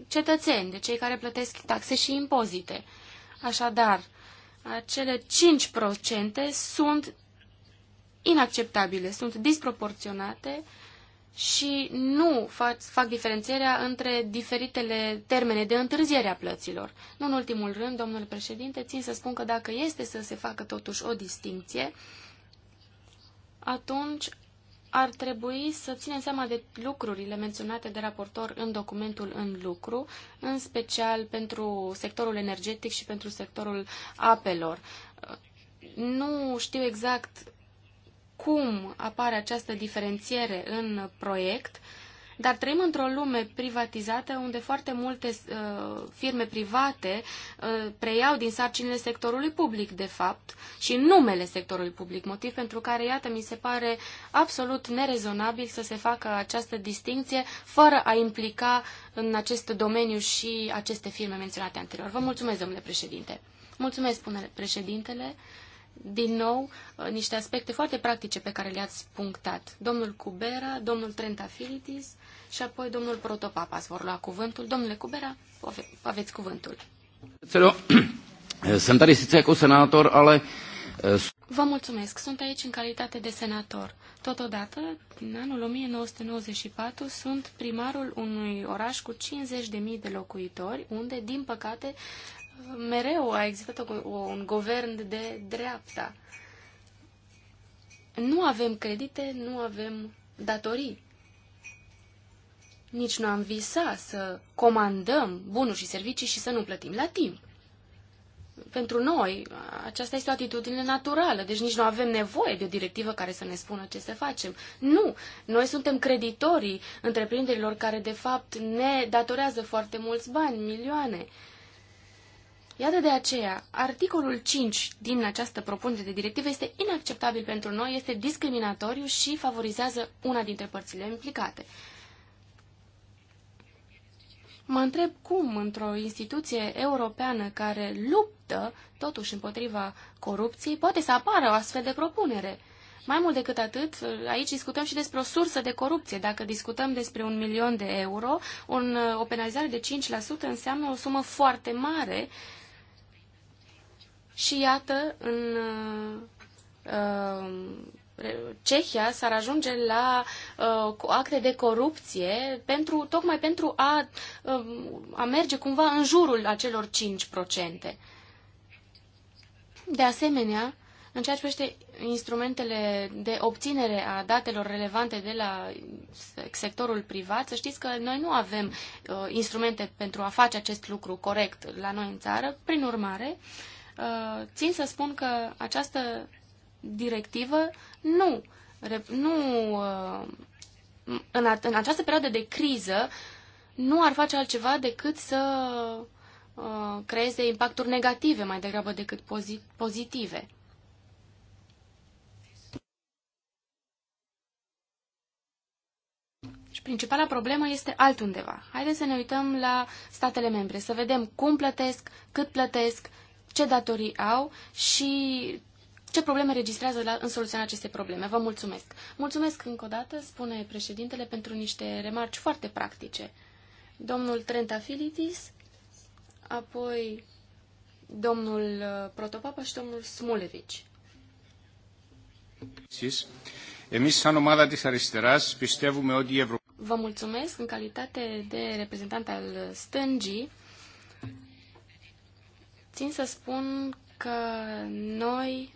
cetățeni, de cei care plătesc taxe și impozite. Așadar, acele 5% sunt inacceptabile, sunt disproporționate și nu fac, fac diferențierea între diferitele termene de întârziere a plăților. Nu în ultimul rând, domnule președinte, țin să spun că dacă este să se facă totuși o distinție, atunci ar trebui să ținem seama de lucrurile menționate de raportor în documentul în lucru, în special pentru sectorul energetic și pentru sectorul apelor. Nu știu exact cum apare această diferențiere în proiect, dar trăim într-o lume privatizată unde foarte multe uh, firme private uh, preiau din sarcinile sectorului public, de fapt, și numele sectorului public, motiv pentru care, iată, mi se pare absolut nerezonabil să se facă această distinție fără a implica în acest domeniu și aceste firme menționate anterior. Vă mulțumesc, domnule președinte. Mulțumesc, spune președintele din nou, uh, niște aspecte foarte practice pe care le-ați punctat. Domnul Cubera, domnul Trentafilitis și apoi domnul Protopapas vor lua cuvântul. Domnule Cubera, aveți cuvântul. Sunt [clears throat] tady cu senator, ale... Eh, Vă mulțumesc. Sunt aici în calitate de senator. Totodată, în anul 1994, sunt primarul unui oraș cu 50.000 de locuitori, unde, din păcate, mereu a existat o, un guvern de dreapta. Nu avem credite, nu avem datorii. Nici nu am visat să comandăm bunuri și servicii și să nu plătim la timp. Pentru noi, aceasta este o atitudine naturală, deci nici nu avem nevoie de o directivă care să ne spună ce să facem. Nu! Noi suntem creditorii întreprinderilor care, de fapt, ne datorează foarte mulți bani, milioane. Uh, Iată de aceea, articolul 5 din această propunere de directivă este inacceptabil pentru noi, este discriminatoriu și favorizează una dintre părțile implicate. Mă întreb cum, într-o instituție europeană care luptă totuși împotriva corupției, poate să apară o astfel de propunere. Mai mult decât atât, aici discutăm și despre o sursă de corupție. Dacă discutăm despre un milion de euro, un, o penalizare de 5% înseamnă o sumă foarte mare uh, și iată, în uh, uh Cehia s-ar ajunge la uh, acte de corupție pentru, tocmai pentru a, uh, a merge cumva în jurul acelor 5%. De asemenea, în ceea ce privește instrumentele de obținere a datelor relevante de la sectorul privat, să știți că noi nu avem uh, instrumente pentru a face acest lucru corect la noi în țară. Prin urmare, uh, Uh, țin să spun că această directivă nu, nu uh, în, în această perioadă de criză nu ar face altceva decât să uh, creeze impacturi negative mai degrabă decât pozitive. Și principala problemă este altundeva. Haideți să ne uităm la statele membre, să vedem cum plătesc, cât plătesc, ce datorii au și ce probleme registrează la, în soluționarea acestei probleme. Vă mulțumesc. Mulțumesc încă o dată, spune președintele, pentru niște remarci foarte practice. Domnul Trentafilitis, apoi domnul uh, Protopapa și domnul Smulevici. Vă mulțumesc în calitate de reprezentant al stângii. Țin să spun că noi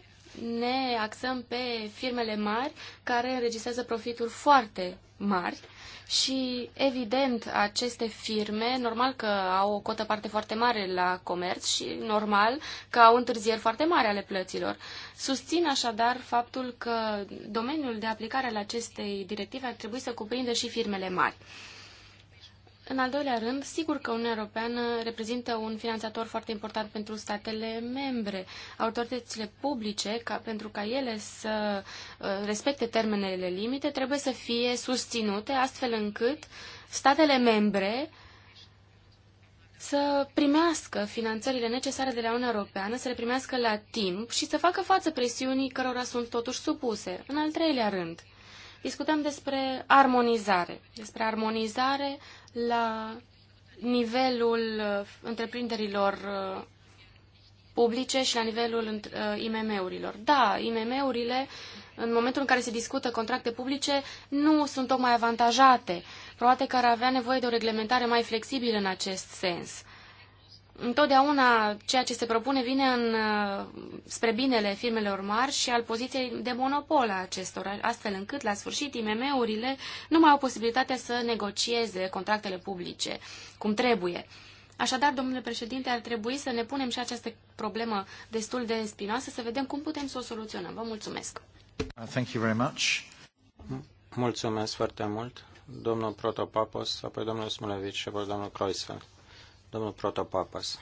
ne axăm pe firmele mari care înregistrează profituri foarte mari și, evident, aceste firme, normal că au o cotă parte foarte mare la comerț și normal că au întârzieri foarte mari ale plăților. Susțin așadar faptul că domeniul de aplicare al acestei directive ar trebui să cuprindă și firmele mari. În al doilea rând, sigur că Uniunea Europeană reprezintă un finanțator foarte important pentru statele membre, autoritățile publice, ca, pentru ca ele să uh, respecte termenele limite, trebuie să fie susținute astfel încât statele membre să primească finanțările necesare de la Uniunea Europeană, să le primească la timp și să facă față presiunii cărora sunt totuși supuse. În al treilea rând, discutăm despre armonizare, despre armonizare la nivelul uh, întreprinderilor uh, publice și la nivelul uh, IMM-urilor. Da, IMM-urile, în momentul în care se discută contracte publice, nu sunt tocmai avantajate. Probabil că ar avea nevoie de o reglementare mai flexibilă în acest sens. Întotdeauna ceea ce se propune vine în, uh, spre binele firmelor mari și al poziției de monopol a acestora, astfel încât, la sfârșit, IMM-urile nu mai au posibilitatea să negocieze contractele publice cum trebuie. Așadar, domnule președinte, ar trebui să ne punem și această problemă destul de spinoasă, să vedem cum putem să o soluționăm. Vă mulțumesc! Uh, thank you very much. Mulțumesc foarte mult, domnul Protopapos, apoi domnul Smulevici și apoi domnul Kreuzfeld. Domnul Protopapas.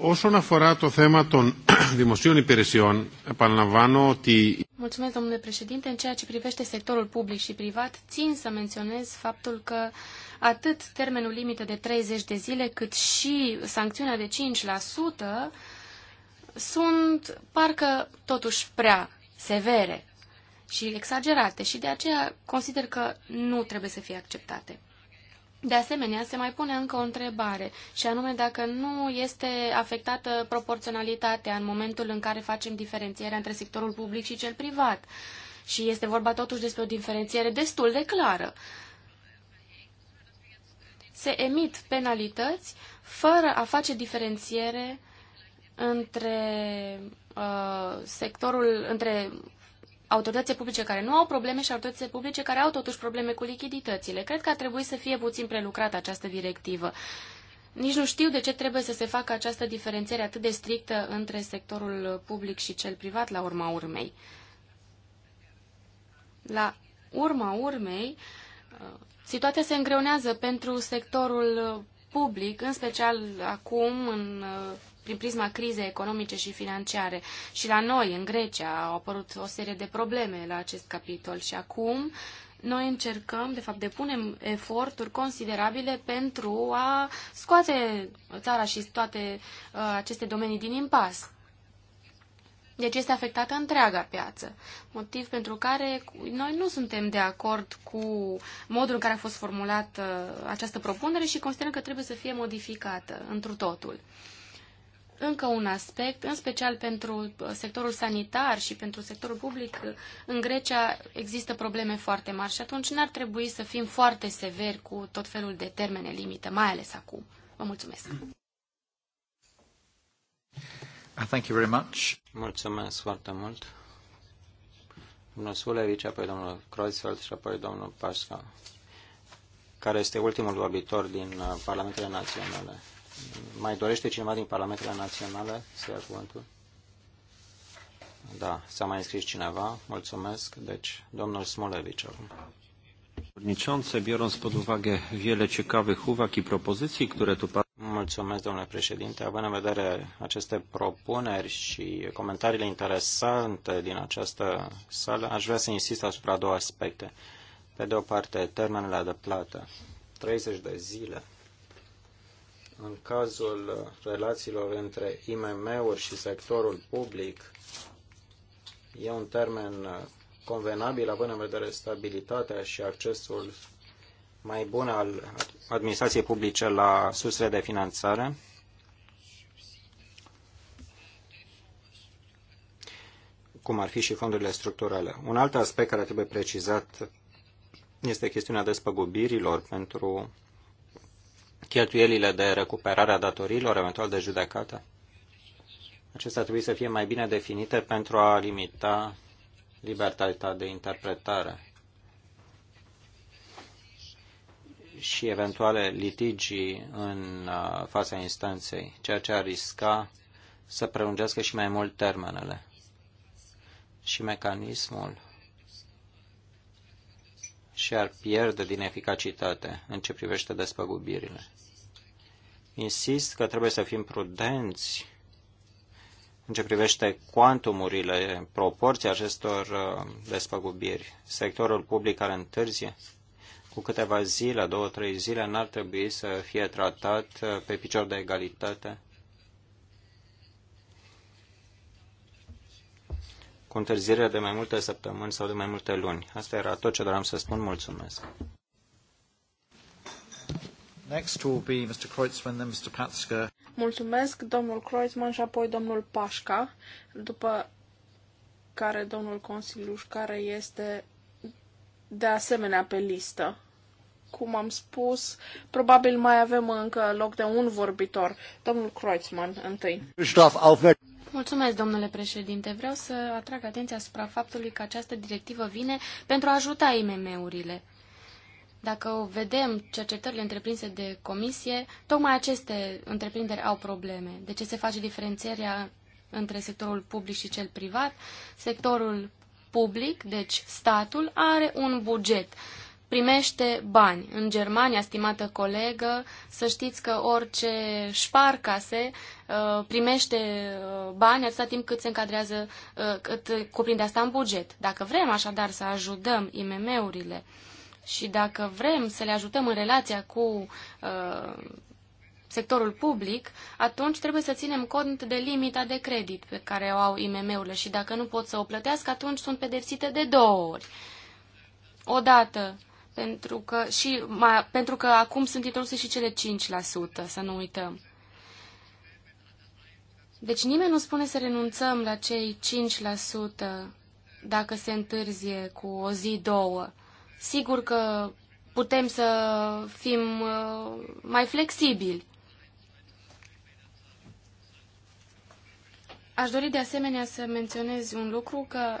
Όσον αφορά το θέμα των [clears throat] δημοσίων υπηρεσιών, επαναλαμβάνω ότι... Mulțumesc, domnule președinte. În ceea ce privește sectorul public și privat, țin să menționez faptul că atât termenul limită de 30 de zile, cât și sancțiunea de 5% sunt parcă totuși prea severe și exagerate și de aceea consider că nu trebuie să fie acceptate. De asemenea, se mai pune încă o întrebare, și anume dacă nu este afectată proporționalitatea în momentul în care facem diferențierea între sectorul public și cel privat. Și este vorba totuși despre o diferențiere destul de clară. Se emit penalități fără a face diferențiere între uh, sectorul, între autoritățile publice care nu au probleme și autoritățile publice care au totuși probleme cu lichiditățile. Cred că ar trebui să fie puțin prelucrată această directivă. Nici nu știu de ce trebuie să se facă această diferențiere atât de strictă între sectorul public și cel privat la urma urmei. La urma urmei, uh, situația se îngreunează pentru sectorul public, în special acum, în uh, prin prisma crizei economice și financiare. Și la noi, în Grecia, au apărut o serie de probleme la acest capitol și acum noi încercăm, de fapt, depunem eforturi considerabile pentru a scoate țara și toate uh, aceste domenii din impas. Deci este afectată întreaga piață, motiv pentru care noi nu suntem de acord cu modul în care a fost formulată uh, această propunere și considerăm că trebuie să fie modificată întru totul încă un aspect, în special pentru uh, sectorul sanitar și pentru sectorul public, în Grecia există probleme foarte mari și atunci n-ar trebui să fim foarte severi cu tot felul de termene limită, mai ales acum. Vă mulțumesc! Uh, thank you very much. Mulțumesc foarte mult. Domnul Sulevici, apoi domnul Kreuzfeld și apoi domnul Pasca, care este ultimul vorbitor din uh, Parlamentele Naționale. Mai dorește cineva din Parlamentele Naționale să ia cuvântul? Da, s-a mai înscris cineva. Mulțumesc. Deci, domnul Smolevici acum. Przewodniczący, ciekawych i tu Mulțumesc, domnule președinte. Având în vedere aceste propuneri și comentariile interesante din această sală, aș vrea să insist asupra două aspecte. Pe de o parte, termenele de plată, 30 de zile în cazul relațiilor între IMM-uri și sectorul public, e un termen convenabil, având în vedere stabilitatea și accesul mai bun al administrației publice la sursele de finanțare. cum ar fi și fondurile structurale. Un alt aspect care trebuie precizat este chestiunea despăgubirilor pentru cheltuielile de recuperare a datoriilor, eventual de judecată. Acestea trebuie să fie mai bine definite pentru a limita libertatea de interpretare și eventuale litigii în uh, fața instanței, ceea ce ar risca să prelungească și mai mult termenele. Și mecanismul și ar pierde din eficacitate în ce privește despăgubirile. Insist că trebuie să fim prudenți în ce privește cuantumurile, proporția acestor uh, despăgubiri. Sectorul public care întârzie cu câteva zile, două, trei zile, n-ar trebui să fie tratat uh, pe picior de egalitate cu întârziere de mai multe săptămâni sau de mai multe luni. Asta era tot ce doream să spun. Mulțumesc. Next will be Mr. Kreutzmann, then Mr. Patska. Mulțumesc, domnul Kreutzmann și apoi domnul Pașca, după care domnul Consiliuș, care este de asemenea pe listă cum am spus, probabil mai avem încă loc de un vorbitor. Domnul Kreuzmann, întâi. Mulțumesc, domnule președinte. Vreau să atrag atenția asupra faptului că această directivă vine pentru a ajuta IMM-urile. Dacă vedem cercetările întreprinse de comisie, tocmai aceste întreprinderi au probleme. De ce se face diferențierea între sectorul public și cel privat? Sectorul public, deci statul, are un buget primește bani. În Germania, stimată colegă, să știți că orice șparcase uh, primește uh, bani atâta timp cât se încadrează, uh, cât cuprinde asta în buget. Dacă vrem așadar să ajutăm IMM-urile și dacă vrem să le ajutăm în relația cu sectorul public, atunci trebuie să ținem cont de limita de credit pe care o au IMM-urile și dacă nu pot să o plătească, atunci sunt pedepsite de două ori. Odată pentru că, și, mai, pentru că acum sunt introduse și cele 5%, să nu uităm. Deci nimeni nu spune să renunțăm la cei 5% dacă se întârzie cu o zi, două. Sigur că putem să fim uh, mai flexibili. Aș dori de asemenea să menționez un lucru că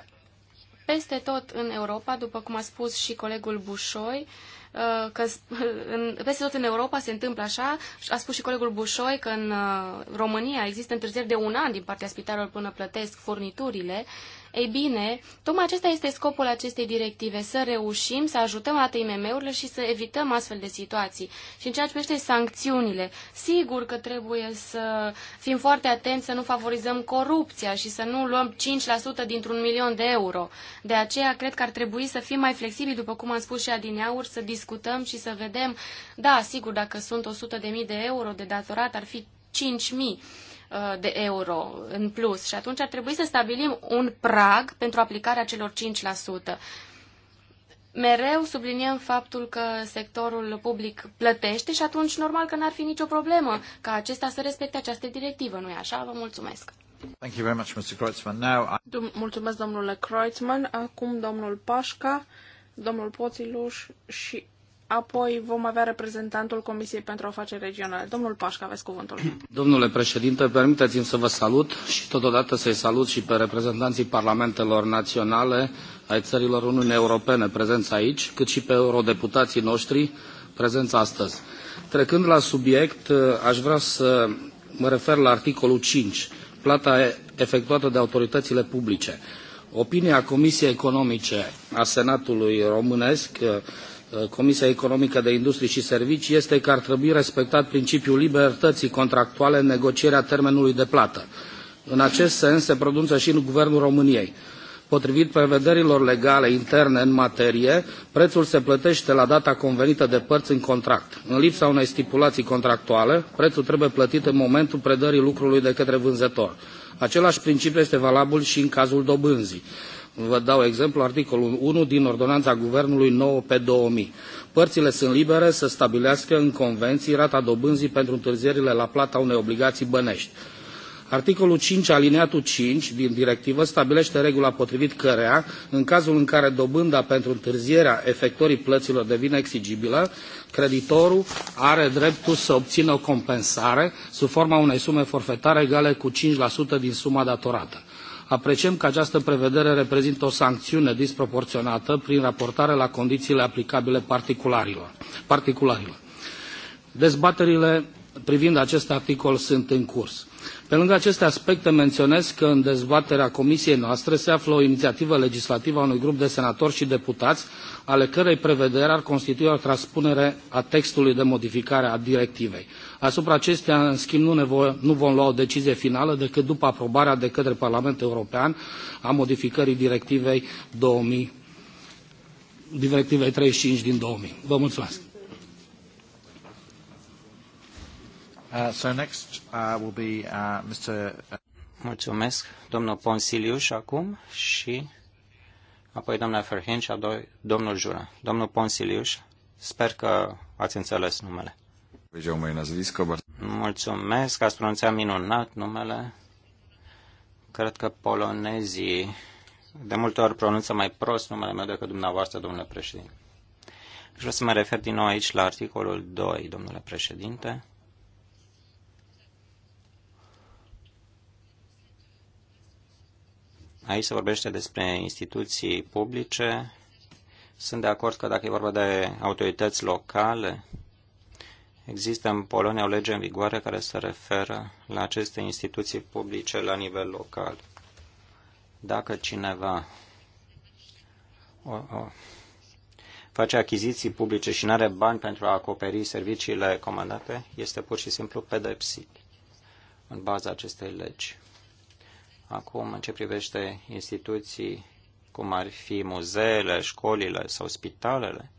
peste tot în Europa, după cum a spus și colegul Bușoi, uh, că [laughs] în, peste tot în Europa se întâmplă așa. A spus și colegul Bușoi că în uh, România există întârzieri de un an din partea spitalelor până plătesc furniturile ei bine, tocmai acesta este scopul acestei directive, să reușim să ajutăm ATIMM-urile și să evităm astfel de situații. Și în ceea ce privește sancțiunile, sigur că trebuie să fim foarte atenți să nu favorizăm corupția și să nu luăm 5% dintr-un milion de euro. De aceea, cred că ar trebui să fim mai flexibili, după cum am spus și Adineaur, să discutăm și să vedem, da, sigur, dacă sunt 100.000 de euro de datorat, ar fi 5.000 Uh, de euro în plus și atunci ar trebui să stabilim un prag pentru aplicarea celor 5%. Mereu subliniem faptul că sectorul public plătește și atunci normal că n-ar fi nicio problemă ca acesta să respecte această directivă, nu-i așa? Vă mulțumesc! Thank you very much, Mr. Kreutzmann. Now I... Mulțumesc, domnule Kreutzmann. Acum domnul Pașca, domnul Poțiluș și apoi vom avea reprezentantul Comisiei pentru Afaceri Regionale. Domnul Pașca, aveți cuvântul. Domnule președinte, permiteți-mi să vă salut și totodată să-i salut și pe reprezentanții parlamentelor naționale ai țărilor Uniunii Europene prezenți aici, cât și pe eurodeputații noștri prezenți astăzi. Trecând la subiect, aș vrea să mă refer la articolul 5, plata efectuată de autoritățile publice. Opinia Comisiei Economice a Senatului Românesc Uh, Comisia Economică de Industrie și Servicii este că ar trebui respectat principiul libertății contractuale în negocierea termenului de plată. În acest sens se pronunță și în Guvernul României. Potrivit prevederilor legale interne în materie, prețul se plătește la data convenită de părți în contract. În lipsa unei stipulații contractuale, prețul trebuie plătit în momentul predării lucrului de către vânzător. Același principiu este valabil și în cazul dobânzii. Vă dau exemplu articolul 1 din ordonanța Guvernului 9 pe 2000. Părțile sunt libere să stabilească în convenții rata dobânzii pentru întârzierile la plata unei obligații bănești. Articolul 5, alineatul 5 din directivă stabilește regula potrivit cărea, în cazul în care dobânda pentru întârzierea efectorii plăților devine exigibilă, creditorul are dreptul să obțină o compensare sub forma unei sume forfetare egale cu 5% din suma datorată. Apreciem că această prevedere reprezintă o sancțiune disproporționată prin raportare la condițiile aplicabile particularilor. particularilor. Dezbaterile privind acest articol sunt în curs. Pe lângă aceste aspecte, menționez că în dezbaterea comisiei noastre se află o inițiativă legislativă a unui grup de senatori și deputați, ale cărei prevederi ar constitui o transpunere a textului de modificare a directivei. Asupra acesteia, în schimb, nu, nevoie, nu vom lua o decizie finală decât după aprobarea de către Parlamentul European a modificării directivei 2000 directivei 35 din 2000. Vă mulțumesc. Uh, so next uh, will be uh, Mr. Uh, Mulțumesc, domnul Ponsiliu și acum și apoi doamna Ferhin și apoi domnul Jura. Domnul Ponsiliu, sper că ați înțeles numele. Mulțumesc, ați pronunțat minunat numele. Cred că polonezii de multe ori pronunță mai prost numele meu decât dumneavoastră, domnule președinte. Vreau să mă refer din nou aici la articolul 2, domnule președinte. Aici se vorbește despre instituții publice. Sunt de acord că dacă e vorba de autorități locale, există în Polonia o lege în vigoare care se referă la aceste instituții publice la nivel local. Dacă cineva o, o, face achiziții publice și nu are bani pentru a acoperi serviciile comandate, este pur și simplu pedepsit în baza acestei legi. Acum, în ce privește instituții cum ar fi muzeele, școlile sau spitalele,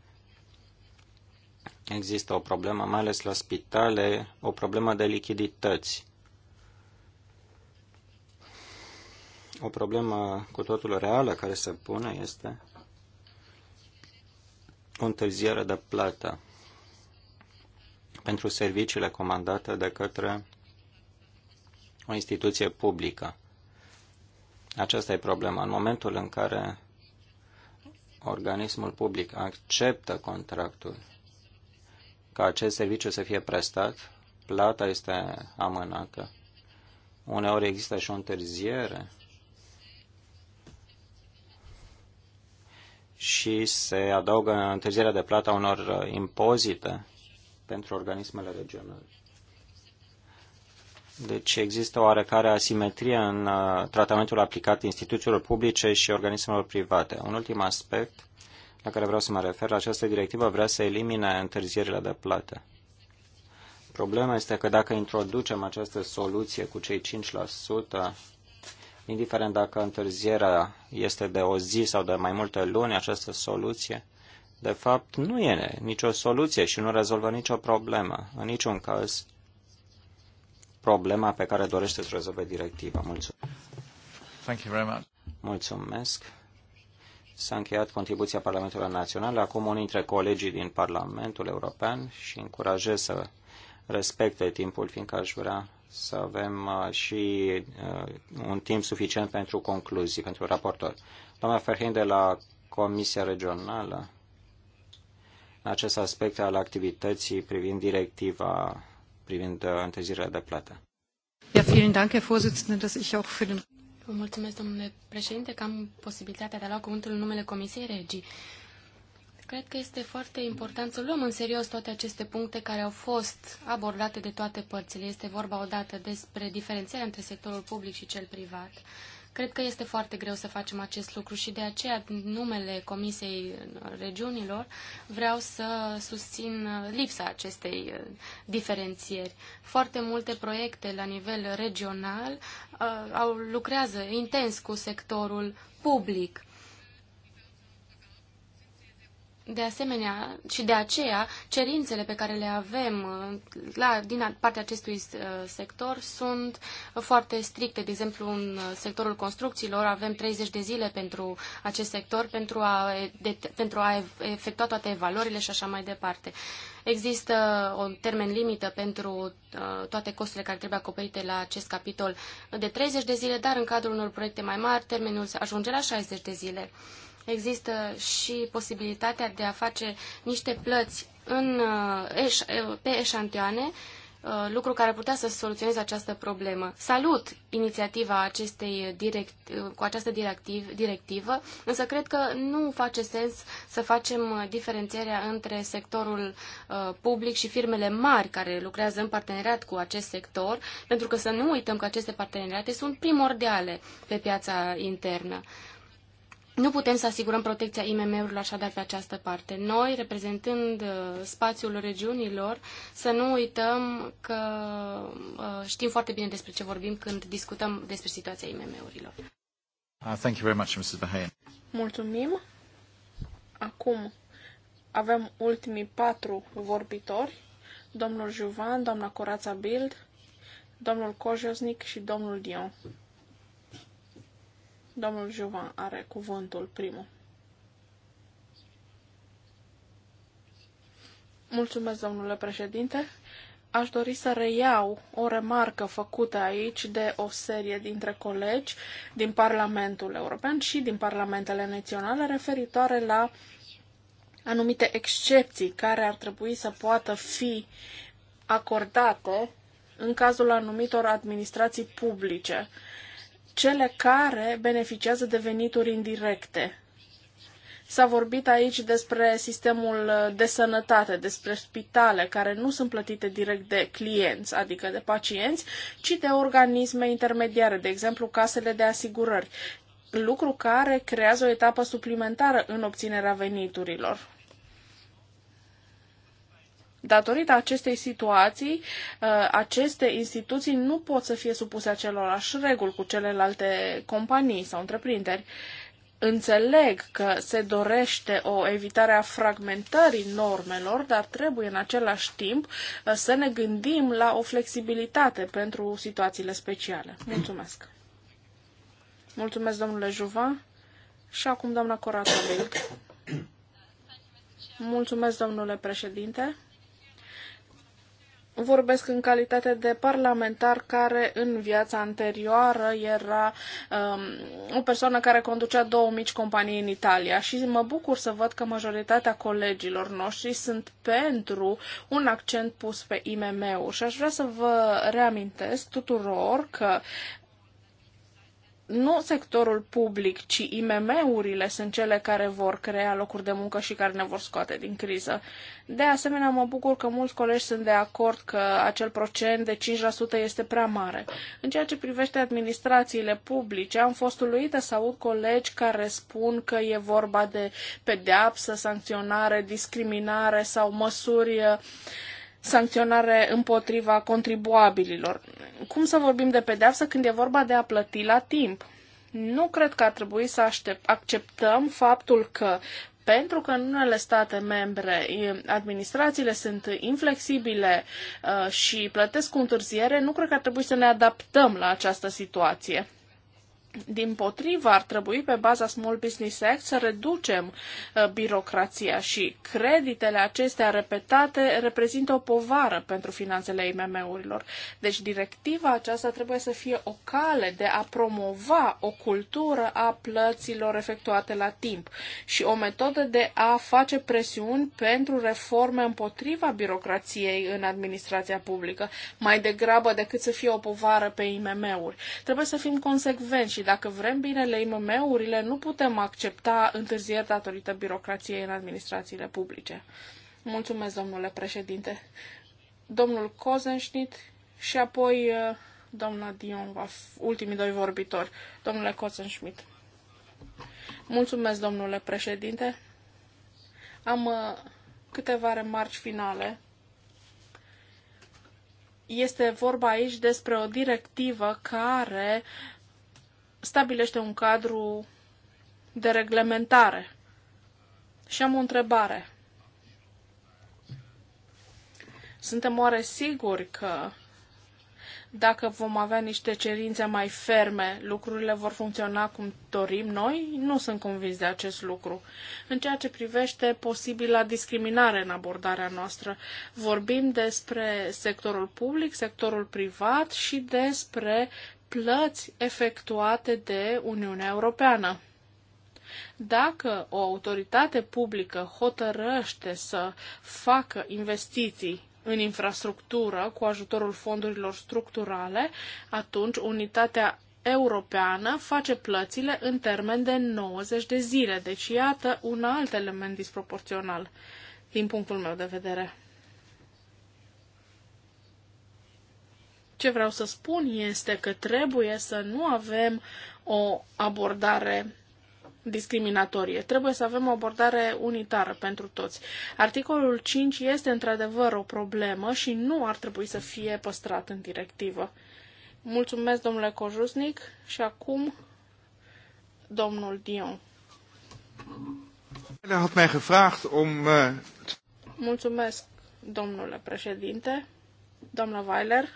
există o problemă, mai ales la spitale, o problemă de lichidități. O problemă cu totul reală care se pune este o întârziere de plată pentru serviciile comandate de către o instituție publică. Aceasta e problema. În momentul în care organismul public acceptă contractul ca acest serviciu să fie prestat, plata este amânată. Uneori există și o întârziere și se adaugă întârzierea de plata unor impozite pentru organismele regionale. Deci există o oarecare asimetrie în uh, tratamentul aplicat instituțiilor publice și organismelor private. Un ultim aspect la care vreau să mă refer, această directivă vrea să elimine întârzierile de plată. Problema este că dacă introducem această soluție cu cei 5%, indiferent dacă întârzierea este de o zi sau de mai multe luni, această soluție, de fapt, nu e nicio soluție și nu rezolvă nicio problemă. În niciun caz, problema pe care dorește să o rezolve directiva. Mulțumesc. Thank you very much. Mulțumesc. S-a încheiat contribuția Parlamentului Național. Acum unii dintre colegii din Parlamentul European și încurajez să respecte timpul, fiindcă aș vrea să avem uh, și uh, un timp suficient pentru concluzii, pentru raportor. Doamna Ferhin de la Comisia Regională, în acest aspect al activității privind directiva privind uh, întârzierea de plată. Ja, vielen Dank, Herr Vorsitzender, dass ich auch für den... Vă mulțumesc, domnule președinte, că am posibilitatea de a lua cuvântul în numele Comisiei Regii. Cred că este foarte important să luăm în serios toate aceste puncte care au fost abordate de toate părțile. Este vorba odată despre diferențierea între sectorul public și cel privat. Cred că este foarte greu să facem acest lucru și de aceea, din numele Comisiei Regiunilor, vreau să susțin lipsa acestei uh, diferențieri. Foarte multe proiecte la nivel regional uh, au, lucrează intens cu sectorul public de asemenea, și de aceea, cerințele pe care le avem uh, la, din partea acestui uh, sector sunt foarte stricte. De exemplu, în uh, sectorul construcțiilor avem 30 de zile pentru acest sector, pentru a, de, pentru a efectua toate evaluările și așa mai departe. Există un termen limită pentru toate costurile care trebuie acoperite la acest capitol de 30 de zile, dar în cadrul unor proiecte mai mari, termenul ajunge la 60 de zile. Există și posibilitatea de a face niște plăți în, uh, pe eșantioane, uh, lucru care putea să soluționeze această problemă. Salut inițiativa acestei direct, uh, cu această directiv, directivă, însă cred că nu face sens să facem diferențierea între sectorul public și firmele mari care lucrează în parteneriat cu acest sector, pentru că să nu uităm că aceste parteneriate sunt primordiale pe piața internă. Nu putem să asigurăm protecția IMM-urilor așadar pe această parte. Noi, reprezentând uh, spațiul regiunilor, să nu uităm că uh, știm foarte bine despre ce vorbim când discutăm despre situația IMM-urilor. Uh, thank you very much, Mrs. Bahane. Mulțumim. Acum avem ultimii patru vorbitori, domnul Juvan, doamna Corața Bild, domnul Kojosnik și domnul Dion. Domnul Jovan are cuvântul primul. Mulțumesc, domnule președinte. Aș dori să reiau o remarcă făcută aici de o serie dintre colegi din Parlamentul European și din Parlamentele Naționale referitoare la anumite excepții care ar trebui să poată fi acordate în cazul anumitor administrații publice cele care beneficiază de venituri indirecte. S-a vorbit aici despre sistemul de sănătate, despre spitale care nu sunt plătite direct de clienți, adică de pacienți, ci de organisme intermediare, de exemplu casele de asigurări, lucru care creează o etapă suplimentară în obținerea veniturilor datorită acestei situații, uh, aceste instituții nu pot să fie supuse acelorași reguli cu celelalte companii sau întreprinderi. Înțeleg că se dorește o evitare a fragmentării normelor, dar trebuie în același timp uh, să ne gândim la o flexibilitate pentru situațiile speciale. Mulțumesc! Mulțumesc, domnule Juva. Și acum, doamna Corata Mulțumesc, domnule președinte vorbesc în calitate de parlamentar care în viața anterioară era um, o persoană care conducea două mici companii în Italia și mă bucur să văd că majoritatea colegilor noștri sunt pentru un accent pus pe IMM-uri și aș vrea să vă reamintesc tuturor că nu sectorul public, ci IMM-urile sunt cele care vor crea locuri de muncă și care ne vor scoate din criză. De asemenea, mă bucur că mulți colegi sunt de acord că acel procent de 5% este prea mare. În ceea ce privește administrațiile publice, am fost uluită să aud colegi care spun că e vorba de pedeapsă, sancționare, discriminare sau măsuri sancționare împotriva contribuabililor. Cum să vorbim de pedeapsă când e vorba de a plăti la timp? Nu cred că ar trebui să aștept, acceptăm faptul că pentru că în unele state membre administrațiile sunt inflexibile și plătesc cu întârziere, nu cred că ar trebui să ne adaptăm la această situație. Din potrivă, ar trebui pe baza Small Business Act să reducem uh, birocrația și creditele acestea repetate reprezintă o povară pentru finanțele IMM-urilor. Deci directiva aceasta trebuie să fie o cale de a promova o cultură a plăților efectuate la timp și o metodă de a face presiuni pentru reforme împotriva birocrației în administrația publică, mai degrabă decât să fie o povară pe IMM-uri. Trebuie să fim consecvenți și și dacă vrem binele IMM-urile, nu putem accepta întârzieri datorită birocrației în administrațiile publice. Mulțumesc, domnule președinte. Domnul Cozenșnit și apoi uh, doamna Dion, ultimii doi vorbitori. Domnule Cozenșmit. Mulțumesc, domnule președinte. Am uh, câteva remarci finale. Este vorba aici despre o directivă care stabilește un cadru de reglementare. Și am o întrebare. Suntem oare siguri că dacă vom avea niște cerințe mai ferme, lucrurile vor funcționa cum dorim noi? Nu sunt convins de acest lucru. În ceea ce privește posibila discriminare în abordarea noastră, vorbim despre sectorul public, sectorul privat și despre plăți efectuate de Uniunea Europeană. Dacă o autoritate publică hotărăște să facă investiții în infrastructură cu ajutorul fondurilor structurale, atunci unitatea europeană face plățile în termen de 90 de zile. Deci, iată un alt element disproporțional, din punctul meu de vedere. Ce vreau să spun este că trebuie să nu avem o abordare discriminatorie. Trebuie să avem o abordare unitară pentru toți. Articolul 5 este într-adevăr o problemă și nu ar trebui să fie păstrat în directivă. Mulțumesc, domnule Cojusnic, și acum domnul Dion. Eh, Mulțumesc, domnule președinte, doamna Weiler.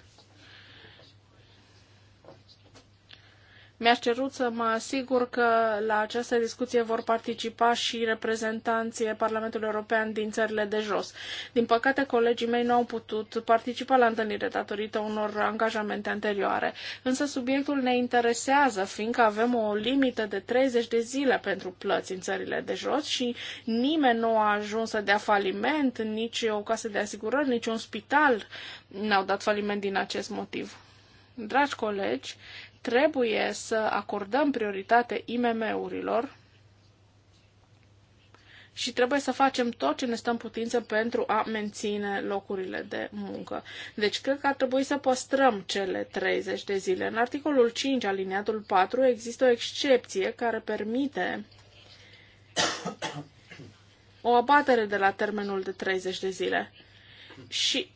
Mi-aș cerut să mă asigur că la această discuție vor participa și reprezentanții Parlamentului European din țările de jos. Din păcate, colegii mei nu au putut participa la întâlnire datorită unor angajamente anterioare. Însă subiectul ne interesează, fiindcă avem o limită de 30 de zile pentru plăți în țările de jos și nimeni nu a ajuns să dea faliment, nici o casă de asigurări, nici un spital n-au dat faliment din acest motiv. Dragi colegi, Trebuie să acordăm prioritate IMM-urilor și trebuie să facem tot ce ne stă în putință pentru a menține locurile de muncă. Deci cred că ar trebui să păstrăm cele 30 de zile. În articolul 5, aliniatul 4, există o excepție care permite o abatere de la termenul de 30 de zile. Și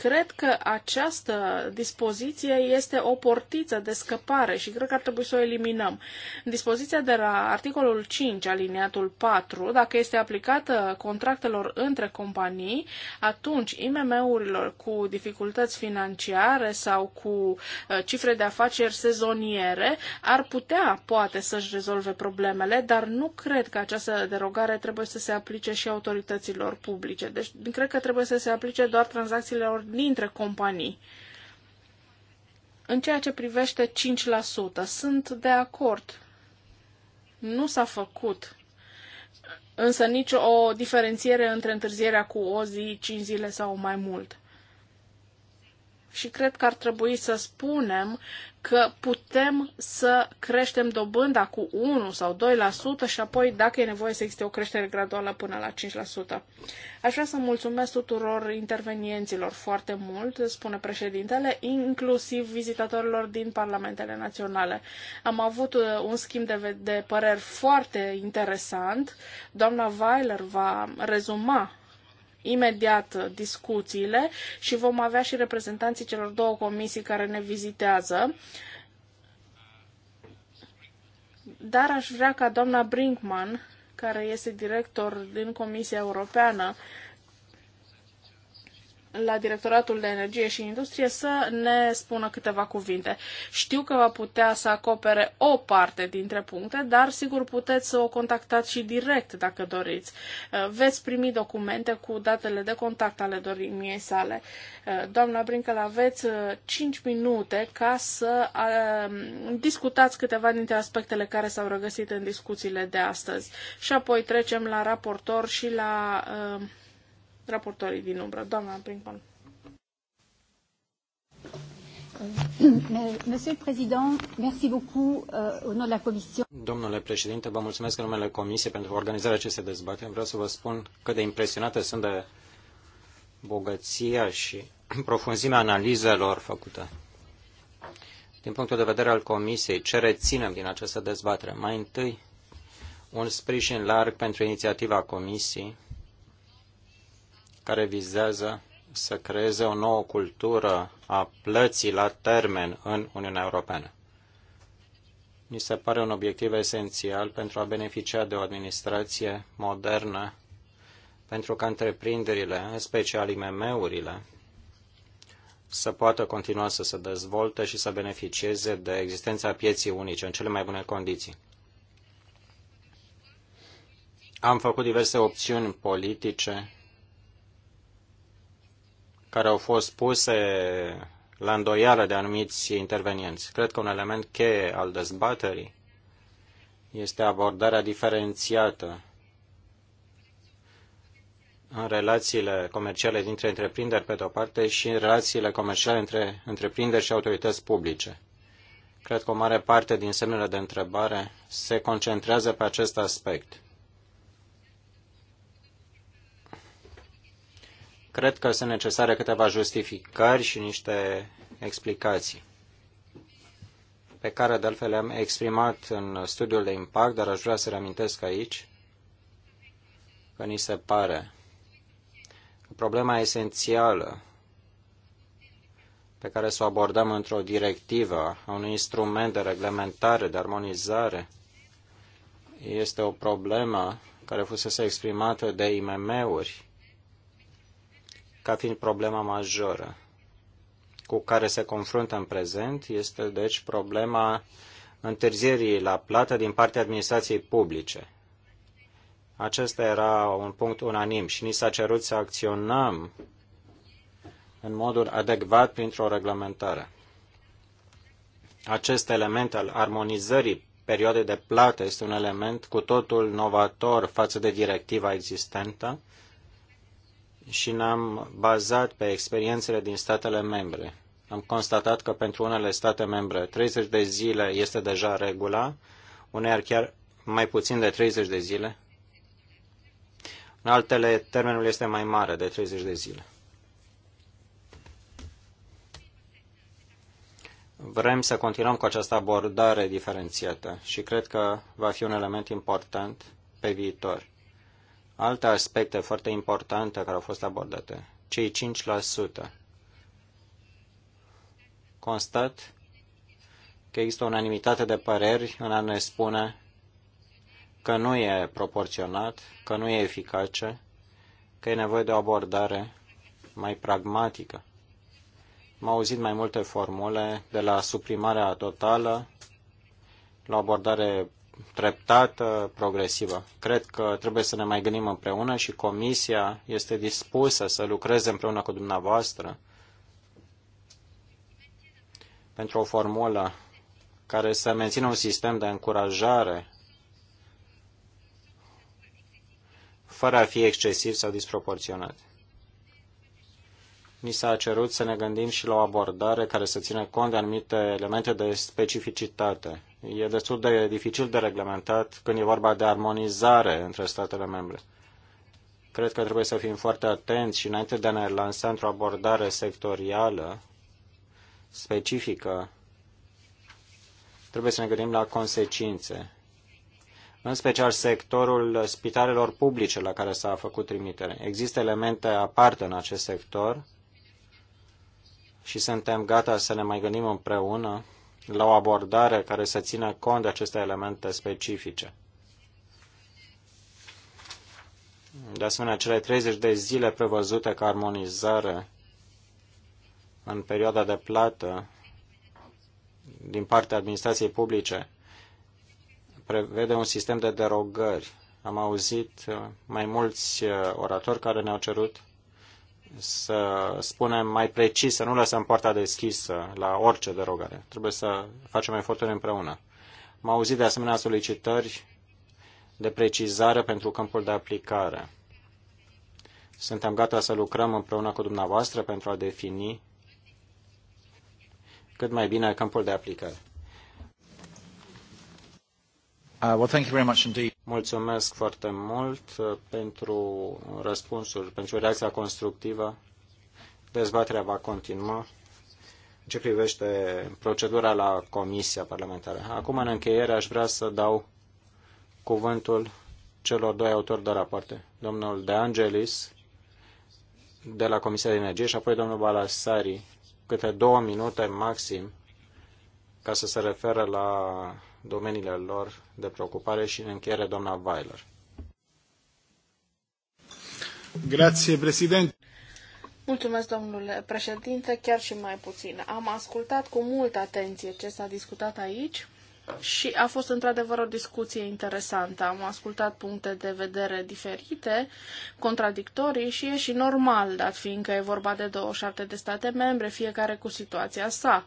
Cred că această dispoziție este o portiță de scăpare și cred că ar trebui să o eliminăm. Dispoziția de la articolul 5, aliniatul 4, dacă este aplicată contractelor între companii, atunci IMM-urilor cu dificultăți financiare sau cu uh, cifre de afaceri sezoniere ar putea, poate, să-și rezolve problemele, dar nu cred că această derogare trebuie să se aplice și autorităților publice. Deci, cred că trebuie să se aplice doar tranzacțiilor dintre companii. În ceea ce privește 5%, sunt de acord. Nu s-a făcut însă nici o diferențiere între întârzierea cu o zi, 5 zile sau mai mult și cred că ar trebui să spunem că putem să creștem dobânda cu 1 sau 2% și apoi, dacă e nevoie, să existe o creștere graduală până la 5%. Aș vrea să mulțumesc tuturor intervenienților foarte mult, spune președintele, inclusiv vizitatorilor din parlamentele naționale. Am avut uh, un schimb de, de păreri foarte interesant. Doamna Weiler va rezuma imediat discuțiile și vom avea și reprezentanții celor două comisii care ne vizitează. Dar aș vrea ca doamna Brinkman, care este director din Comisia Europeană la Directoratul de Energie și Industrie să ne spună câteva cuvinte. Știu că va putea să acopere o parte dintre puncte, dar sigur puteți să o contactați și direct dacă doriți. Uh, veți primi documente cu datele de contact ale dorimiei sale. Uh, doamna Brincă, aveți 5 uh, minute ca să discutați câteva dintre aspectele care s-au regăsit în discuțiile de astăzi. Și apoi trecem la raportor și la uh, raportorii din umbră. Doamna Brinkman. Euh, euh, Domnule președinte, vă mulțumesc în numele Comisiei pentru organizarea acestei dezbateri. Vreau să vă spun cât de impresionată sunt de bogăția și [clears throat] profunzimea analizelor făcute. Din punctul de vedere al Comisiei, ce reținem din această dezbatere? Mai întâi, un sprijin larg pentru inițiativa Comisiei care vizează să creeze o nouă cultură a plății la termen în Uniunea Europeană. Mi se pare un obiectiv esențial pentru a beneficia de o administrație modernă, pentru ca întreprinderile, în special IMM-urile, să poată continua să se dezvolte și să beneficieze de existența pieții unice în cele mai bune condiții. Am făcut diverse opțiuni politice care au fost puse la îndoială de anumiți intervenienți. Cred că un element cheie al dezbaterii este abordarea diferențiată în relațiile comerciale dintre întreprinderi pe de-o parte și în relațiile comerciale între întreprinderi și autorități publice. Cred că o mare parte din semnele de întrebare se concentrează pe acest aspect. Cred că sunt necesare câteva justificări și niște explicații pe care de altfel le-am exprimat în studiul de impact, dar aș vrea să reamintesc aici că ni se pare că problema esențială pe care să o abordăm într-o directivă, a unui instrument de reglementare, de armonizare, este o problemă care fusese exprimată de IMM-uri ca fiind problema majoră cu care se confruntă în prezent este deci problema întârzierii la plată din partea administrației publice. Acesta era un punct unanim și ni s-a cerut să acționăm în modul adecvat printr-o reglementare. Acest element al armonizării perioadei de plată este un element cu totul novator față de directiva existentă și ne-am bazat pe experiențele din statele membre. Am constatat că pentru unele state membre 30 de zile este deja regula, uneori chiar mai puțin de 30 de zile. În altele, termenul este mai mare de 30 de zile. Vrem să continuăm cu această abordare diferențiată și cred că va fi un element important pe viitor. Alte aspecte foarte importante care au fost abordate. Cei 5%. Constat că există unanimitate de păreri în a ne spune că nu e proporționat, că nu e eficace, că e nevoie de o abordare mai pragmatică. M-au auzit mai multe formule, de la suprimarea totală la o abordare treptată, progresivă. Cred că trebuie să ne mai gândim împreună și Comisia este dispusă să lucreze împreună cu dumneavoastră pentru o formulă care să mențină un sistem de încurajare fără a fi excesiv sau disproporționat ni s-a cerut să ne gândim și la o abordare care să țină cont de anumite elemente de specificitate. E destul de dificil de reglementat când e vorba de armonizare între statele membre. Cred că trebuie să fim foarte atenți și înainte de a ne lansa într-o abordare sectorială specifică, trebuie să ne gândim la consecințe în special sectorul spitalelor publice la care s-a făcut trimitere. Există elemente aparte în acest sector și suntem gata să ne mai gândim împreună la o abordare care să țină cont de aceste elemente specifice. De asemenea, cele 30 de zile prevăzute ca armonizare în perioada de plată din partea administrației publice prevede un sistem de derogări. Am auzit mai mulți uh, oratori care ne-au cerut să spunem mai precis, să nu lăsăm poarta deschisă la orice derogare. Trebuie să facem eforturi împreună. M-au auzit de asemenea solicitări de precizare pentru câmpul de aplicare. Suntem gata să lucrăm împreună cu dumneavoastră pentru a defini cât mai bine câmpul de aplicare. Uh, well, thank you very much indeed. Mulțumesc foarte mult uh, pentru răspunsuri, pentru reacția constructivă. Dezbaterea va continua ce privește procedura la Comisia Parlamentară. Acum, în încheiere, aș vrea să dau cuvântul celor doi autori de rapoarte, domnul De Angelis de la Comisia de Energie și apoi domnul Balasari, câte două minute maxim, ca să se referă la domeniile lor de preocupare și în încheiere doamna Weiler. Grazie, președinte. Mulțumesc, domnule președinte, chiar și mai puțin. Am ascultat cu multă atenție ce s-a discutat aici și a fost într-adevăr o discuție interesantă. Am ascultat puncte de vedere diferite, contradictorii și e și normal, dat fiindcă e vorba de 27 de state membre, fiecare cu situația sa.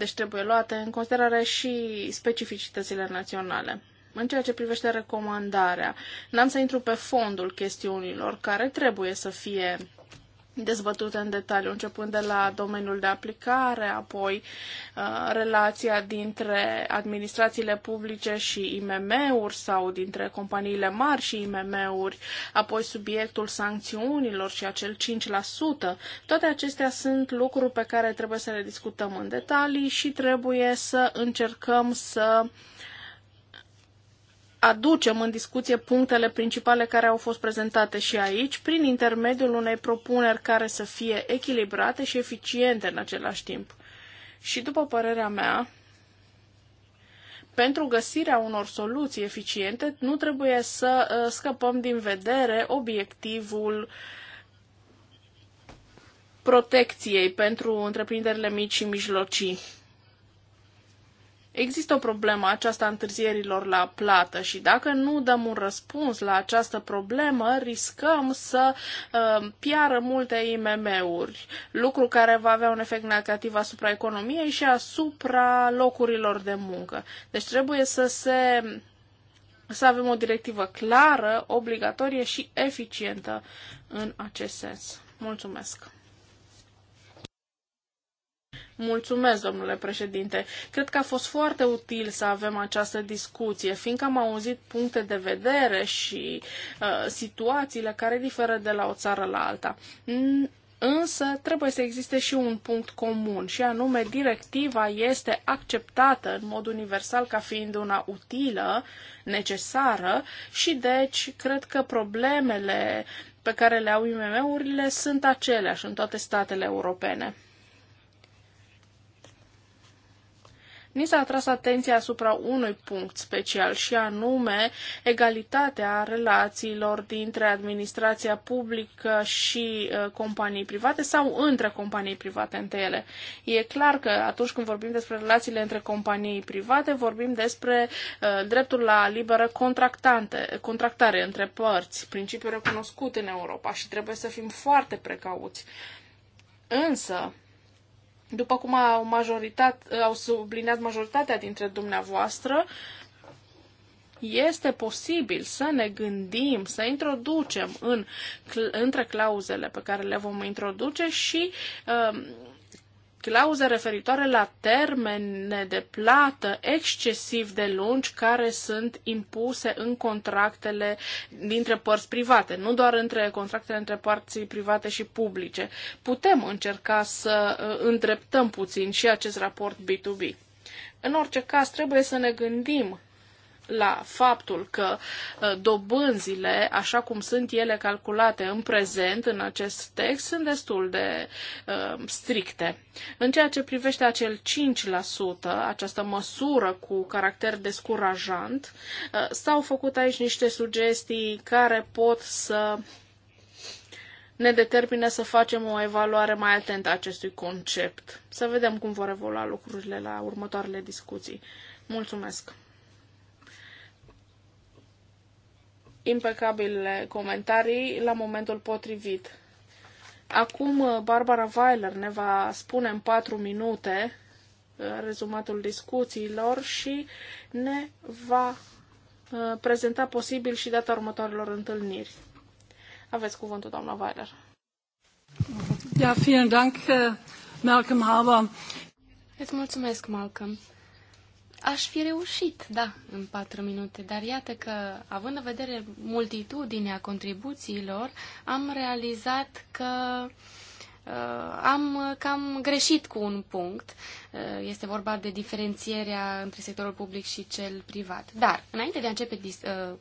Deci trebuie luate în considerare și specificitățile naționale. În ceea ce privește recomandarea, n-am să intru pe fondul chestiunilor care trebuie să fie dezbătute în detaliu, începând de la domeniul de aplicare, apoi uh, relația dintre administrațiile publice și IMM-uri sau dintre companiile mari și IMM-uri, apoi subiectul sancțiunilor și acel 5%. Toate acestea sunt lucruri pe care trebuie să le discutăm în detalii și trebuie să încercăm să uh, aducem în discuție punctele principale care au fost prezentate și aici, prin intermediul unei propuneri care să fie echilibrate și eficiente în același timp. Și după părerea mea, pentru găsirea unor soluții eficiente, nu trebuie să uh, scăpăm din vedere obiectivul protecției pentru întreprinderile mici și mijlocii Există o problemă aceasta a întârzierilor la plată și dacă nu dăm un răspuns la această problemă, riscăm să uh, piară multe IMM-uri, lucru care va avea un efect negativ asupra economiei și asupra locurilor de muncă. Deci trebuie să se să avem o directivă clară, obligatorie și eficientă în acest sens. Mulțumesc! Mulțumesc, domnule președinte. Cred că a fost foarte util să avem această discuție, fiindcă am auzit puncte de vedere și uh, situațiile care diferă de la o țară la alta. Însă trebuie să existe și un punct comun, și anume directiva este acceptată în mod universal ca fiind una utilă, necesară și deci cred că problemele pe care le au IMM-urile sunt aceleași în toate statele europene. Ni s-a atras atenția asupra unui punct special și anume egalitatea relațiilor dintre administrația publică și uh, companii private sau între companii private între ele. E clar că atunci când vorbim despre relațiile între companii private, vorbim despre uh, dreptul la liberă contractante, contractare între părți, principiu recunoscut în Europa și trebuie să fim foarte precauți. Însă, după cum au, majoritat, au subliniat majoritatea dintre dumneavoastră, este posibil să ne gândim, să introducem în, între clauzele pe care le vom introduce și uh, clauze referitoare la termene de plată excesiv de lungi care sunt impuse în contractele dintre părți private, nu doar între contractele între părții private și publice. Putem încerca să uh, îndreptăm puțin și acest raport B2B. În orice caz, trebuie să ne gândim la faptul că ă, dobânzile, așa cum sunt ele calculate în prezent în acest text, sunt destul de uh, stricte. În ceea ce privește acel 5%, această măsură cu caracter descurajant, uh, s-au făcut aici niște sugestii care pot să ne determine să facem o evaluare mai atentă a acestui concept. Să vedem cum vor evolua lucrurile la următoarele discuții. Mulțumesc! impecabile comentarii la momentul potrivit. Acum uh, Barbara Weiler ne va spune în patru minute uh, rezumatul discuțiilor și ne va uh, prezenta posibil și data următoarelor întâlniri. Aveți cuvântul, doamna Weiler. Ja, vielen Dank, Malcolm Harbour. Îți mulțumesc, Malcolm aș fi reușit, da, în patru minute, dar iată că, având în vedere multitudinea contribuțiilor, am realizat că Uh, am cam greșit cu un punct. Uh, este vorba de diferențierea între sectorul public și cel privat. Dar, înainte de a începe uh,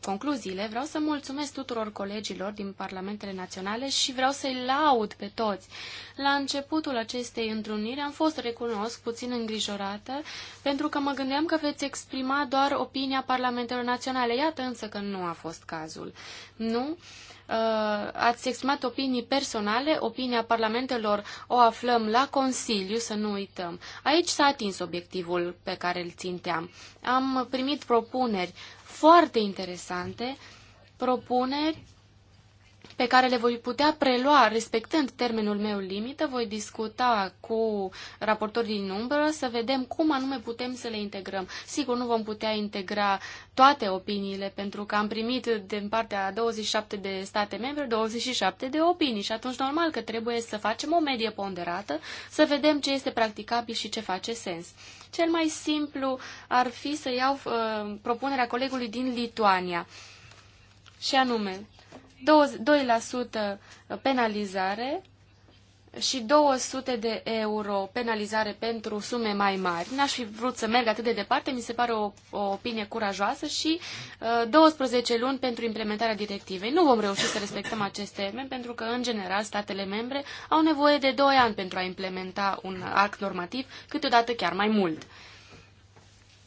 concluziile, vreau să mulțumesc tuturor colegilor din Parlamentele Naționale și vreau să-i laud pe toți. La începutul acestei întruniri am fost, recunosc, puțin îngrijorată, pentru că mă gândeam că veți exprima doar opinia Parlamentelor Naționale. Iată însă că nu a fost cazul. Nu? Uh, ați exprimat opinii personale, opinia parlamentelor o aflăm la Consiliu, să nu uităm. Aici s-a atins obiectivul pe care îl ținteam. Am primit propuneri foarte interesante, propuneri pe care le voi putea prelua respectând termenul meu limită. Voi discuta cu raportorii din umbră să vedem cum anume putem să le integrăm. Sigur, nu vom putea integra toate opiniile, pentru că am primit din partea 27 de state membre 27 de opinii și atunci normal că trebuie să facem o medie ponderată, să vedem ce este practicabil și ce face sens. Cel mai simplu ar fi să iau uh, propunerea colegului din Lituania. Și anume, 2% penalizare și 200 de euro penalizare pentru sume mai mari. N-aș fi vrut să merg atât de departe, mi se pare o, o opinie curajoasă și uh, 12 luni pentru implementarea directivei. Nu vom reuși să respectăm aceste termen pentru că, în general, statele membre au nevoie de 2 ani pentru a implementa un act normativ, câteodată chiar mai mult. Uh,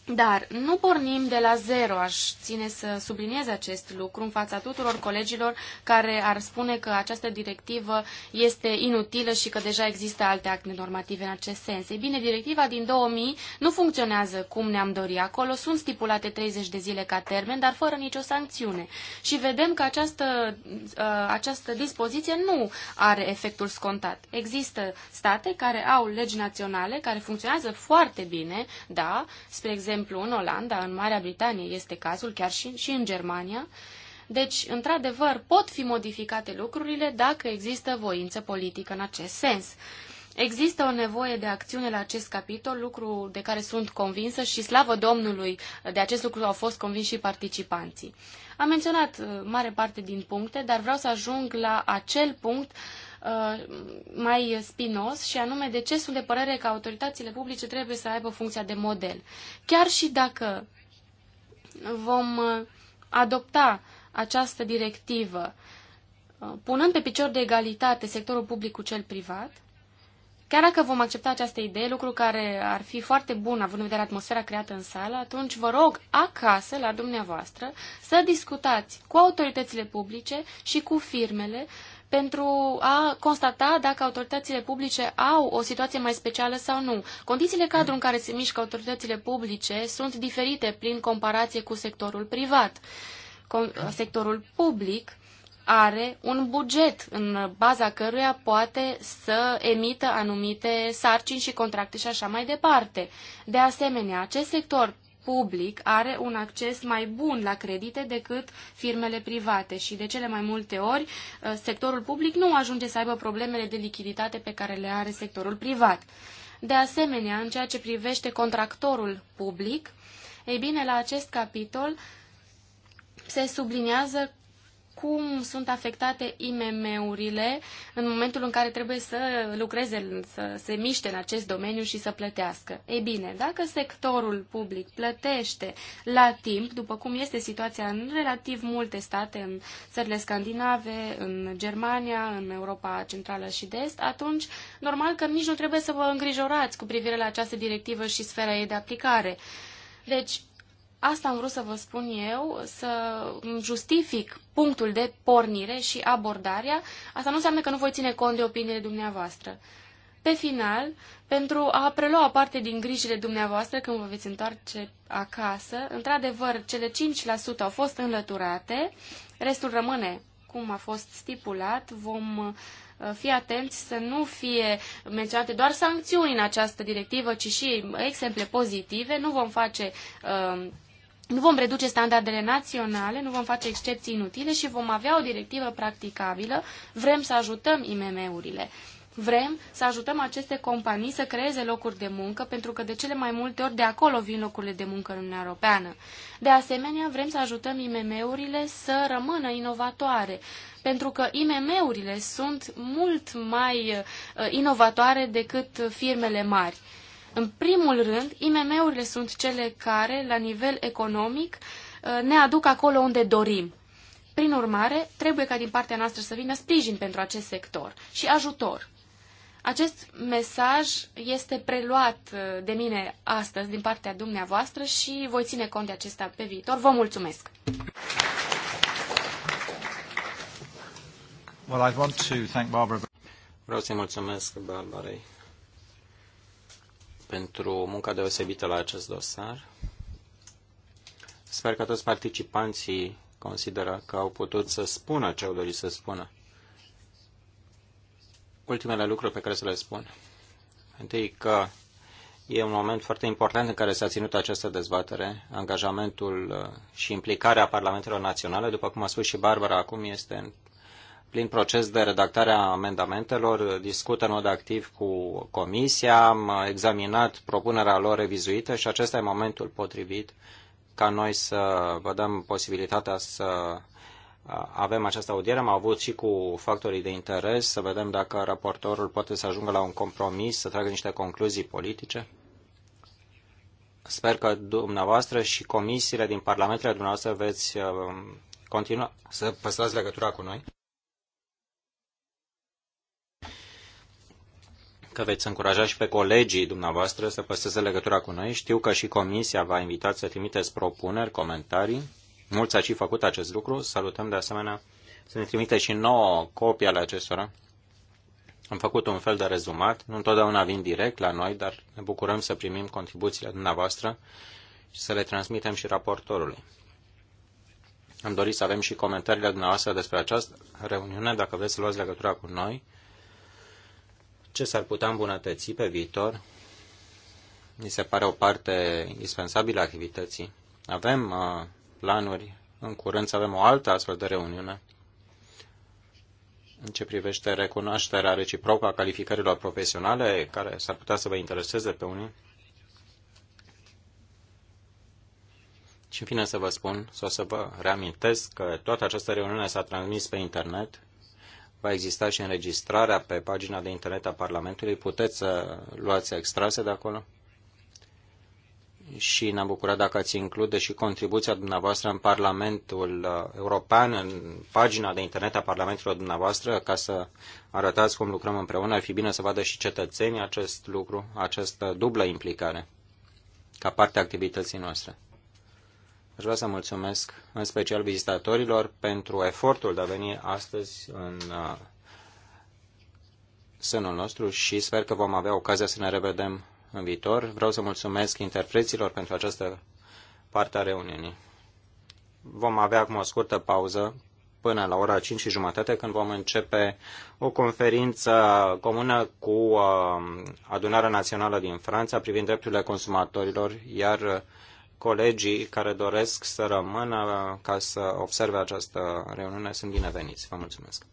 dar nu pornim de la zero, aș ține să subliniez acest lucru în fața tuturor colegilor care ar spune că această directivă este inutilă și că deja există alte acte normative în acest sens. Ei bine, directiva din 2000 nu funcționează cum ne-am dorit. Acolo sunt stipulate 30 de zile ca termen, dar fără nicio sancțiune. Și vedem că această, uh, această dispoziție nu are efectul scontat. Există state care au legi naționale care funcționează foarte bine, da, spre exemplu, exemplu, în Olanda, în Marea Britanie este cazul, chiar și, și în Germania. Deci, într-adevăr, pot fi modificate lucrurile dacă există voință politică în acest sens. Există o nevoie de acțiune la acest capitol, lucru de care sunt convinsă și slavă Domnului, de acest lucru au fost convinși și participanții. Am menționat uh, mare parte din puncte, dar vreau să ajung la acel punct Uh, mai spinos și anume decesul de părere că autoritățile publice trebuie să aibă funcția de model. Chiar și dacă vom uh, adopta această directivă uh, punând pe picior de egalitate sectorul public cu cel privat, Chiar dacă vom accepta această idee, lucru care ar fi foarte bun având în vedere atmosfera creată în sală, atunci vă rog acasă, la dumneavoastră, să discutați cu autoritățile publice și cu firmele pentru a constata dacă autoritățile publice au o situație mai specială sau nu. Condițiile cadru în care se mișcă autoritățile publice sunt diferite prin comparație cu sectorul privat. Sectorul public are un buget în baza căruia poate să emită anumite sarcini și contracte și așa mai departe. De asemenea, acest sector public are un acces mai bun la credite decât firmele private și de cele mai multe ori uh, sectorul public nu ajunge să aibă problemele de lichiditate pe care le are sectorul privat. De asemenea, în ceea ce privește contractorul public, ei bine, la acest capitol se subliniază cum sunt afectate IMM-urile în momentul în care trebuie să lucreze, să se miște în acest domeniu și să plătească. Ei bine, dacă sectorul public plătește la timp, după cum este situația în relativ multe state, în țările scandinave, în Germania, în Europa Centrală și de Est, atunci normal că nici nu trebuie să vă îngrijorați cu privire la această directivă și sfera ei de aplicare. Deci, Asta am vrut să vă spun eu, să justific punctul de pornire și abordarea. Asta nu înseamnă că nu voi ține cont de opiniile dumneavoastră. Pe final, pentru a prelua parte din grijile dumneavoastră când vă veți întoarce acasă, într-adevăr, cele 5% au fost înlăturate, restul rămâne cum a fost stipulat, vom uh, fi atenți să nu fie menționate doar sancțiuni în această directivă, ci și exemple pozitive. Nu vom face uh, nu vom reduce standardele naționale, nu vom face excepții inutile și vom avea o directivă practicabilă. Vrem să ajutăm IMM-urile. Vrem să ajutăm aceste companii să creeze locuri de muncă, pentru că de cele mai multe ori de acolo vin locurile de muncă în Uniunea Europeană. De asemenea, vrem să ajutăm IMM-urile să rămână inovatoare, pentru că IMM-urile sunt mult mai uh, inovatoare decât firmele mari. În primul rând, IMM-urile sunt cele care, la nivel economic, uh, ne aduc acolo unde dorim. Prin urmare, trebuie ca din partea noastră să vină sprijin pentru acest sector și ajutor. Acest mesaj este preluat uh, de mine astăzi din partea dumneavoastră și voi ține cont de acesta pe viitor. Vă mulțumesc! Well, I want to thank Barbara. Vreau să-i mulțumesc Barbarei pentru munca deosebită la acest dosar. Sper că toți participanții consideră că au putut să spună ce au dorit să spună. Ultimele lucruri pe care să le spun. Întâi că e un moment foarte important în care s-a ținut această dezbatere. Angajamentul uh, și implicarea Parlamentelor Naționale, după cum a spus și Barbara acum, este în plin proces de redactare a amendamentelor, discută în mod activ cu Comisia, am examinat propunerea lor revizuită și acesta e momentul potrivit ca noi să vă dăm posibilitatea să avem această audiere. Am avut și cu factorii de interes să vedem dacă raportorul poate să ajungă la un compromis, să tragă niște concluzii politice. Sper că dumneavoastră și comisiile din parlamentele dumneavoastră veți um, continua să păstrați legătura cu noi. că veți încuraja și pe colegii dumneavoastră să păstreze legătura cu noi. Știu că și Comisia va invita să trimiteți propuneri, comentarii. Mulți ați și făcut acest lucru. Salutăm de asemenea să ne trimite și nouă copii ale acestora. Am făcut un fel de rezumat. Nu întotdeauna vin direct la noi, dar ne bucurăm să primim contribuțiile dumneavoastră și să le transmitem și raportorului. Am dorit să avem și comentariile dumneavoastră despre această reuniune, dacă vreți să luați legătura cu noi ce s-ar putea îmbunătăți pe viitor. Mi se pare o parte indispensabilă a activității. Avem uh, planuri, în curând să avem o altă astfel de reuniune în ce privește recunoașterea reciprocă a calificărilor profesionale, care s-ar putea să vă intereseze pe unii. Și în fine să vă spun sau să vă reamintesc că toată această reuniune s-a transmis pe internet va exista și înregistrarea pe pagina de internet a Parlamentului. Puteți să luați extrase de acolo? Și ne-am bucurat dacă ați include și contribuția dumneavoastră în Parlamentul uh, European, în pagina de internet a Parlamentului dumneavoastră, ca să arătați cum lucrăm împreună. Ar fi bine să vadă și cetățenii acest lucru, această dublă implicare, ca parte a activității noastre. Aș vrea să mulțumesc în special vizitatorilor pentru efortul de a veni astăzi în uh, sânul nostru și sper că vom avea ocazia să ne revedem în viitor. Vreau să mulțumesc interpreților pentru această parte a reuniunii. Vom avea acum o scurtă pauză până la ora 5 și jumătate, când vom începe o conferință comună cu uh, Adunarea Națională din Franța privind drepturile consumatorilor, iar colegii care doresc să rămână ca să observe această reuniune sunt bineveniți. Vă mulțumesc!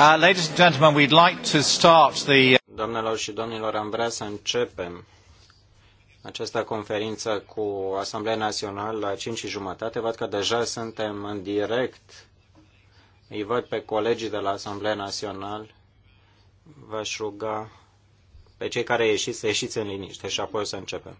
Uh, ladies and gentlemen, we'd like to start the... Uh, Doamnelor și domnilor, am vrea să începem această conferință cu Asamblea Națională la 5 și jumătate. Văd că deja suntem în direct. Îi văd pe colegii de la Asamblea Națională. Vă aș ruga pe cei care ieșiți să ieșiți în liniște și apoi să începem.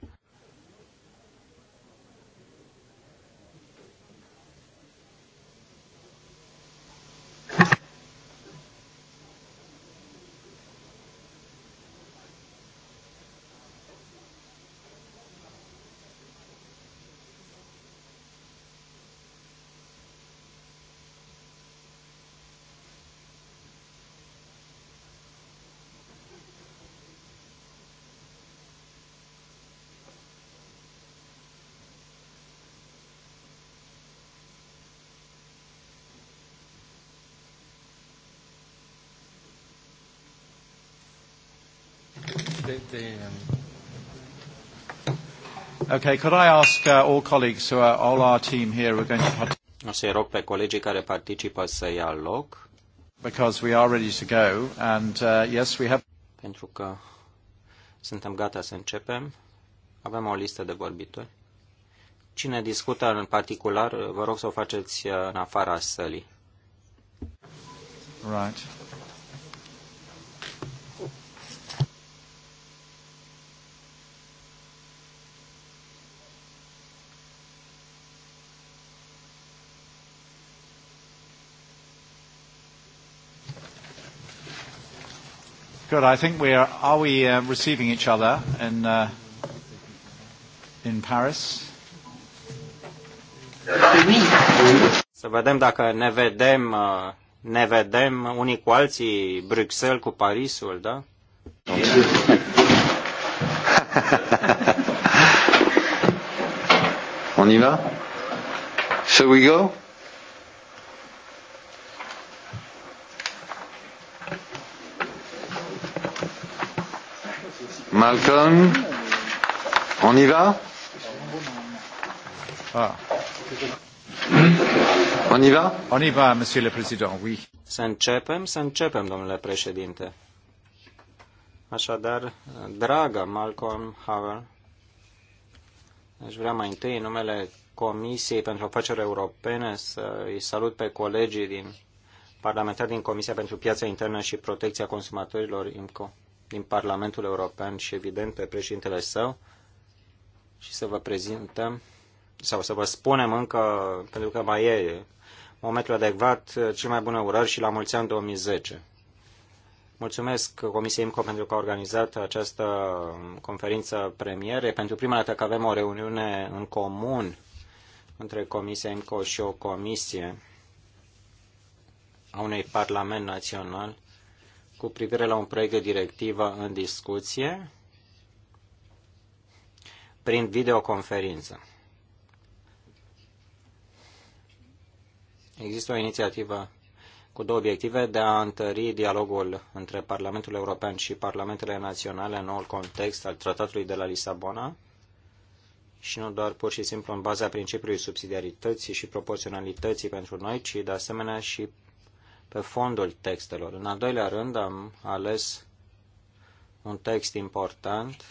Okay, could I ask uh, all colleagues who are all our team here who are going to participate? O să rog pe colegii care participă să ia loc. Because we are ready to go and uh, yes, we have pentru că suntem gata să începem. Avem o listă de vorbitori. Cine discută în particular, vă rog să o faceți uh, în afara sălii. Right. Good. I think we are. Are we uh, receiving each other in uh, in Paris? Să vedem dacă ne vedem, uh, ne vedem unii cu alții, Bruxelles cu Parisul, da? On y va? Shall we go? Malcolm, on y va ah. On y va On y va, monsieur le président, oui. Să începem, să începem, domnule președinte. Așadar, dragă Malcolm Havel, aș vrea mai întâi în numele Comisiei pentru Afaceri Europene să îi salut pe colegii din parlamentari din Comisia pentru Piața Internă și Protecția Consumatorilor, IMCO din Parlamentul European și, evident, pe președintele său și să vă prezintăm, sau să vă spunem încă, pentru că mai e momentul adecvat, cel mai bună urări și la mulți ani 2010. Mulțumesc Comisiei IMCO pentru că a organizat această conferință premiere. Pentru prima dată că avem o reuniune în comun între Comisia IMCO și o comisie a unui Parlament Național cu privire la un proiect de directivă în discuție prin videoconferință. Există o inițiativă cu două obiective de a întări dialogul între Parlamentul European și Parlamentele Naționale în noul context al Tratatului de la Lisabona și nu doar pur și simplu în baza principiului subsidiarității și proporționalității pentru noi, ci de asemenea și pe fondul textelor. În al doilea rând am ales un text important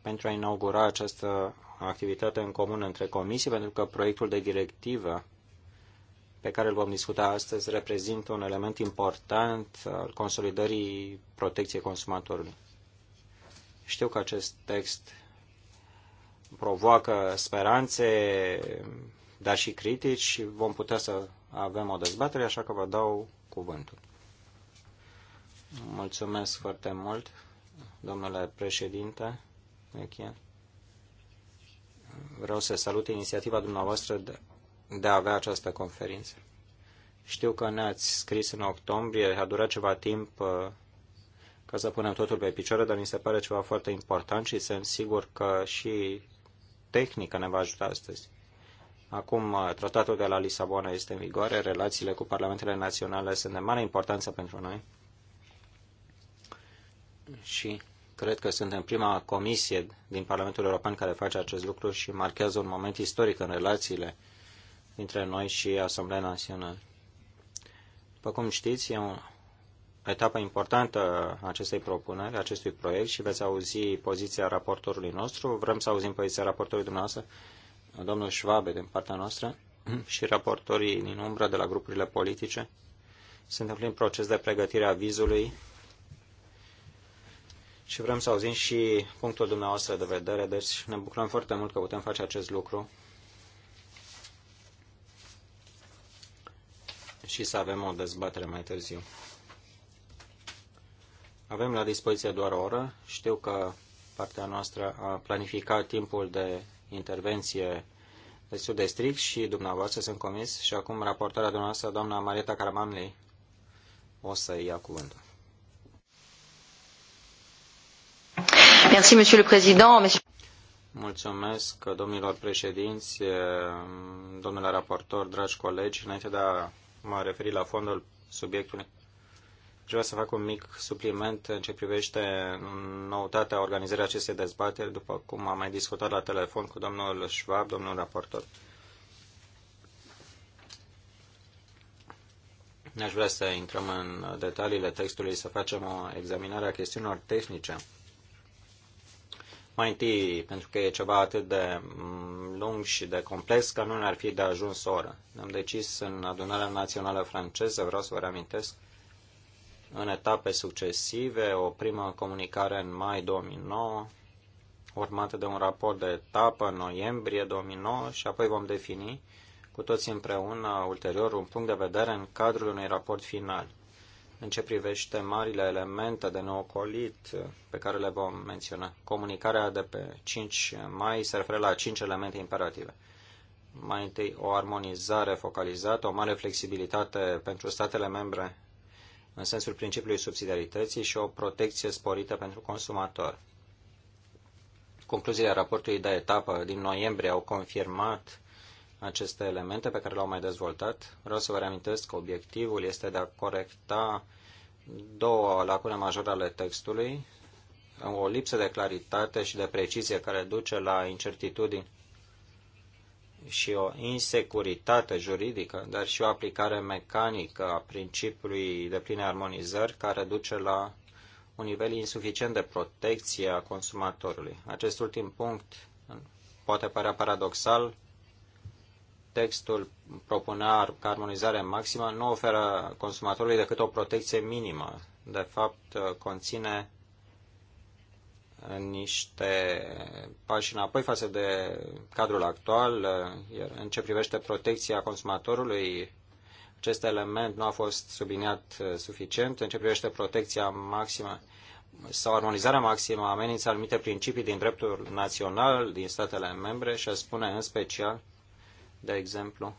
pentru a inaugura această activitate în comun între comisii, pentru că proiectul de directivă pe care îl vom discuta astăzi reprezintă un element important al consolidării protecției consumatorului. Știu că acest text provoacă speranțe dar și critici și vom putea să avem o dezbatere, așa că vă dau cuvântul. Mulțumesc foarte mult, domnule președinte Mechian. Vreau să salut inițiativa dumneavoastră de, de a avea această conferință. Știu că ne-ați scris în octombrie, a durat ceva timp uh, ca să punem totul pe picioare, dar mi se pare ceva foarte important și sunt sigur că și tehnica ne va ajuta astăzi. Acum uh, tratatul de la Lisabona este în vigoare, relațiile cu parlamentele naționale sunt de mare importanță pentru noi și cred că suntem prima comisie din Parlamentul European care face acest lucru și marchează un moment istoric în relațiile dintre noi și Asamblea Națională. După cum știți, e o etapă importantă acestei propuneri, acestui proiect și veți auzi poziția raportorului nostru. Vrem să auzim poziția raportorului dumneavoastră domnul Schwabe din partea noastră [clears throat] și raportorii din umbră de la grupurile politice. Suntem în proces de pregătire a vizului și vrem să auzim și punctul dumneavoastră de vedere, deci ne bucurăm foarte mult că putem face acest lucru și să avem o dezbatere mai târziu. Avem la dispoziție doar o oră. Știu că partea noastră a planificat timpul de intervenție destul de strict și dumneavoastră sunt comis și acum raportarea dumneavoastră, doamna Marieta Caramanli, o să ia cuvântul. Merci, monsieur le président. Monsieur... Mulțumesc, domnilor președinți, domnule raportor, dragi colegi. Înainte de a mă referi la fondul subiectului, Vreau să fac un mic supliment în ce privește noutatea organizării acestei dezbateri, după cum am mai discutat la telefon cu domnul Schwab, domnul raportor. Aș vrea să intrăm în detaliile textului, să facem o examinare a chestiunilor tehnice. Mai întâi, pentru că e ceva atât de mm, lung și de complex, că nu ne-ar fi de ajuns o oră. Am decis în adunarea națională franceză, vreau să vă reamintesc, în etape succesive, o primă comunicare în mai 2009, urmată de un raport de etapă în noiembrie 2009 și apoi vom defini cu toți împreună ulterior un punct de vedere în cadrul unui raport final. În ce privește marile elemente de neocolit pe care le vom menționa. Comunicarea de pe 5 mai se referă la 5 elemente imperative. Mai întâi, o armonizare focalizată, o mare flexibilitate pentru statele membre în sensul principiului subsidiarității și o protecție sporită pentru consumator. Concluziile raportului de etapă din noiembrie au confirmat aceste elemente pe care le-au mai dezvoltat. Vreau să vă reamintesc că obiectivul este de a corecta două lacune majore ale textului, o lipsă de claritate și de precizie care duce la incertitudini și o insecuritate juridică, dar și o aplicare mecanică a principiului de pline armonizări care duce la un nivel insuficient de protecție a consumatorului. Acest ultim punct poate părea paradoxal. Textul propunea că armonizarea maximă nu oferă consumatorului decât o protecție minimă. De fapt, conține niște pași înapoi față de cadrul actual, iar în ce privește protecția consumatorului, acest element nu a fost subliniat uh, suficient. În ce privește protecția maximă sau armonizarea maximă amenință anumite principii din dreptul național din statele membre și a spune în special, de exemplu,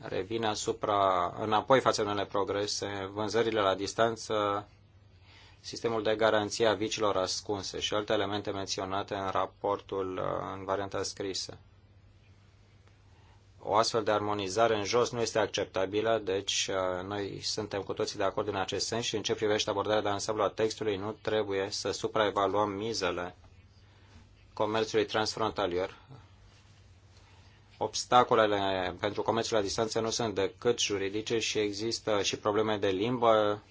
revine asupra, înapoi față de unele progrese, vânzările la distanță, sistemul de garanție a vicilor ascunse și alte elemente menționate în raportul uh, în varianta scrisă. O astfel de armonizare în jos nu este acceptabilă, deci uh, noi suntem cu toții de acord în acest sens și în ce privește abordarea de ansamblu a textului nu trebuie să supraevaluăm mizele comerțului transfrontalier. Obstacolele pentru comerțul la distanță nu sunt decât juridice și există și probleme de limbă,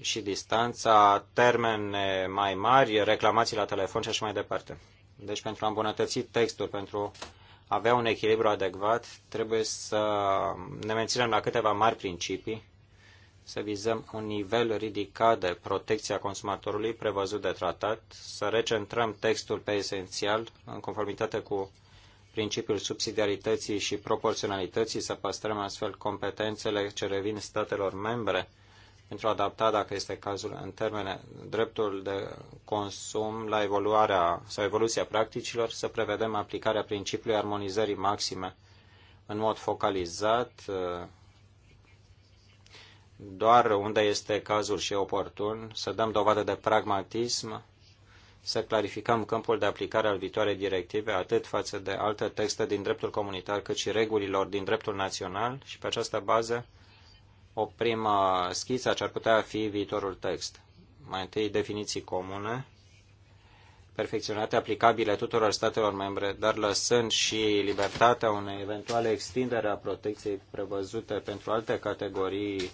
și distanța, termene mai mari, reclamații la telefon și așa mai departe. Deci pentru a îmbunătăți textul, pentru a avea un echilibru adecvat, trebuie să ne menținem la câteva mari principii, să vizăm un nivel ridicat de protecția consumatorului prevăzut de tratat, să recentrăm textul pe esențial în conformitate cu principiul subsidiarității și proporționalității, să păstrăm astfel competențele ce revin statelor membre pentru a adapta, dacă este cazul, în termene dreptul de consum la evoluarea sau evoluția practicilor, să prevedem aplicarea principiului armonizării maxime în mod focalizat, doar unde este cazul și oportun, să dăm dovadă de pragmatism, să clarificăm câmpul de aplicare al viitoarei directive, atât față de alte texte din dreptul comunitar, cât și regulilor din dreptul național și pe această bază o primă schiță ce ar putea fi viitorul text. Mai întâi definiții comune, perfecționate, aplicabile tuturor statelor membre, dar lăsând și libertatea unei eventuale extindere a protecției prevăzute pentru alte categorii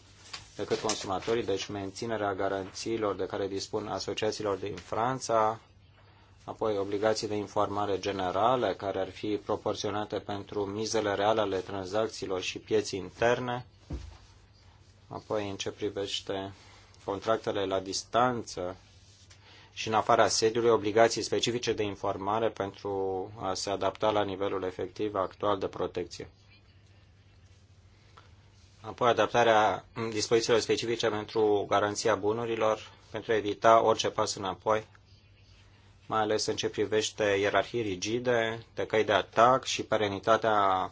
decât consumatorii, deci menținerea garanțiilor de care dispun asociațiilor din Franța, apoi obligații de informare generale care ar fi proporționate pentru mizele reale ale tranzacțiilor și pieții interne, Apoi, în ce privește contractele la distanță și în afara sediului, obligații specifice de informare pentru a se adapta la nivelul efectiv actual de protecție. Apoi, adaptarea dispozițiilor specifice pentru garanția bunurilor, pentru a evita orice pas înapoi, mai ales în ce privește ierarhii rigide, de căi de atac și perenitatea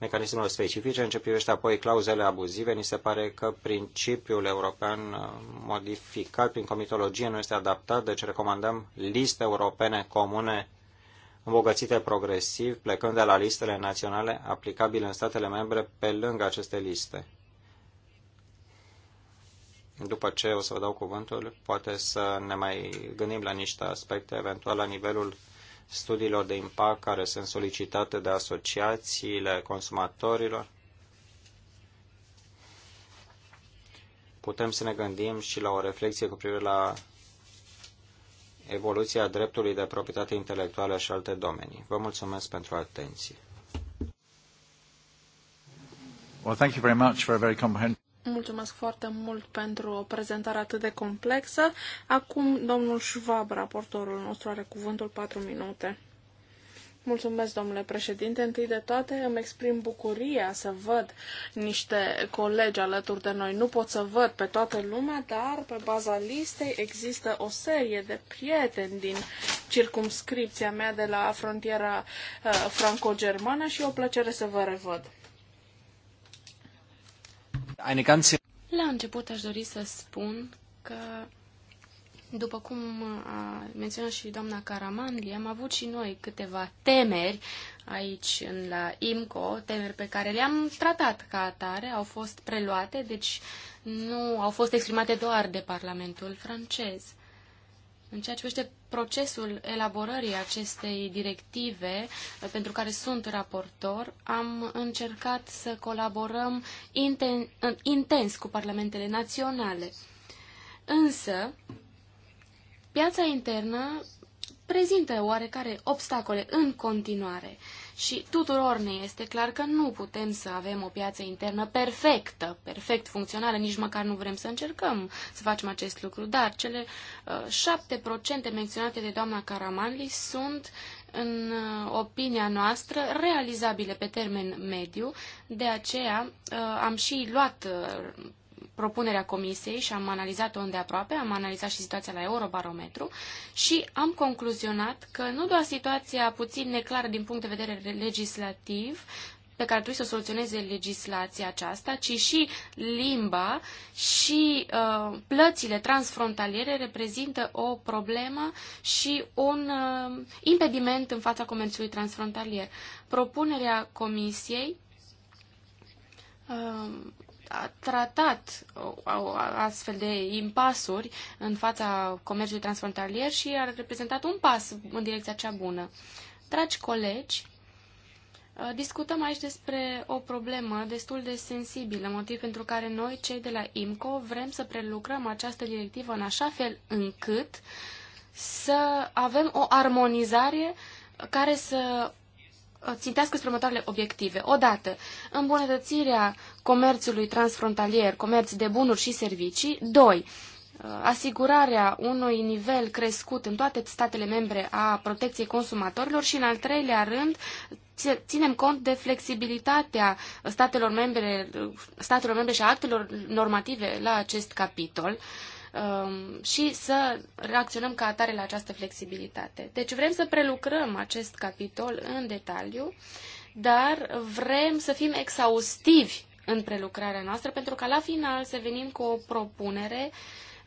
mecanismelor specifice. În ce privește apoi clauzele abuzive, ni se pare că principiul european uh, modificat prin comitologie nu este adaptat, deci recomandăm liste europene comune îmbogățite progresiv, plecând de la listele naționale aplicabile în statele membre pe lângă aceste liste. După ce o să vă dau cuvântul, poate să ne mai gândim la niște aspecte, eventual la nivelul studiilor de impact care sunt solicitate de asociațiile consumatorilor. Putem să ne gândim și la o reflexie cu privire la evoluția dreptului de proprietate intelectuală și alte domenii. Vă mulțumesc pentru atenție. Well, thank you very much for a very comprehensive... Mulțumesc foarte mult pentru o prezentare atât de complexă. Acum domnul Schwab, raportorul nostru, are cuvântul 4 minute. Mulțumesc, domnule președinte. Întâi de toate, îmi exprim bucuria să văd niște colegi alături de noi. Nu pot să văd pe toată lumea, dar pe baza listei există o serie de prieteni din circumscripția mea de la frontiera uh, franco-germană și e o plăcere să vă revăd. La început aș dori să spun că, după cum a menționat și doamna Caramanli, am avut și noi câteva temeri aici în la IMCO, temeri pe care le-am tratat ca atare, au fost preluate, deci nu au fost exprimate doar de Parlamentul francez. În ceea ce privește procesul elaborării acestei directive uh, pentru care sunt raportor, am încercat să colaborăm inten uh, intens cu parlamentele naționale. Însă, piața internă prezintă oarecare obstacole în continuare. Și tuturor ne este clar că nu putem să avem o piață internă perfectă, perfect funcțională, nici măcar nu vrem să încercăm să facem acest lucru, dar cele șapte uh, procente menționate de doamna Caramanli sunt în uh, opinia noastră, realizabile pe termen mediu. De aceea uh, am și luat uh, propunerea comisiei și am analizat-o îndeaproape, am analizat și situația la Eurobarometru și am concluzionat că nu doar situația puțin neclară din punct de vedere legislativ, pe care trebuie să o soluționeze legislația aceasta, ci și limba și uh, plățile transfrontaliere reprezintă o problemă și un uh, impediment în fața comerțului transfrontalier. Propunerea Comisiei uh, a tratat uh, astfel de impasuri în fața comerțului transfrontalier și a reprezentat un pas în direcția cea bună. Dragi colegi, uh, discutăm aici despre o problemă destul de sensibilă, motiv pentru care noi, cei de la IMCO, vrem să prelucrăm această directivă în așa fel încât să avem o armonizare care să țintească spre următoarele obiective. Odată, îmbunătățirea comerțului transfrontalier, comerț de bunuri și servicii. Doi, asigurarea unui nivel crescut în toate statele membre a protecției consumatorilor și, în al treilea rând, ținem cont de flexibilitatea statelor membre, statelor membre și a actelor normative la acest capitol. Uh, Um, și să reacționăm ca atare la această flexibilitate. Deci vrem să prelucrăm acest capitol în detaliu, dar vrem să fim exhaustivi în prelucrarea noastră pentru că la final să venim cu o propunere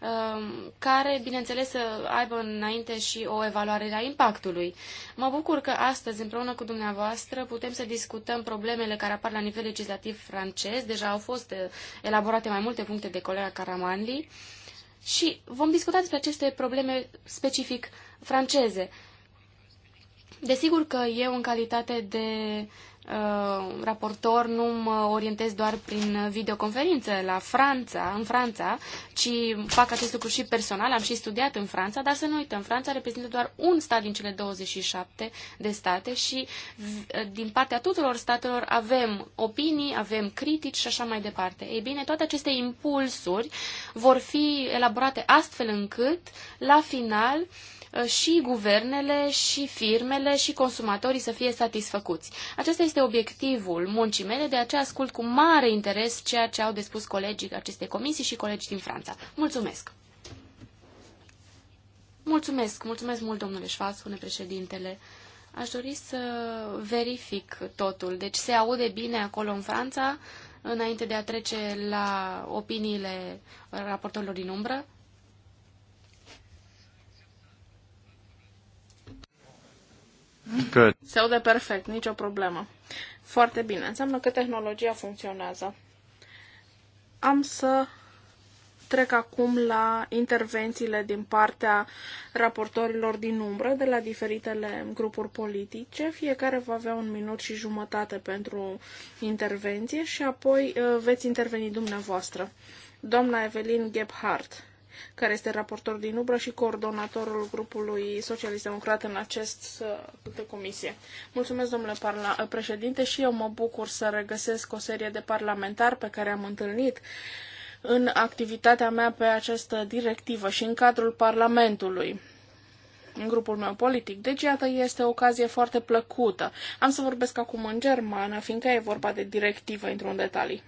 um, care, bineînțeles, să aibă înainte și o evaluare a impactului. Mă bucur că astăzi, împreună cu dumneavoastră, putem să discutăm problemele care apar la nivel legislativ francez. Deja au fost uh, elaborate mai multe puncte de colega Caramanli. Uh, și vom discuta despre aceste probleme specific franceze. Desigur că eu, în calitate de Uh, raportor nu mă orientez doar prin videoconferință la Franța, în Franța, ci fac acest lucru și personal, am și studiat în Franța, dar să nu uităm, Franța reprezintă doar un stat din cele 27 de state și uh, din partea tuturor statelor avem opinii, avem critici și așa mai departe. Ei bine, toate aceste impulsuri vor fi elaborate astfel încât, la final, Uh, și guvernele, și firmele, și consumatorii să fie satisfăcuți. Acesta este obiectivul muncii mele, de aceea ascult cu mare interes ceea ce au de spus colegii acestei comisii și colegii din Franța. Mulțumesc! Mulțumesc, mulțumesc mult, domnule Șfas, spune președintele. Aș dori să verific totul. Deci se aude bine acolo în Franța, înainte de a trece la opiniile raportorilor din umbră? Good. Se aude perfect, nicio problemă. Foarte bine, înseamnă că tehnologia funcționează. Am să trec acum la intervențiile din partea raportorilor din umbră de la diferitele grupuri politice. Fiecare va avea un minut și jumătate pentru intervenție și apoi uh, veți interveni dumneavoastră. Doamna Evelyn Gebhardt care este raportor din UBRA și coordonatorul grupului socialist-democrat în această uh, comisie. Mulțumesc, domnule parla- uh, președinte, și eu mă bucur să regăsesc o serie de parlamentari pe care am întâlnit în activitatea mea pe această directivă și în cadrul Parlamentului în grupul meu politic. Deci, iată, este o ocazie foarte plăcută. Am să vorbesc acum în germană, fiindcă e vorba de directivă, intru în detalii.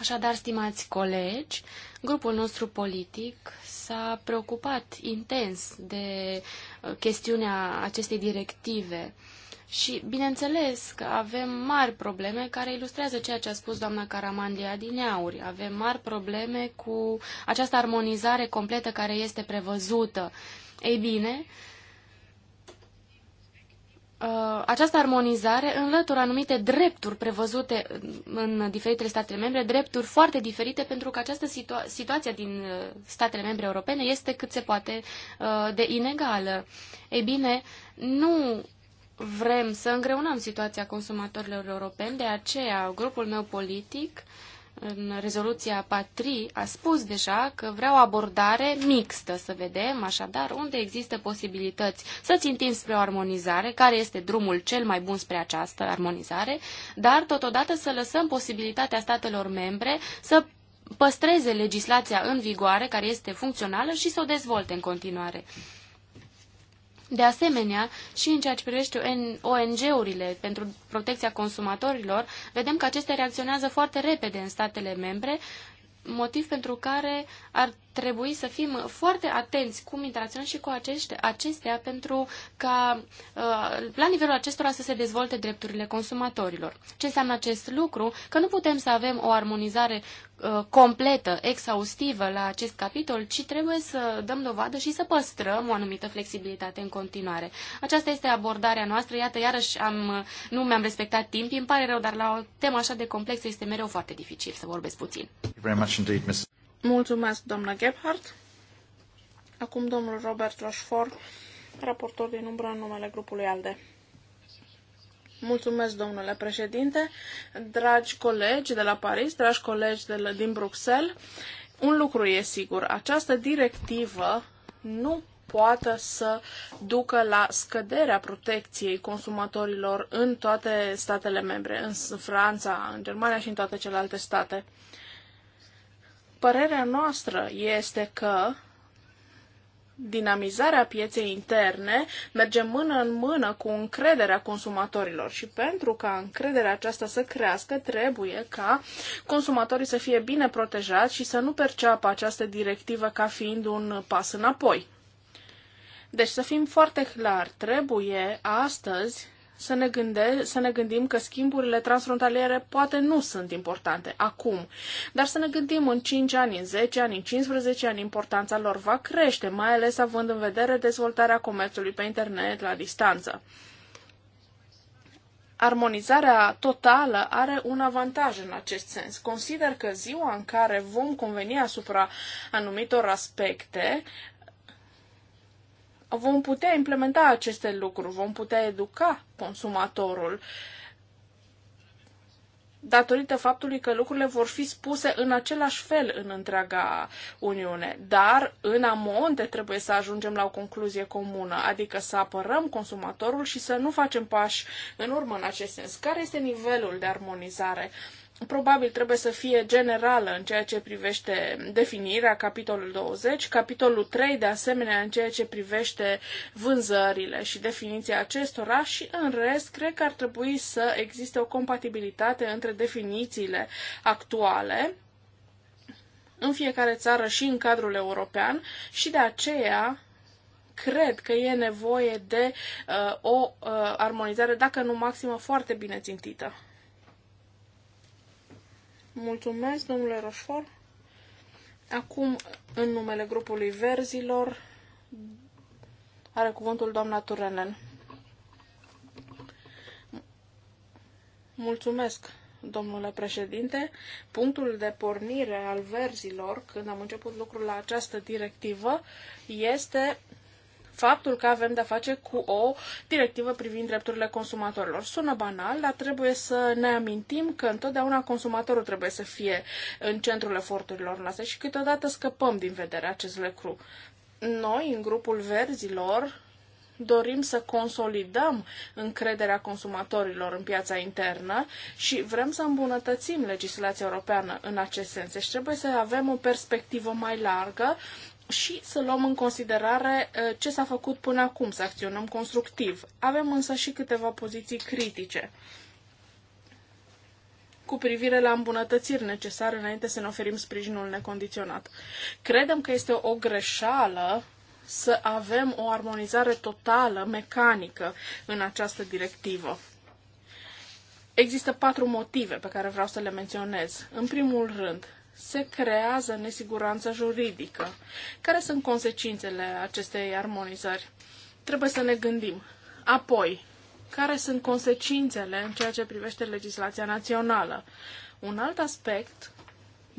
Așadar, stimați colegi, grupul nostru politic s-a preocupat intens de uh, chestiunea acestei directive și, bineînțeles, că avem mari probleme care ilustrează ceea ce a spus doamna Caramandia din Auri. Avem mari probleme cu această armonizare completă care este prevăzută. Ei bine, Uh, această armonizare înlătură anumite drepturi prevăzute în diferitele statele membre, drepturi foarte diferite, pentru că această situa situație din uh, statele membre europene este cât se poate uh, de inegală. Ei bine, nu vrem să îngreunăm situația consumatorilor europeni, de aceea grupul meu politic uh, în rezoluția Patri a spus deja că vrea o abordare mixtă, să vedem așadar unde există posibilități să țintim spre o armonizare, care este drumul cel mai bun spre această armonizare, dar totodată să lăsăm posibilitatea statelor membre să păstreze legislația în vigoare, care este funcțională, și să o dezvolte în continuare. De asemenea, și în ceea ce privește ONG-urile pentru protecția consumatorilor, vedem că acestea reacționează foarte repede în statele membre, motiv pentru care ar trebui să fim foarte atenți cum interacționăm și cu acești, acestea pentru ca uh, la nivelul acestora să se dezvolte drepturile consumatorilor. Ce înseamnă acest lucru? Că nu putem să avem o armonizare uh, completă, exhaustivă la acest capitol, ci trebuie să dăm dovadă și să păstrăm o anumită flexibilitate în continuare. Aceasta este abordarea noastră. Iată, iarăși am, nu mi-am respectat timp, îmi pare rău, dar la o temă așa de complexă este mereu foarte dificil să vorbesc puțin. Mulțumesc, doamnă Gebhardt. Acum domnul Robert Rochefort, raportor din umbră în numele grupului ALDE. Mulțumesc, domnule președinte, dragi colegi de la Paris, dragi colegi de la, din Bruxelles. Un lucru e sigur, această directivă nu poate să ducă la scăderea protecției consumatorilor în toate statele membre, în Franța, în Germania și în toate celelalte state. Părerea noastră este că dinamizarea pieței interne merge mână în mână cu încrederea consumatorilor și pentru ca încrederea aceasta să crească, trebuie ca consumatorii să fie bine protejați și să nu perceapă această directivă ca fiind un pas înapoi. Deci să fim foarte clar, trebuie astăzi să ne, gânde, să ne gândim că schimburile transfrontaliere poate nu sunt importante acum, dar să ne gândim în 5 ani, în 10 ani, în 15 ani, importanța lor va crește, mai ales având în vedere dezvoltarea comerțului pe internet la distanță. Armonizarea totală are un avantaj în acest sens. Consider că ziua în care vom conveni asupra anumitor aspecte, vom putea implementa aceste lucruri, vom putea educa consumatorul datorită faptului că lucrurile vor fi spuse în același fel în întreaga Uniune. Dar în amonte trebuie să ajungem la o concluzie comună, adică să apărăm consumatorul și să nu facem pași în urmă în acest sens. Care este nivelul de armonizare? probabil trebuie să fie generală în ceea ce privește definirea capitolul 20, capitolul 3 de asemenea în ceea ce privește vânzările și definiția acestora și în rest cred că ar trebui să existe o compatibilitate între definițiile actuale în fiecare țară și în cadrul european și de aceea cred că e nevoie de uh, o uh, armonizare, dacă nu maximă, foarte bine țintită. Mulțumesc, domnule Roșfor. Acum, în numele grupului Verzilor, are cuvântul doamna Turenen. Mulțumesc, domnule președinte. Punctul de pornire al Verzilor, când am început lucrul la această directivă, este faptul că avem de-a face cu o directivă privind drepturile consumatorilor. Sună banal, dar trebuie să ne amintim că întotdeauna consumatorul trebuie să fie în centrul eforturilor noastre și câteodată scăpăm din vedere acest lucru. Noi, în grupul verzilor, dorim să consolidăm încrederea consumatorilor în piața internă și vrem să îmbunătățim legislația europeană în acest sens. Deci trebuie să avem o perspectivă mai largă și să luăm în considerare ce s-a făcut până acum, să acționăm constructiv. Avem însă și câteva poziții critice cu privire la îmbunătățiri necesare înainte să ne oferim sprijinul necondiționat. Credem că este o greșeală să avem o armonizare totală, mecanică, în această directivă. Există patru motive pe care vreau să le menționez. În primul rând, se creează nesiguranță juridică. Care sunt consecințele acestei armonizări? Trebuie să ne gândim. Apoi, care sunt consecințele în ceea ce privește legislația națională? Un alt aspect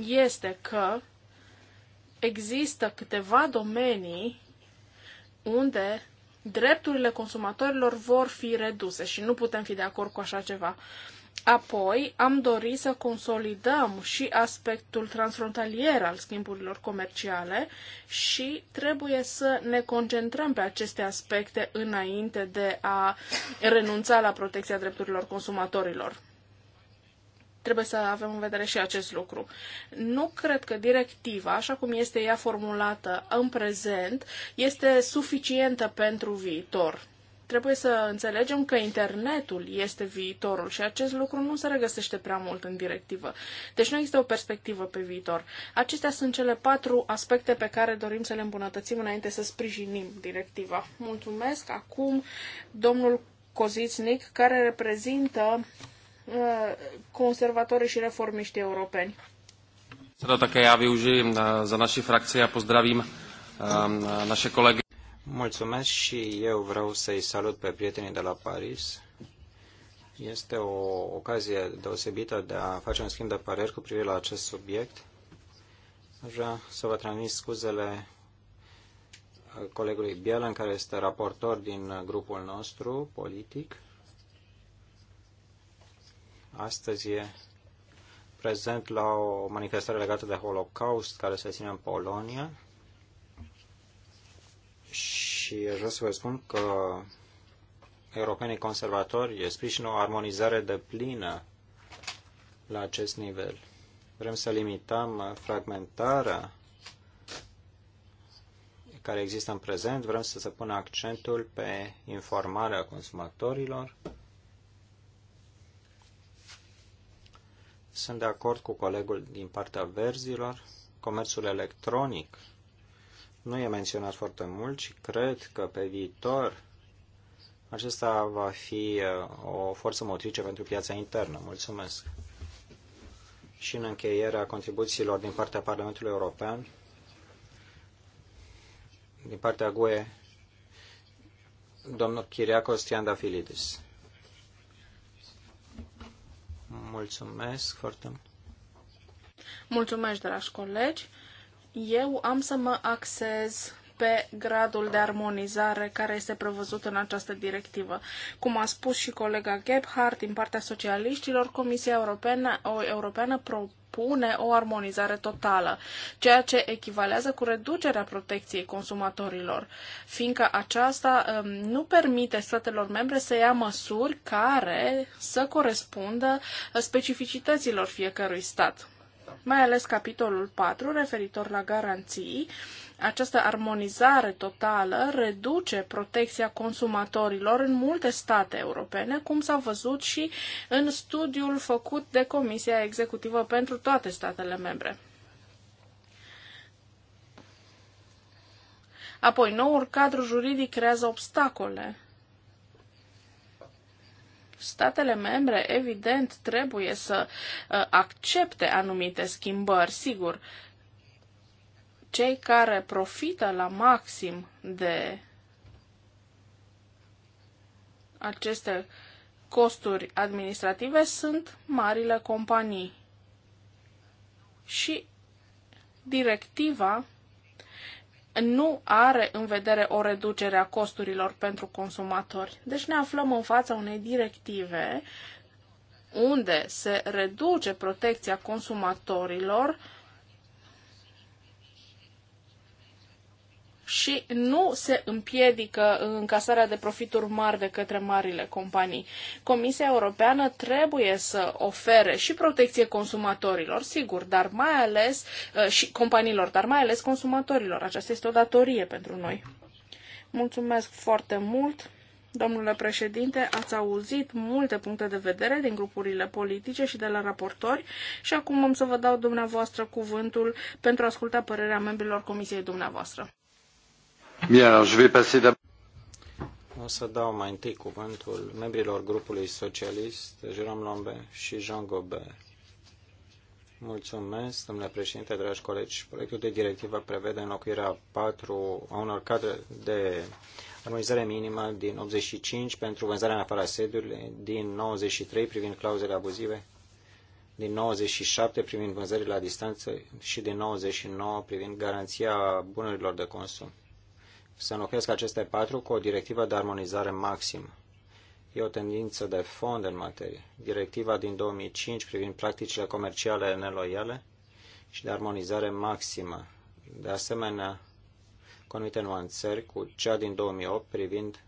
este că există câteva domenii unde drepturile consumatorilor vor fi reduse și nu putem fi de acord cu așa ceva. Uh, Apoi, am dorit să consolidăm și aspectul transfrontalier al schimburilor comerciale și trebuie să ne concentrăm pe aceste aspecte înainte de a renunța la protecția drepturilor consumatorilor trebuie să avem în vedere și acest lucru. Nu cred că directiva, așa cum este ea formulată în prezent, este suficientă pentru viitor. Trebuie să înțelegem că internetul este viitorul și acest lucru nu se regăsește prea mult în directivă. Deci nu există o perspectivă pe viitor. Acestea sunt cele patru aspecte pe care dorim să le îmbunătățim înainte să sprijinim directiva. Mulțumesc. Acum domnul Kozitsnik, care reprezintă uh, conservatorii și reformiștii europeni. Teda că já využiji uh, za naši frakcie a pozdravím uh, naše kolegy. Mulțumesc și eu vreau să-i salut pe prietenii de la Paris. Este o ocazie deosebită de a face un schimb de păreri cu privire la acest subiect. Aș vrea să vă transmit scuzele colegului Bielan, care este raportor din grupul nostru politic. Astăzi e prezent la o manifestare legată de Holocaust care se ține în Polonia și aș vrea să vă spun că europenii conservatori sprijină o armonizare de plină la acest nivel. Vrem să limităm fragmentarea care există în prezent, vrem să se pună accentul pe informarea consumatorilor. Sunt de acord cu colegul din partea verzilor. Comerțul electronic nu e menționat foarte mult și cred că pe viitor acesta va fi uh, o forță motrice pentru piața internă. Mulțumesc! Și în încheierea contribuțiilor din partea Parlamentului European, din partea GUE, domnul Chiriacos Tiandafilidis. Mulțumesc foarte mult! Mulțumesc, dragi colegi! Eu am să mă axez pe gradul de armonizare care este prevăzut în această directivă. Cum a spus și colega Gebhardt din partea socialiștilor, Comisia Europeană, o, Europeană propune o armonizare totală, ceea ce echivalează cu reducerea protecției consumatorilor, fiindcă aceasta um, nu permite statelor membre să ia măsuri care să corespundă specificităților fiecărui stat mai ales capitolul 4 referitor la garanții. Această armonizare totală reduce protecția consumatorilor în multe state europene, cum s-a văzut și în studiul făcut de Comisia Executivă pentru toate statele membre. Apoi, noul cadru juridic creează obstacole Statele membre, evident, trebuie să uh, accepte anumite schimbări, sigur. Cei care profită la maxim de aceste costuri administrative sunt marile companii. Și directiva nu are în vedere o reducere a costurilor pentru consumatori. Deci ne aflăm în fața unei directive unde se reduce protecția consumatorilor și nu se împiedică încasarea de profituri mari de către marile companii. Comisia Europeană trebuie să ofere și protecție consumatorilor, sigur, dar mai ales uh, și companiilor, dar mai ales consumatorilor. Aceasta este o datorie pentru noi. Mulțumesc foarte mult! Domnule președinte, ați auzit multe puncte de vedere din grupurile politice și de la raportori și acum am să vă dau dumneavoastră cuvântul pentru a asculta părerea membrilor comisiei dumneavoastră. O să dau mai întâi cuvântul membrilor grupului socialist, Jérôme Lambert și Jean Gobert. Mulțumesc, domnule președinte, dragi colegi. Proiectul de directivă prevede înlocuirea patru, a unor cadre de armonizare minimă din 85 pentru vânzarea în afara sediului, din 93 privind clauzele abuzive, din 97 privind vânzările la distanță și din 99 privind garanția bunurilor de consum se înlocuiesc aceste patru cu o directivă de armonizare maximă. E o tendință de fond în materie. Directiva din 2005 privind practicile comerciale neloiale și de armonizare maximă. De asemenea, cu anumite nuanțări cu cea din 2008 privind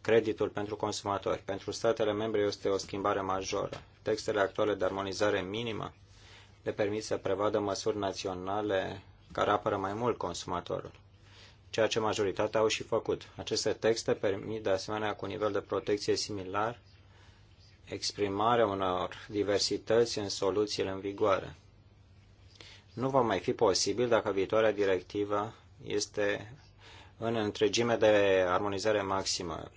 creditul pentru consumatori. Pentru statele membre este o schimbare majoră. Textele actuale de armonizare minimă le permit să prevadă măsuri naționale care apără mai mult consumatorul ceea ce majoritatea au și făcut. Aceste texte permit de asemenea cu un nivel de protecție similar exprimarea unor diversități în soluțiile în vigoare. Nu va mai fi posibil dacă viitoarea directivă este în întregime de armonizare maximă.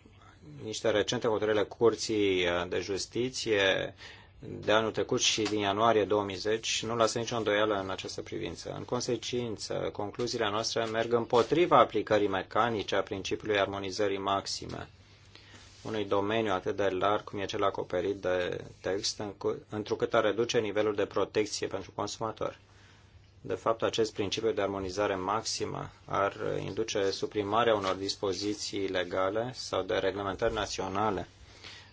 Niște recente hotărârile Curții de Justiție de anul trecut și din ianuarie 2010 nu lasă nicio îndoială în această privință. În consecință, concluziile noastre merg împotriva aplicării mecanice a principiului armonizării maxime unui domeniu atât de larg cum e cel acoperit de text, întrucât a reduce nivelul de protecție pentru consumator. De fapt, acest principiu de armonizare maximă ar induce suprimarea unor dispoziții legale sau de reglementări naționale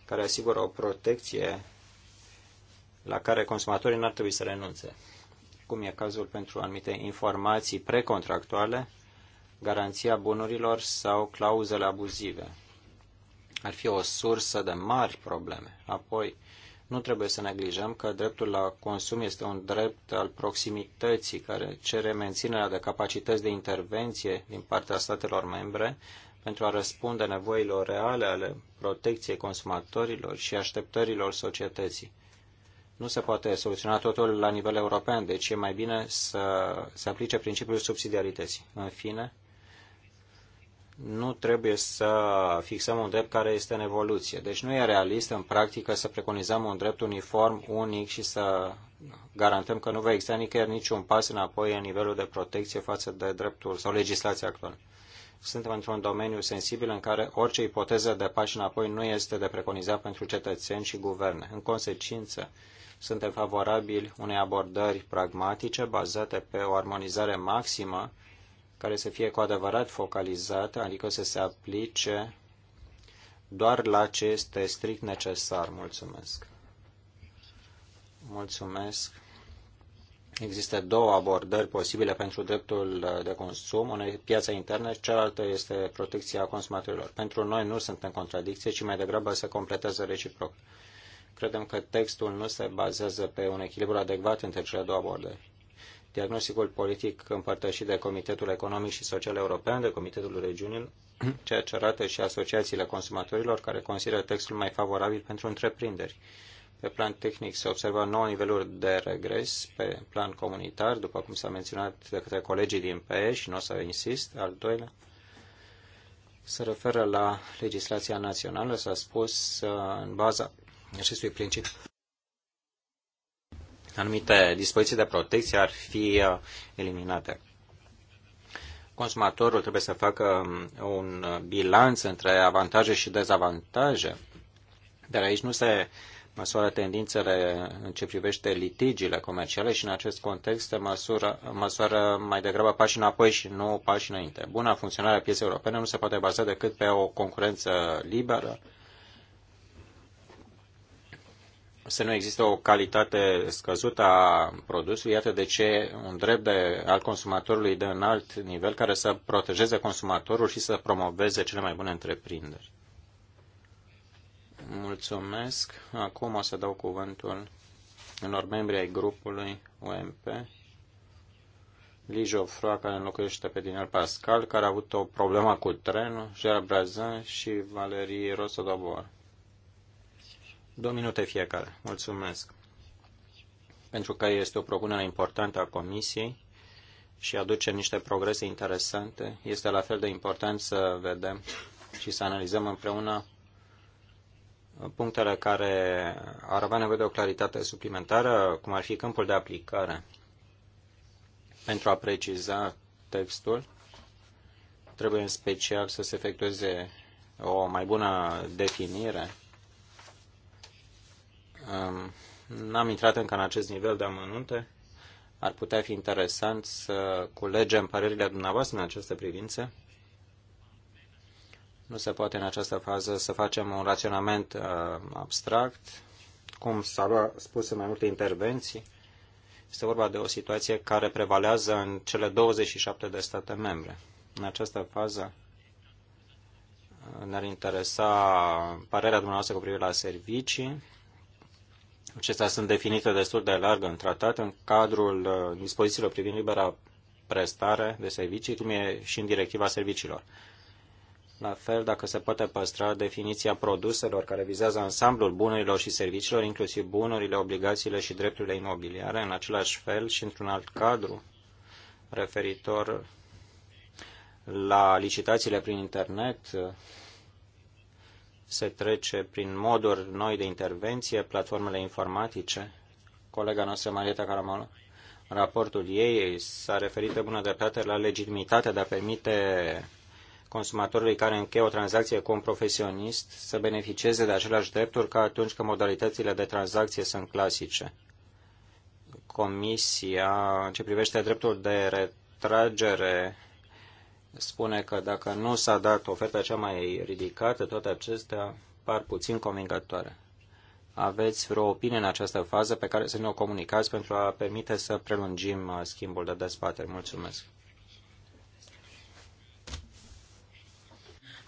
care asigură o protecție la care consumatorii n-ar trebui să renunțe, cum e cazul pentru anumite informații precontractuale, garanția bunurilor sau clauzele abuzive. Ar fi o sursă de mari probleme. Apoi, nu trebuie să neglijăm că dreptul la consum este un drept al proximității care cere menținerea de capacități de intervenție din partea statelor membre pentru a răspunde nevoilor reale ale protecției consumatorilor și așteptărilor societății. Nu se poate soluționa totul la nivel european, deci e mai bine să se aplice principiul subsidiarității. În fine, nu trebuie să fixăm un drept care este în evoluție. Deci nu e realist în practică să preconizăm un drept uniform, unic și să garantăm că nu va exista nicăieri niciun pas înapoi în nivelul de protecție față de dreptul sau legislația actuală. Suntem într-un domeniu sensibil în care orice ipoteză de pași înapoi nu este de preconizat pentru cetățeni și guverne. În consecință, suntem favorabili unei abordări pragmatice bazate pe o armonizare maximă care să fie cu adevărat focalizată, adică să se aplice doar la ce este strict necesar. Mulțumesc. Mulțumesc. Există două abordări posibile pentru dreptul de consum, una e piața internă și cealaltă este protecția consumatorilor. Pentru noi nu sunt în contradicție, ci mai degrabă se completează reciproc. Credem că textul nu se bazează pe un echilibru adecvat între cele două abordări. Diagnosticul politic împărtășit de Comitetul Economic și Social European, de Comitetul Regiunilor, ceea [clears throat] ce arată și asociațiile consumatorilor care consideră textul mai favorabil pentru întreprinderi. Pe plan tehnic se observă nouă niveluri de regres pe plan comunitar, după cum s-a menționat de către colegii din PE și nu o să insist. Al doilea se referă la legislația națională, s-a spus uh, în baza acestui principiu. Anumite dispoziții de protecție ar fi uh, eliminate. Consumatorul trebuie să facă um, un bilanț între avantaje și dezavantaje, dar aici nu se măsoară tendințele în ce privește litigiile comerciale și în acest context se măsură, măsoară mai degrabă pași înapoi și nu pași înainte. Buna funcționare a pieței europene nu se poate baza decât pe o concurență liberă, să nu există o calitate scăzută a produsului. Iată de ce un drept de, al consumatorului de înalt nivel care să protejeze consumatorul și să promoveze cele mai bune întreprinderi. Mulțumesc. Acum o să dau cuvântul unor membri ai grupului UMP. Lijo Froa, care înlocuiește pe Dinel Pascal, care a avut o problemă cu trenul, Gerard Brazin și Valerie Rosodobor. Două minute fiecare. Mulțumesc. Pentru că este o propunere importantă a Comisiei și aduce niște progrese interesante. Este la fel de important să vedem și să analizăm împreună punctele care ar avea nevoie de o claritate suplimentară, cum ar fi câmpul de aplicare. Pentru a preciza textul, trebuie în special să se efectueze o mai bună definire N-am intrat încă în acest nivel de amănunte. Ar putea fi interesant să culegem părerile dumneavoastră în această privință. Nu se poate în această fază să facem un raționament uh, abstract, cum s-a spus în mai multe intervenții. Este vorba de o situație care prevalează în cele 27 de state membre. În această fază uh, ne-ar interesa părerea dumneavoastră cu privire la servicii, Acestea sunt definite destul de larg în tratat, în cadrul uh, dispozițiilor privind libera prestare de servicii, cum e și în directiva serviciilor. La fel, dacă se poate păstra definiția produselor care vizează ansamblul bunurilor și serviciilor, inclusiv bunurile, obligațiile și drepturile imobiliare, în același fel și într-un alt cadru referitor la licitațiile prin internet, uh, se trece prin moduri noi de intervenție, platformele informatice. Colega noastră, Marieta Caramolo, în raportul ei s-a referit pe bună dreptate la legitimitatea de a permite consumatorului care încheie o tranzacție cu un profesionist să beneficieze de aceleași drepturi ca atunci când modalitățile de tranzacție sunt clasice. Comisia, în ce privește dreptul de retragere spune că dacă nu s-a dat oferta cea mai ridicată, toate acestea par puțin convingătoare. Aveți vreo opinie în această fază pe care să ne o comunicați pentru a permite să prelungim uh, schimbul de dezbatere? Mulțumesc.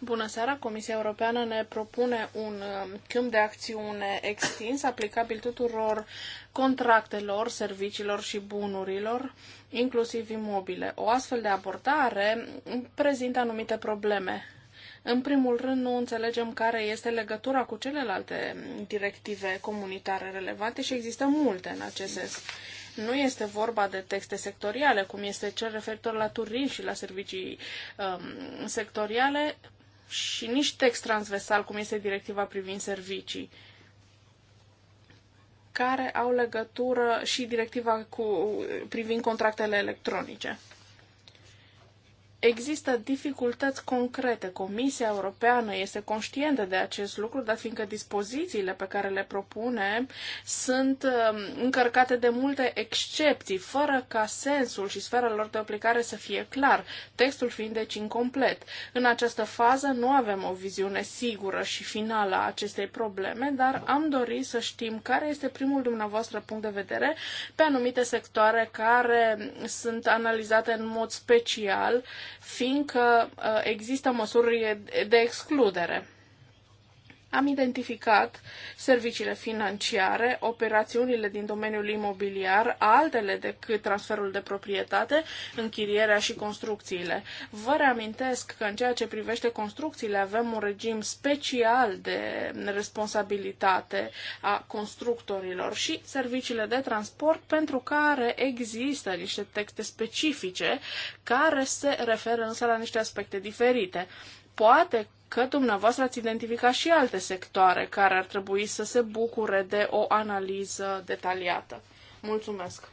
Bună seara! Comisia Europeană ne propune un um, câmp de acțiune extins, aplicabil tuturor contractelor, serviciilor și bunurilor, inclusiv imobile. O astfel de abordare prezintă anumite probleme. În primul rând, nu înțelegem care este legătura cu celelalte directive comunitare relevante și există multe în acest sens. Nu este vorba de texte sectoriale, cum este cel referitor la turism și la servicii um, sectoriale, și nici text transversal, cum este directiva privind servicii, care au legătură și directiva cu, privind contractele electronice. Există dificultăți concrete. Comisia Europeană este conștientă de acest lucru, dar fiindcă dispozițiile pe care le propune sunt um, încărcate de multe excepții, fără ca sensul și sfera lor de aplicare să fie clar, textul fiind deci incomplet. În această fază nu avem o viziune sigură și finală a acestei probleme, dar am dorit să știm care este primul dumneavoastră punct de vedere pe anumite sectoare care sunt analizate în mod special fiindcă uh, există măsuri de excludere. Am identificat serviciile financiare, operațiunile din domeniul imobiliar, altele decât transferul de proprietate, închirierea și construcțiile. Vă reamintesc că în ceea ce privește construcțiile avem un regim special de responsabilitate a constructorilor și serviciile de transport pentru care există niște texte specifice care se referă însă la niște aspecte diferite. Poate că dumneavoastră ați identificat și alte sectoare care ar trebui să se bucure de o analiză detaliată. Mulțumesc!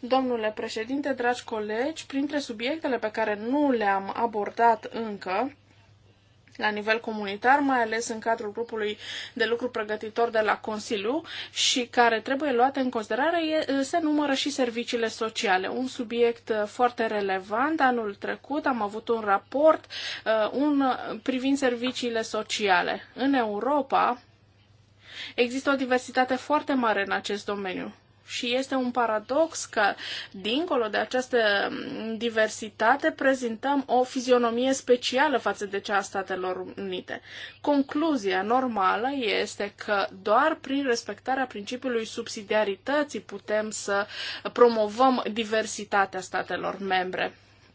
Domnule președinte, dragi colegi, printre subiectele pe care nu le-am abordat încă, la nivel comunitar, mai ales în cadrul grupului de lucru pregătitor de la Consiliu și care trebuie luate în considerare, se numără și serviciile sociale. Un subiect uh, foarte relevant. Anul trecut am avut un raport uh, un, uh, privind serviciile sociale. În Europa există o diversitate foarte mare în acest domeniu. Și este un paradox că, dincolo de această diversitate, prezentăm o fizionomie specială față de cea a Statelor Unite. Concluzia normală este că doar prin respectarea principiului subsidiarității putem să promovăm diversitatea statelor membre.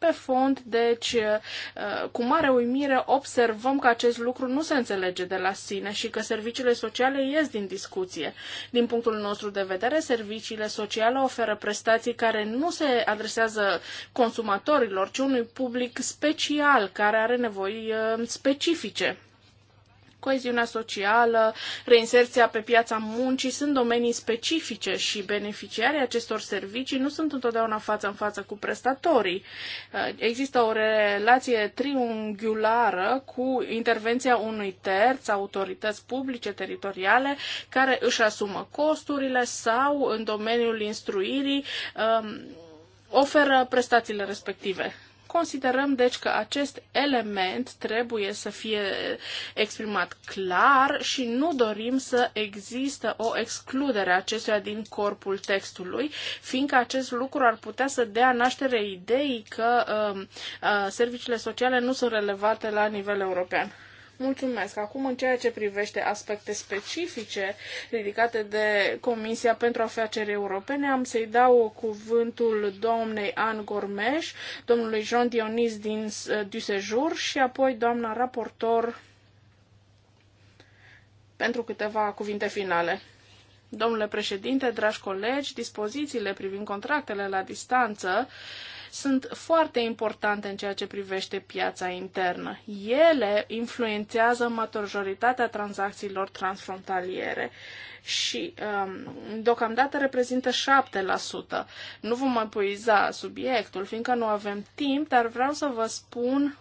Pe fond, deci, uh, cu mare uimire observăm că acest lucru nu se înțelege de la sine și că serviciile sociale ies din discuție. Din punctul nostru de vedere, serviciile sociale oferă prestații care nu se adresează consumatorilor, ci unui public special care are nevoi uh, specifice Coeziunea socială, reinserția pe piața muncii sunt domenii specifice și beneficiarii acestor servicii nu sunt întotdeauna față în față cu prestatorii. Uh, există o relație triunghiulară cu intervenția unui terț, autorități publice, teritoriale, care își asumă costurile sau, în domeniul instruirii, um, oferă prestațiile respective. Considerăm, deci, că acest element trebuie să fie exprimat clar și nu dorim să există o excludere a acestuia din corpul textului, fiindcă acest lucru ar putea să dea naștere ideii că uh, uh, serviciile sociale nu sunt relevate la nivel european. Mulțumesc. Acum, în ceea ce privește aspecte specifice ridicate de Comisia pentru Afaceri Europene, am să-i dau cuvântul doamnei Anne Gormeș, domnului Jean Dionis din uh, Dusejur și apoi doamna raportor pentru câteva cuvinte finale. Domnule președinte, dragi colegi, dispozițiile privind contractele la distanță sunt foarte importante în ceea ce privește piața internă. Ele influențează majoritatea tranzacțiilor transfrontaliere și um, deocamdată reprezintă 7%. Nu vom epuiza subiectul, fiindcă nu avem timp, dar vreau să vă spun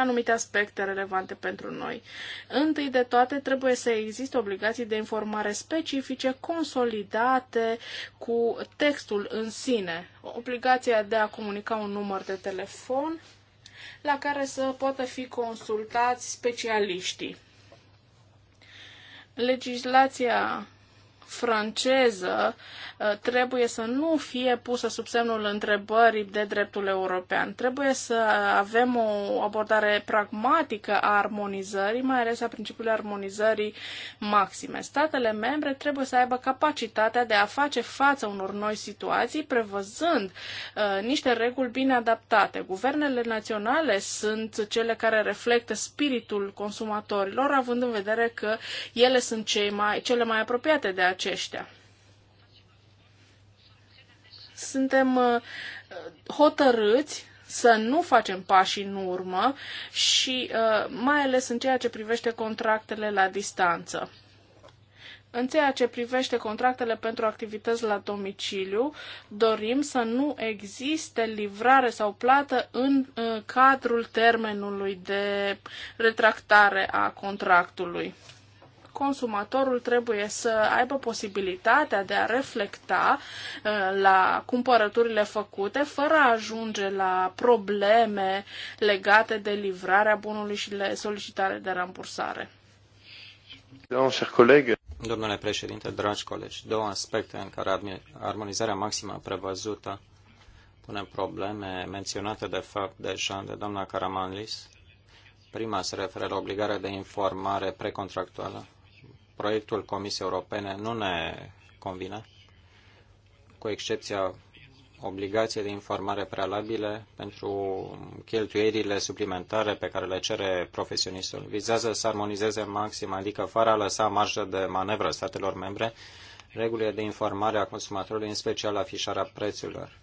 anumite aspecte relevante pentru noi. Întâi de toate, trebuie să existe obligații de informare specifice, consolidate cu textul în sine, obligația de a comunica un număr de telefon la care să poată fi consultați specialiștii. Legislația franceză uh, trebuie să nu fie pusă sub semnul întrebării de dreptul european. Trebuie să avem o abordare pragmatică a armonizării, mai ales a principiului armonizării maxime. Statele membre trebuie să aibă capacitatea de a face față unor noi situații, prevăzând uh, niște reguli bine adaptate. Guvernele naționale sunt cele care reflectă spiritul consumatorilor, având în vedere că ele sunt cei mai, cele mai apropiate de acest aceștia. Suntem uh, hotărâți să nu facem pași în urmă și uh, mai ales în ceea ce privește contractele la distanță. În ceea ce privește contractele pentru activități la domiciliu, dorim să nu existe livrare sau plată în uh, cadrul termenului de retractare a contractului consumatorul trebuie să aibă posibilitatea de a reflecta uh, la cumpărăturile făcute fără a ajunge la probleme legate de livrarea bunului și de solicitare de rambursare. Da, Domnule președinte, dragi colegi, două aspecte în care armonizarea maximă prevăzută pune probleme menționate de fapt deja de doamna Caramanlis. Prima se referă la obligarea de informare precontractuală proiectul Comisiei Europene nu ne convine, cu excepția obligației de informare prealabile pentru cheltuierile suplimentare pe care le cere profesionistul. Vizează să armonizeze maxim, adică fără a lăsa marjă de manevră statelor membre, regulile de informare a consumatorului, în special afișarea prețurilor.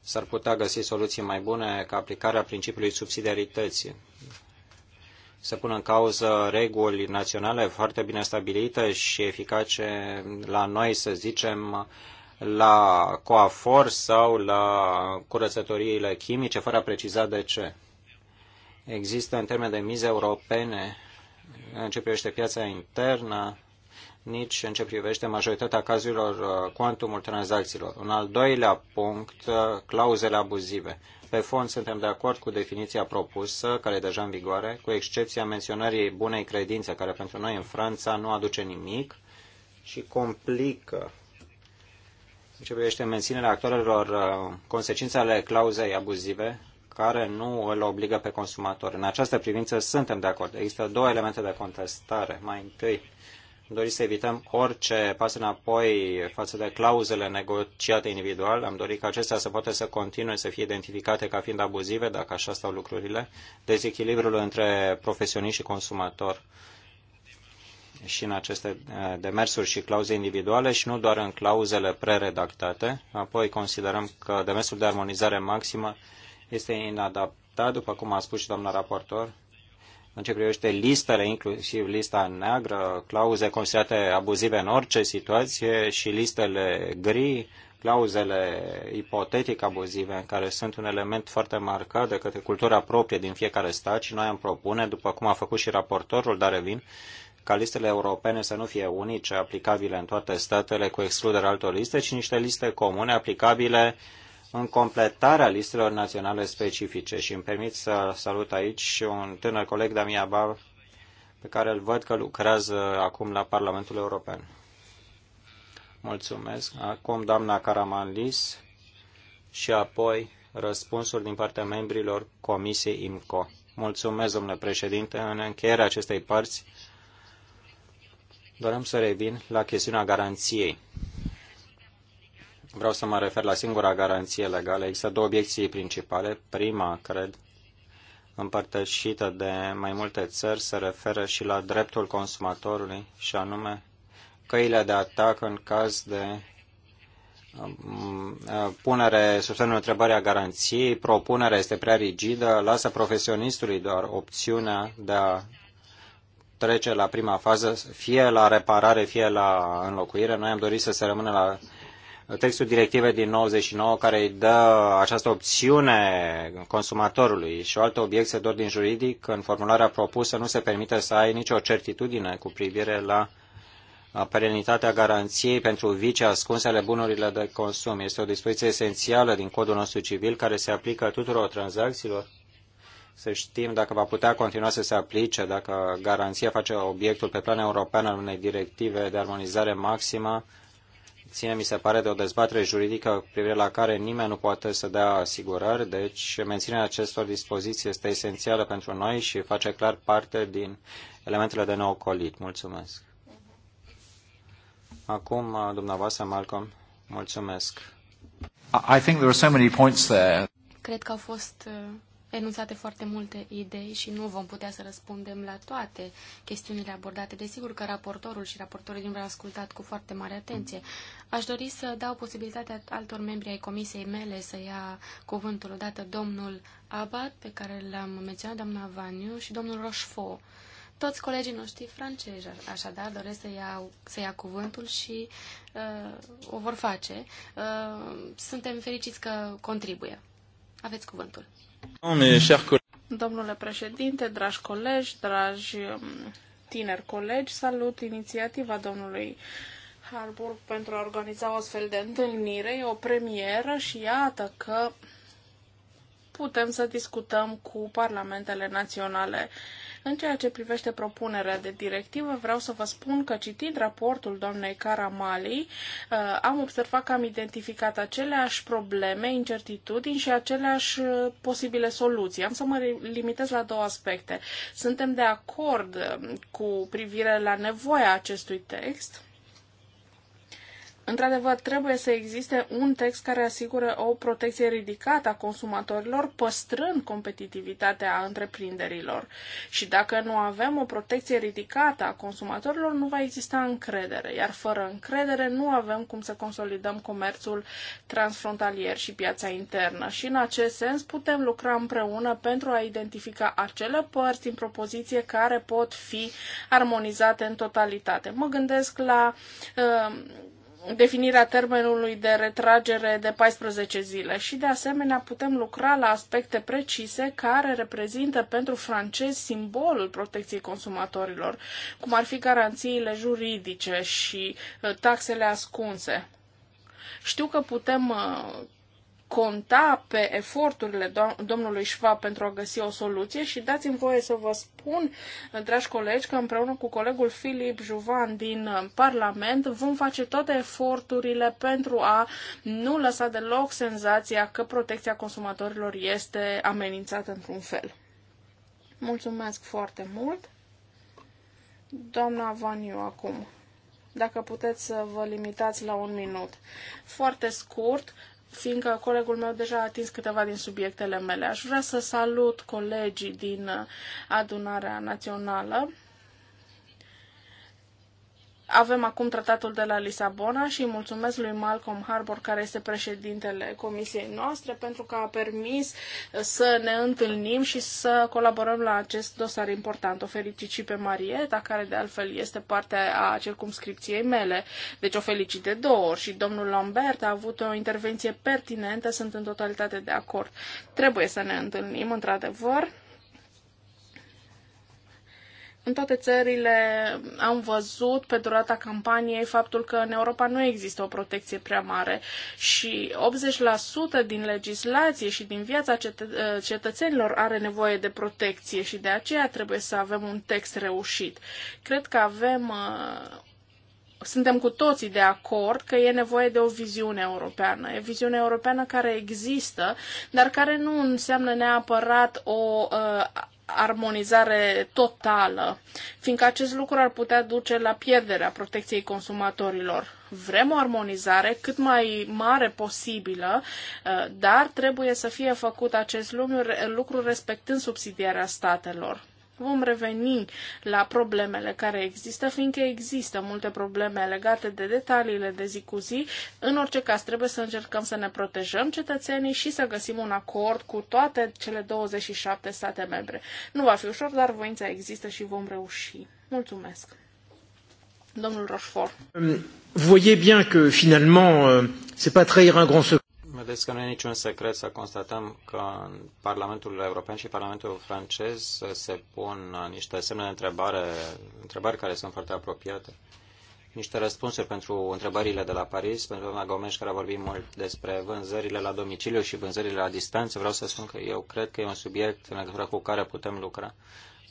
S-ar putea găsi soluții mai bune ca aplicarea principiului subsidiarității să pună în cauză reguli naționale foarte bine stabilite și eficace la noi, să zicem, la coafor sau la curățătoriile chimice, fără a preciza de ce. Există în termen de mize europene, în ce privește piața internă, nici în ce privește majoritatea cazurilor uh, cuantumul tranzacțiilor. Un al doilea punct, uh, clauzele abuzive. Pe fond, suntem de acord cu definiția propusă, care e deja în vigoare, cu excepția menționării bunei credințe, care pentru noi în Franța nu aduce nimic și complică în ce privește menținerea actorilor uh, consecințele clauzei abuzive, care nu îl obligă pe consumator. În această privință suntem de acord. Există două elemente de contestare. Mai întâi, am dorit să evităm orice pas înapoi față de clauzele negociate individual. Am dorit ca acestea să poată să continue să fie identificate ca fiind abuzive, dacă așa stau lucrurile, dezechilibrul între profesionist și consumator și în aceste eh, demersuri și clauze individuale și nu doar în clauzele preredactate. Apoi considerăm că demersul de armonizare maximă este inadaptat, după cum a spus și doamna raportor, în ce privește listele, inclusiv lista neagră, clauze considerate abuzive în orice situație și listele gri, clauzele ipotetic abuzive, care sunt un element foarte marcat de către cultura proprie din fiecare stat și noi am propune, după cum a făcut și raportorul, dar revin, ca listele europene să nu fie unice, aplicabile în toate statele, cu excluderea altor liste, ci niște liste comune, aplicabile uh, în completarea listelor naționale specifice și îmi permit să salut aici un tânăr coleg, Damia Bar, pe care îl văd că lucrează acum la Parlamentul European. Mulțumesc. Acum doamna Caramanlis și apoi răspunsuri din partea membrilor Comisiei IMCO. Mulțumesc, domnule președinte. În încheierea acestei părți, doream să revin la chestiunea garanției. Vreau să mă refer la singura garanție legală. Există două obiecții principale. Prima, cred, împărtășită de mai multe țări, se referă și la dreptul consumatorului, și anume căile de atac în caz de um, uh, punere sub semnul întrebării a garanției, propunerea este prea rigidă, lasă profesionistului doar opțiunea de a trece la prima fază, fie la reparare, fie la înlocuire. Noi am dorit să se rămână la textul directivei din 99 care îi dă această opțiune consumatorului și o altă obiecție doar din juridic, în formularea propusă nu se permite să ai nicio certitudine cu privire la perenitatea garanției pentru vicii ascunse ale bunurilor de consum. Este o dispoziție esențială din codul nostru civil care se aplică tuturor tranzacțiilor. Să știm dacă va putea continua să se aplice, dacă garanția face obiectul pe plan european al unei directive de armonizare maximă ține, mi se pare, de o dezbatere juridică cu privire la care nimeni nu poate să dea asigurări, deci menținerea acestor dispoziții este esențială pentru noi și face clar parte din elementele de neocolit. Mulțumesc. Acum, dumneavoastră, Malcolm, mulțumesc. I think there are so many points there. Cred că au fost uh, enunțate foarte multe idei și nu vom putea să răspundem la toate chestiunile abordate. Desigur că raportorul și raportorii din au ascultat cu foarte mare atenție. Aș dori să dau posibilitatea altor membri ai comisiei mele să ia cuvântul odată domnul Abad, pe care l-am menționat, doamna Vaniu și domnul Rochefort. Toți colegii noștri francezi, așadar, doresc să ia, să ia cuvântul și uh, o vor face. Uh, suntem fericiți că contribuie. Aveți cuvântul. Domnule președinte, dragi colegi, dragi um, tineri colegi, salut inițiativa domnului Harburg pentru a organiza o astfel de întâlnire. E o premieră și iată că putem să discutăm cu parlamentele naționale în ceea ce privește propunerea de directivă, vreau să vă spun că citind raportul doamnei Caramali, uh, am observat că am identificat aceleași probleme, incertitudini și aceleași uh, posibile soluții. Am să mă limitez la două aspecte. Suntem de acord uh, cu privire la nevoia acestui text Într-adevăr, trebuie să existe un text care asigură o protecție ridicată a consumatorilor, păstrând competitivitatea întreprinderilor. Și dacă nu avem o protecție ridicată a consumatorilor, nu va exista încredere, iar fără încredere nu avem cum să consolidăm comerțul transfrontalier și piața internă. Și în acest sens putem lucra împreună pentru a identifica acele părți din propoziție care pot fi armonizate în totalitate. Mă gândesc la uh, definirea termenului de retragere de 14 zile și, de asemenea, putem lucra la aspecte precise care reprezintă pentru francezi simbolul protecției consumatorilor, cum ar fi garanțiile juridice și uh, taxele ascunse. Știu că putem uh, conta pe eforturile domnului Schwab pentru a găsi o soluție și dați-mi voie să vă spun, dragi colegi, că împreună cu colegul Filip Juvan din uh, Parlament vom face toate eforturile pentru a nu lăsa deloc senzația că protecția consumatorilor este amenințată într-un fel. Mulțumesc foarte mult. Doamna Vaniu acum dacă puteți să vă limitați la un minut. Foarte scurt, fiindcă colegul meu deja a atins câteva din subiectele mele. Aș vrea să salut colegii din adunarea națională avem acum tratatul de la Lisabona și mulțumesc lui Malcolm Harbour, care este președintele comisiei noastre, pentru că a permis uh, să ne întâlnim și să colaborăm la acest dosar important. O felicit și pe Marieta, care de altfel este parte a circumscripției mele, deci o felicit de două ori și domnul Lambert a avut o intervenție pertinentă, sunt în totalitate de acord. Trebuie să ne întâlnim, într-adevăr, în toate țările am văzut pe durata campaniei faptul că în Europa nu există o protecție prea mare și 80% din legislație și din viața cetă- cetățenilor are nevoie de protecție și de aceea trebuie să avem un text reușit. Cred că avem uh, suntem cu toții de acord că e nevoie de o viziune europeană. E viziune europeană care există, dar care nu înseamnă neapărat o uh, armonizare totală, fiindcă acest lucru ar putea duce la pierderea protecției consumatorilor. Vrem o armonizare cât mai mare posibilă, eh, dar trebuie să fie făcut acest lucru respectând subsidiarea statelor. Vom reveni la problemele care există, fiindcă există multe probleme legate de detaliile de zi cu zi. În orice caz, trebuie să încercăm să ne protejăm cetățenii și să găsim un acord cu toate cele 27 state membre. Nu va fi ușor, dar voința există și vom reuși. Mulțumesc! Domnul Rochefort. Voyez bien que finalement, euh, c'est pas trahir un grand secret. Vedeți că nu e niciun secret să constatăm că în Parlamentul European și Parlamentul francez se pun niște semne de întrebare, întrebări care sunt foarte apropiate. Niște răspunsuri pentru întrebările de la Paris, pentru doamna Gomes, care a vorbit mult despre vânzările la domiciliu și vânzările la distanță. Vreau să spun că eu cred că e un subiect în legătură cu care putem lucra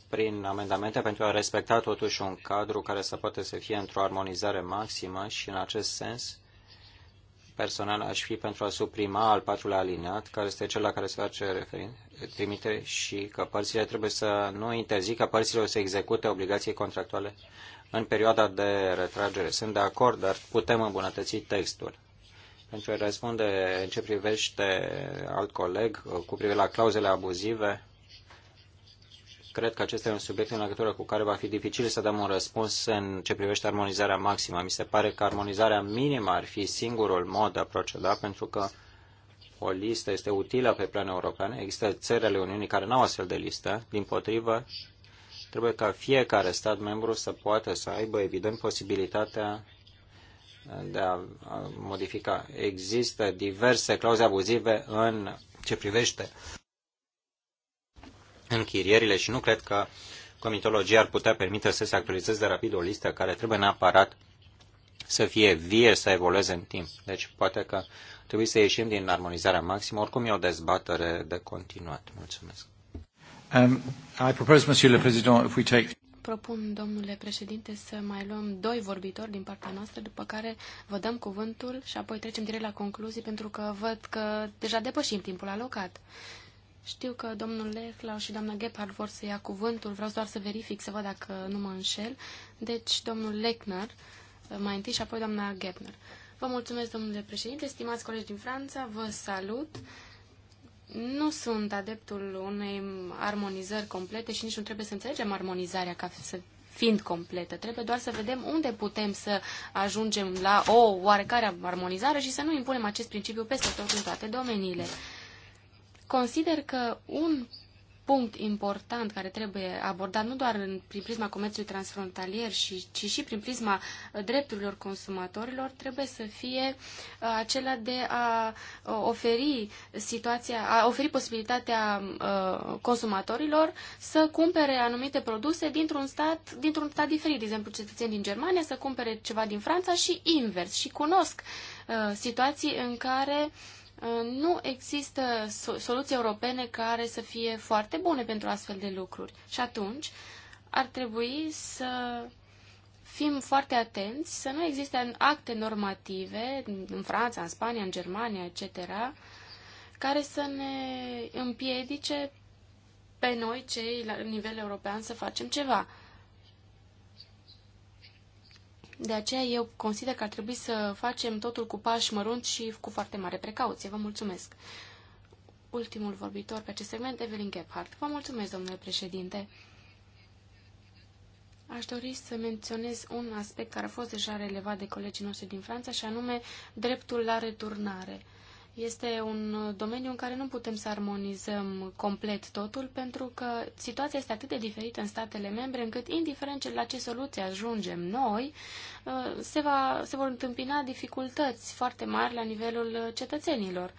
prin amendamente pentru a respecta totuși un cadru care să poate să fie într-o armonizare maximă și în acest sens personal aș fi pentru a suprima al patrulea alineat, care este cel la care se face trimite trimitere și că părțile trebuie să nu interzică părțile să execute obligații contractuale în perioada de retragere. Sunt de acord, dar putem îmbunătăți textul. Pentru a răspunde în ce privește alt coleg uh, cu privire la clauzele abuzive, Cred că acesta e un subiect în legătură cu care va fi dificil să dăm un răspuns în ce privește armonizarea maximă. Mi se pare că armonizarea minimă ar fi singurul mod de a proceda, pentru că o listă este utilă pe plan european. Există țări ale Uniunii care nu au astfel de listă. Din potrivă, trebuie ca fiecare stat membru să poată să aibă, evident, posibilitatea de a modifica. Există diverse clauze abuzive în ce privește închirierile și nu cred că comitologia ar putea permite să se actualizeze rapid o listă care trebuie neapărat să fie vie, să evolueze în timp. Deci poate că trebuie să ieșim din armonizarea maximă. Oricum e o dezbatere de continuat. Mulțumesc. Um, I propose, Monsieur le Président, if we take... Propun, domnule președinte, să mai luăm doi vorbitori din partea noastră, după care vă dăm cuvântul și apoi trecem direct la concluzii, pentru că văd că deja depășim timpul alocat. Știu că domnul Lehlau și doamna Gephardt vor să ia cuvântul. Vreau doar să verific, să văd dacă nu mă înșel. Deci, domnul Lechner, eh, mai întâi și apoi doamna Gepner. Vă mulțumesc, domnule președinte, stimați colegi din Franța, vă salut. Nu sunt adeptul unei armonizări complete și nici nu trebuie să înțelegem armonizarea ca să fiind completă. Trebuie doar să vedem unde putem să ajungem la o oarecare armonizare și să nu impunem acest principiu peste tot în toate domeniile. Consider că un punct important care trebuie abordat nu doar în, prin prisma comerțului transfrontalier, și, ci și prin prisma drepturilor consumatorilor, trebuie să fie uh, acela de a uh, oferi situația, a oferi posibilitatea uh, consumatorilor să cumpere anumite produse dintr-un stat, dintr-un stat diferit, de exemplu cetățeni din Germania să cumpere ceva din Franța și invers. Și cunosc situații în care uh, Uh, nu există soluții europene care să fie foarte bune pentru astfel de lucruri. Și atunci ar trebui să fim foarte atenți să nu existe acte normative în Franța, în Spania, în Germania, etc., care să ne împiedice pe noi, cei la nivel european, să facem ceva. De aceea eu consider că ar trebui să facem totul cu pași mărunți și cu foarte mare precauție. Vă mulțumesc. Ultimul vorbitor pe acest segment, Evelyn Gebhardt. Vă mulțumesc, domnule președinte. Aș dori să menționez un aspect care a fost deja relevat de colegii noștri din Franța, și anume dreptul la returnare. Este un domeniu în care nu putem să armonizăm complet totul, pentru că situația este atât de diferită în statele membre, încât, indiferent la ce soluție ajungem noi, uh, se, va, se vor întâmpina dificultăți foarte mari la nivelul uh, cetățenilor.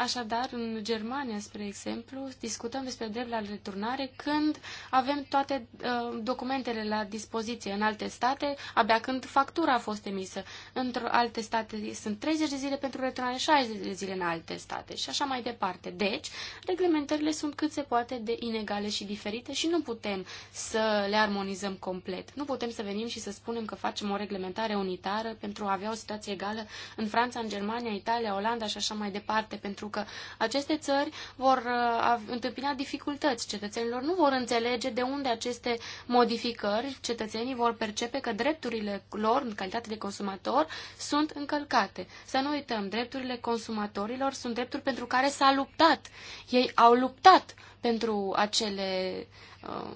Așadar, în Germania, spre exemplu, discutăm despre drept la returnare când avem toate uh, documentele la dispoziție. În alte state, abia când factura a fost emisă. într Într-o alte state sunt 30 de zile pentru returnare, 60 de zile în alte state și așa mai departe. Deci, reglementările sunt cât se poate de inegale și diferite și nu putem să le armonizăm complet. Nu putem să venim și să spunem că facem o reglementare unitară pentru a avea o situație egală în Franța, în Germania, Italia, Olanda și așa mai departe, pentru că aceste țări vor uh, întâmpina dificultăți. Cetățenilor nu vor înțelege de unde aceste modificări, cetățenii vor percepe că drepturile lor, în calitate de consumator, sunt încălcate. Să nu uităm, drepturile consumatorilor sunt drepturi pentru care s-a luptat. Ei au luptat pentru acele uh,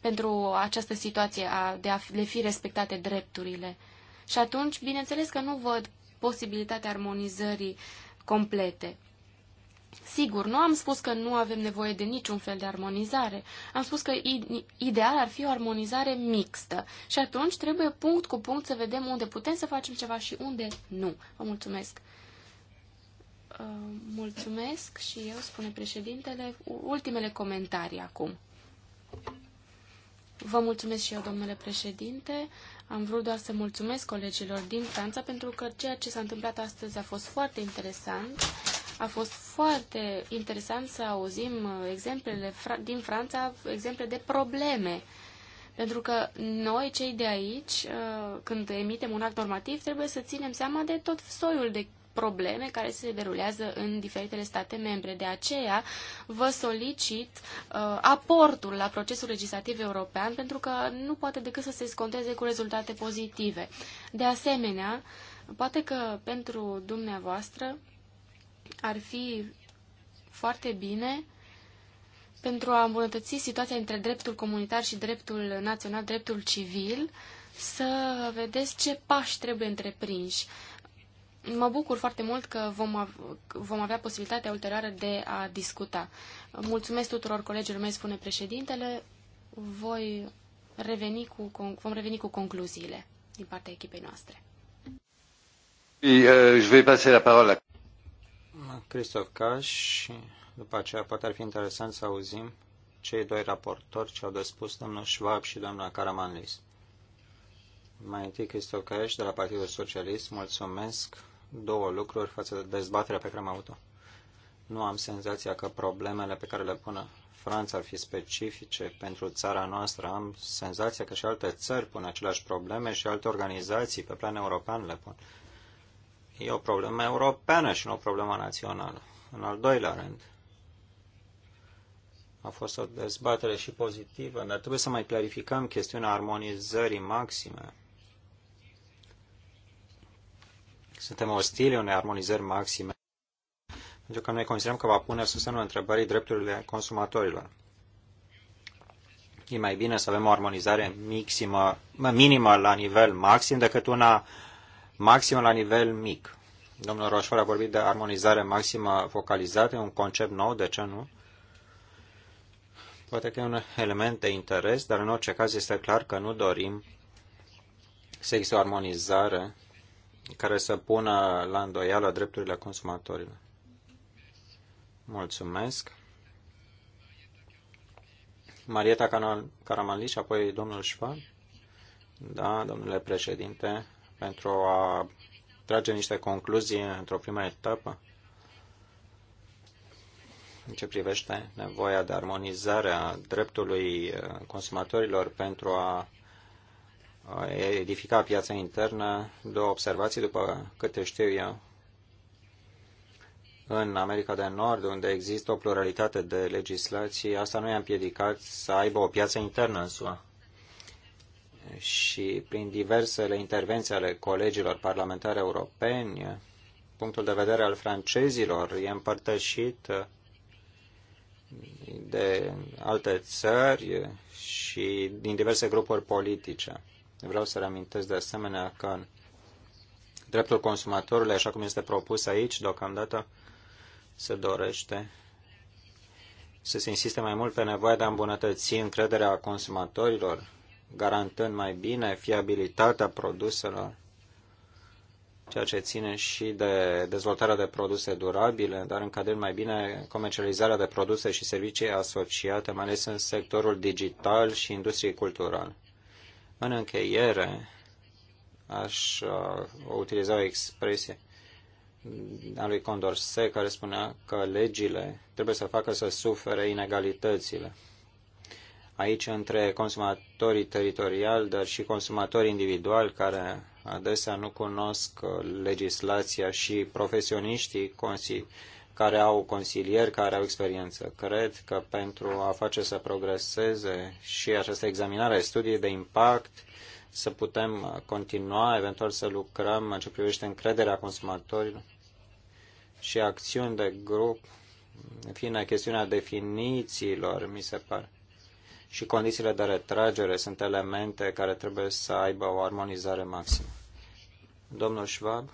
pentru această situație a, de a le fi respectate drepturile. Și atunci, bineînțeles că nu văd posibilitatea armonizării complete. Sigur, nu am spus că nu avem nevoie de niciun fel de armonizare. Am spus că ideal ar fi o armonizare mixtă. Și atunci trebuie punct cu punct să vedem unde putem să facem ceva și unde nu. Vă mulțumesc. Uh, mulțumesc și eu, spune președintele, ultimele comentarii acum. Vă mulțumesc și eu, domnule președinte. Am vrut doar să mulțumesc colegilor din Franța pentru că ceea ce s-a întâmplat astăzi a fost foarte interesant. A fost foarte interesant să auzim uh, exemplele din Franța, exemple de probleme. Pentru că noi, cei de aici, uh, când emitem un act normativ, trebuie să ținem seama de tot soiul de probleme care se derulează în diferitele state membre. De aceea vă solicit uh, aportul la procesul legislativ european pentru că nu poate decât să se sconteze cu rezultate pozitive. De asemenea, poate că pentru dumneavoastră ar fi foarte bine pentru a îmbunătăți situația între dreptul comunitar și dreptul național, dreptul civil, să vedeți ce pași trebuie întreprinși. Mă bucur foarte mult că vom, vom avea posibilitatea ulterioară de a discuta. Mulțumesc tuturor colegilor mei, spune președintele. Voi reveni cu, vom reveni cu concluziile din partea echipei noastre. Je uh, vais passer la parole Cristof Caș și după aceea poate ar fi interesant să auzim cei doi raportori ce au de spus domnul Schwab și doamna Karamanlis. Mai întâi Cristocaeș de la Partidul Socialist, mulțumesc două lucruri față de dezbaterea pe care am avut-o. Nu am senzația că problemele pe care le pună Franța ar fi specifice pentru țara noastră. Am senzația că și alte țări pun aceleași probleme și alte organizații pe plan european le pun. E o problemă europeană și nu o problemă națională. În al doilea rând, a fost o dezbatere și pozitivă, dar trebuie să mai clarificăm chestiunea armonizării maxime Suntem ostili unei armonizări maxime, pentru că noi considerăm că va pune sub semnul întrebării drepturile consumatorilor. E mai bine să avem o armonizare maximă, minimă la nivel maxim decât una maximă la nivel mic. Domnul Roșfor a vorbit de armonizare maximă focalizată, un concept nou, de ce nu? Poate că e un element de interes, dar în orice caz este clar că nu dorim să există o armonizare care să pună la îndoială drepturile consumatorilor. Mulțumesc. Marieta Canal Caramali și apoi domnul Șfan. Da, domnule președinte, pentru a trage niște concluzii într-o primă etapă în ce privește nevoia de armonizare a dreptului eh, consumatorilor pentru a edifica piața internă, două observații, după câte știu eu, în America de Nord, unde există o pluralitate de legislații, asta nu i-a împiedicat să aibă o piață internă în SUA. Și prin diversele intervenții ale colegilor parlamentari europeni, punctul de vedere al francezilor e împărtășit de alte țări și din diverse grupuri politice. Vreau să reamintesc de asemenea că în dreptul consumatorului, așa cum este propus aici, deocamdată se dorește să se insiste mai mult pe nevoia de a îmbunătăți încrederea consumatorilor, garantând mai bine fiabilitatea produselor, ceea ce ține și de dezvoltarea de produse durabile, dar încadrând mai bine comercializarea de produse și servicii asociate, mai ales în sectorul digital și industriei culturale. În încheiere, aș uh, utiliza o expresie a lui Condorcet care spunea că legile trebuie să facă să sufere inegalitățile. Aici între consumatorii teritoriali, dar și consumatorii individuali care adesea nu cunosc legislația și profesioniștii consideră care au consilieri, care au experiență. Cred că pentru a face să progreseze și această examinare a studiei de impact, să putem continua, eventual să lucrăm în ce privește încrederea consumatorilor și acțiuni de grup, fiind chestiunea definițiilor, mi se pare. Și condițiile de retragere sunt elemente care trebuie să aibă o armonizare maximă. Domnul Schwab.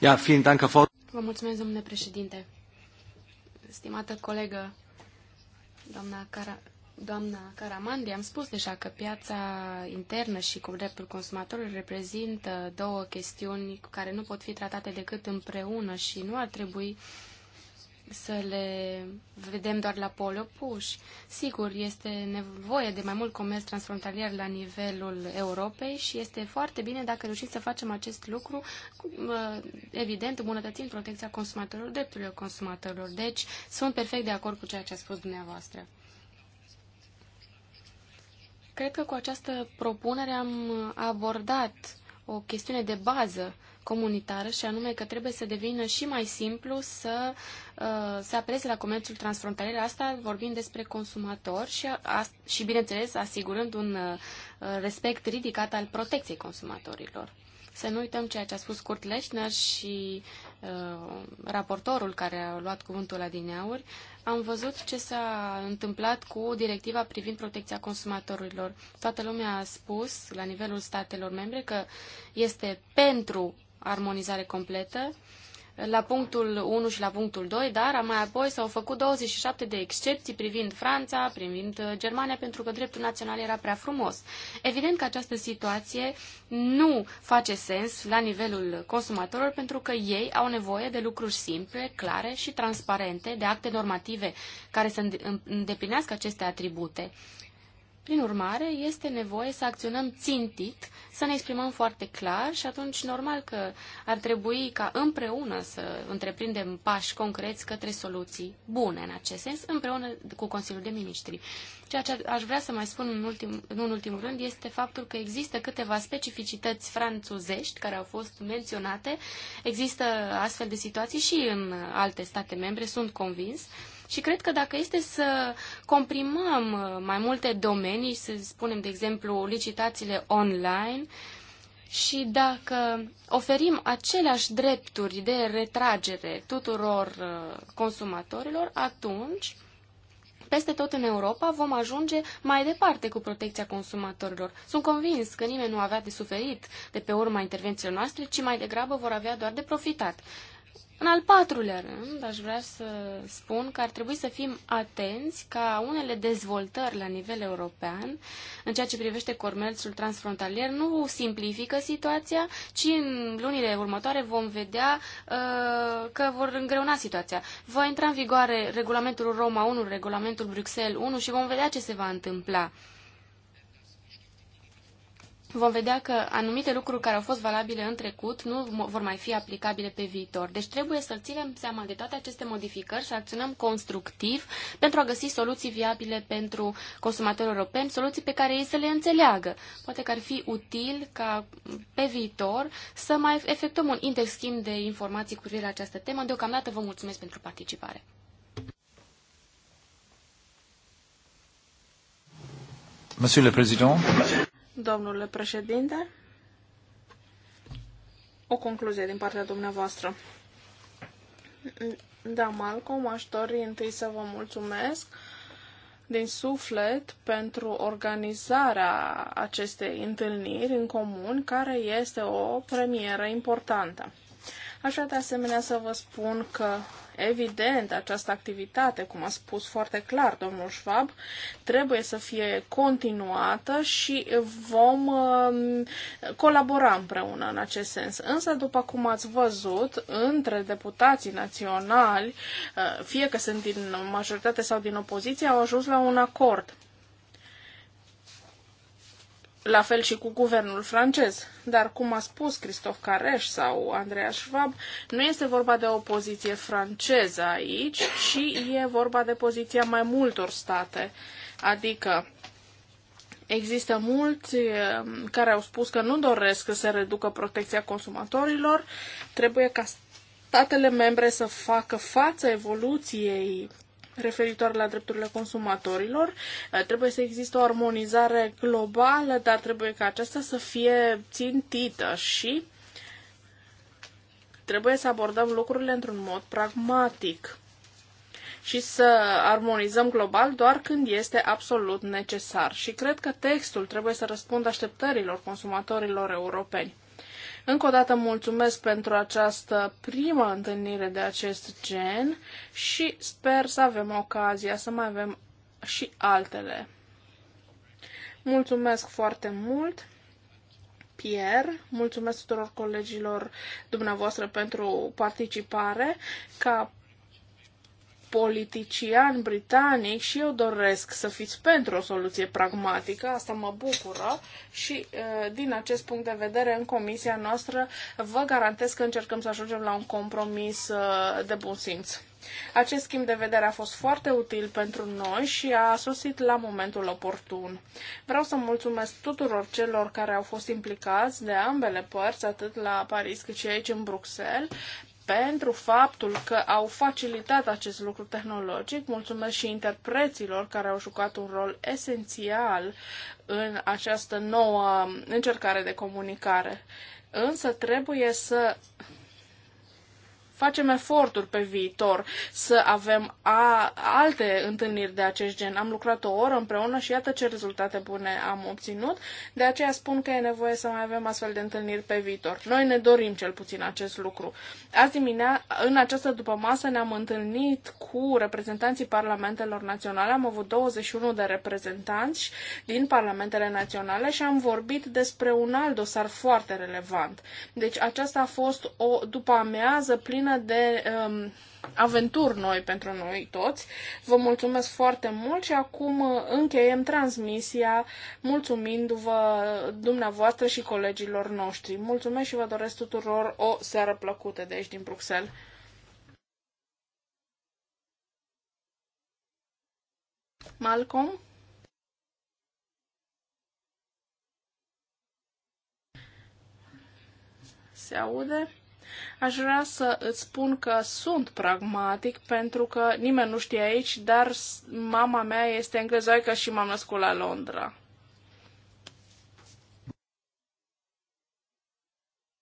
Ja, vielen Dank, Herr Vă mulțumesc, domnule președinte. Stimată colegă, doamna, Cara, doamna Caramandi, am spus deja că piața internă și cu dreptul consumatorilor reprezintă două chestiuni care nu pot fi tratate decât împreună și nu ar trebui uh, să le vedem doar la poli opuși. Sigur, este nevoie de mai mult comerț transfrontalier la nivelul Europei și este foarte bine dacă reușim să facem acest lucru, evident, îmbunătățind protecția consumatorilor, drepturile consumatorilor. Deci, sunt perfect de acord cu ceea ce a spus dumneavoastră. Cred că cu această propunere am abordat o chestiune de bază comunitară și anume că trebuie să devină și mai simplu să uh, se apreze la comerțul transfrontalier. Asta vorbim despre consumator și, și bineînțeles, asigurând un uh, respect ridicat al protecției consumatorilor. Să nu uităm ceea ce a spus Kurt Lechner și uh, raportorul care a luat cuvântul la dineauri. Am văzut ce s-a întâmplat cu directiva privind protecția consumatorilor. Toată lumea a spus, la nivelul statelor membre, că este pentru armonizare completă la punctul 1 și la punctul 2, dar mai apoi s-au făcut 27 de excepții privind Franța, privind uh, Germania, pentru că dreptul național era prea frumos. Evident că această situație nu face sens la nivelul consumatorilor, pentru că ei au nevoie de lucruri simple, clare și transparente, de acte normative care să îndeplinească aceste atribute. Prin urmare, este nevoie să acționăm țintit, să ne exprimăm foarte clar și atunci normal că ar trebui ca împreună să întreprindem pași concreți către soluții bune în acest sens, împreună cu Consiliul de Ministri. Ceea ce aș vrea să mai spun în, ultim, nu în ultimul rând este faptul că există câteva specificități franțuzești care au fost menționate. Există astfel de situații și în alte state membre, sunt convins. Și cred că dacă este să comprimăm uh, mai multe domenii, să spunem, de exemplu, licitațiile online, și dacă oferim aceleași drepturi de retragere tuturor uh, consumatorilor, atunci peste tot în Europa vom ajunge mai departe cu protecția consumatorilor. Sunt convins că nimeni nu avea de suferit de pe urma intervențiilor noastre, ci mai degrabă vor avea doar de profitat. În al patrulea rând, aș vrea să spun că ar trebui să fim atenți ca unele dezvoltări la nivel european, în ceea ce privește comerțul transfrontalier, nu simplifică situația, ci în lunile următoare vom vedea uh, că vor îngreuna situația. Va intra în vigoare regulamentul Roma 1, regulamentul Bruxelles 1 și vom vedea ce se va întâmpla. Uh, vom vedea că anumite lucruri care au fost valabile în trecut nu vor mai fi aplicabile pe viitor. Deci trebuie să ținem seama de toate aceste modificări, să acționăm constructiv pentru a găsi soluții viabile pentru consumatorii europeni, soluții pe care ei să le înțeleagă. Poate că ar fi util ca pe viitor să mai efectuăm un interschimb de informații cu privire la această temă. Deocamdată vă mulțumesc pentru participare. Monsieur le Président, Domnule președinte, o concluzie din partea dumneavoastră. Da, Malcolm, aș dori întâi să vă mulțumesc din suflet pentru organizarea acestei întâlniri în comun, care este o premieră importantă. Aș vrea de asemenea să vă spun că, evident, această activitate, cum a spus foarte clar domnul Schwab, trebuie să fie continuată și vom um, colabora împreună în acest sens. Însă, după cum ați văzut, între deputații naționali, uh, fie că sunt din majoritate sau din opoziție, au ajuns la un acord la fel și cu guvernul francez. Dar, cum a spus Christophe Careș sau Andreea Schwab, nu este vorba de o poziție franceză aici, ci e vorba de poziția mai multor state. Adică, Există mulți eh, care au spus că nu doresc să se reducă protecția consumatorilor. Trebuie ca statele membre să facă față evoluției referitoare la drepturile consumatorilor. Eh, trebuie să existe o armonizare globală, dar trebuie ca aceasta să fie țintită și trebuie să abordăm lucrurile într-un mod pragmatic și să armonizăm global doar când este absolut necesar. Și cred că textul trebuie să răspundă așteptărilor consumatorilor europeni. Încă o dată mulțumesc pentru această prima întâlnire de acest gen și sper să avem ocazia să mai avem și altele. Mulțumesc foarte mult! Pierre, mulțumesc tuturor colegilor dumneavoastră pentru participare. Ca politician britanic și eu doresc să fiți pentru o soluție pragmatică, asta mă bucură și din acest punct de vedere în comisia noastră vă garantez că încercăm să ajungem la un compromis de bun simț. Acest schimb de vedere a fost foarte util pentru noi și a sosit la momentul oportun. Vreau să mulțumesc tuturor celor care au fost implicați de ambele părți, atât la Paris cât și aici în Bruxelles, pentru faptul că au facilitat acest lucru tehnologic. Mulțumesc și interpreților care au jucat un rol esențial în această nouă încercare de comunicare. Însă trebuie să facem eforturi pe viitor să avem a, alte întâlniri de acest gen. Am lucrat o oră împreună și iată ce rezultate bune am obținut. De aceea spun că e nevoie să mai avem astfel de întâlniri pe viitor. Noi ne dorim cel puțin acest lucru. Azi diminea, în această după masă ne-am întâlnit cu reprezentanții parlamentelor naționale. Am avut 21 de reprezentanți din parlamentele naționale și am vorbit despre un alt dosar foarte relevant. Deci aceasta a fost o după amiază plină plină de um, aventuri noi pentru noi toți. Vă mulțumesc foarte mult și acum uh, încheiem transmisia mulțumindu-vă dumneavoastră și colegilor noștri. Mulțumesc și vă doresc tuturor o seară plăcută de aici din Bruxelles. Malcolm? Se aude? Aș vrea să îți spun că sunt pragmatic pentru că nimeni nu știe aici, dar mama mea este englezoică și m-am născut la Londra.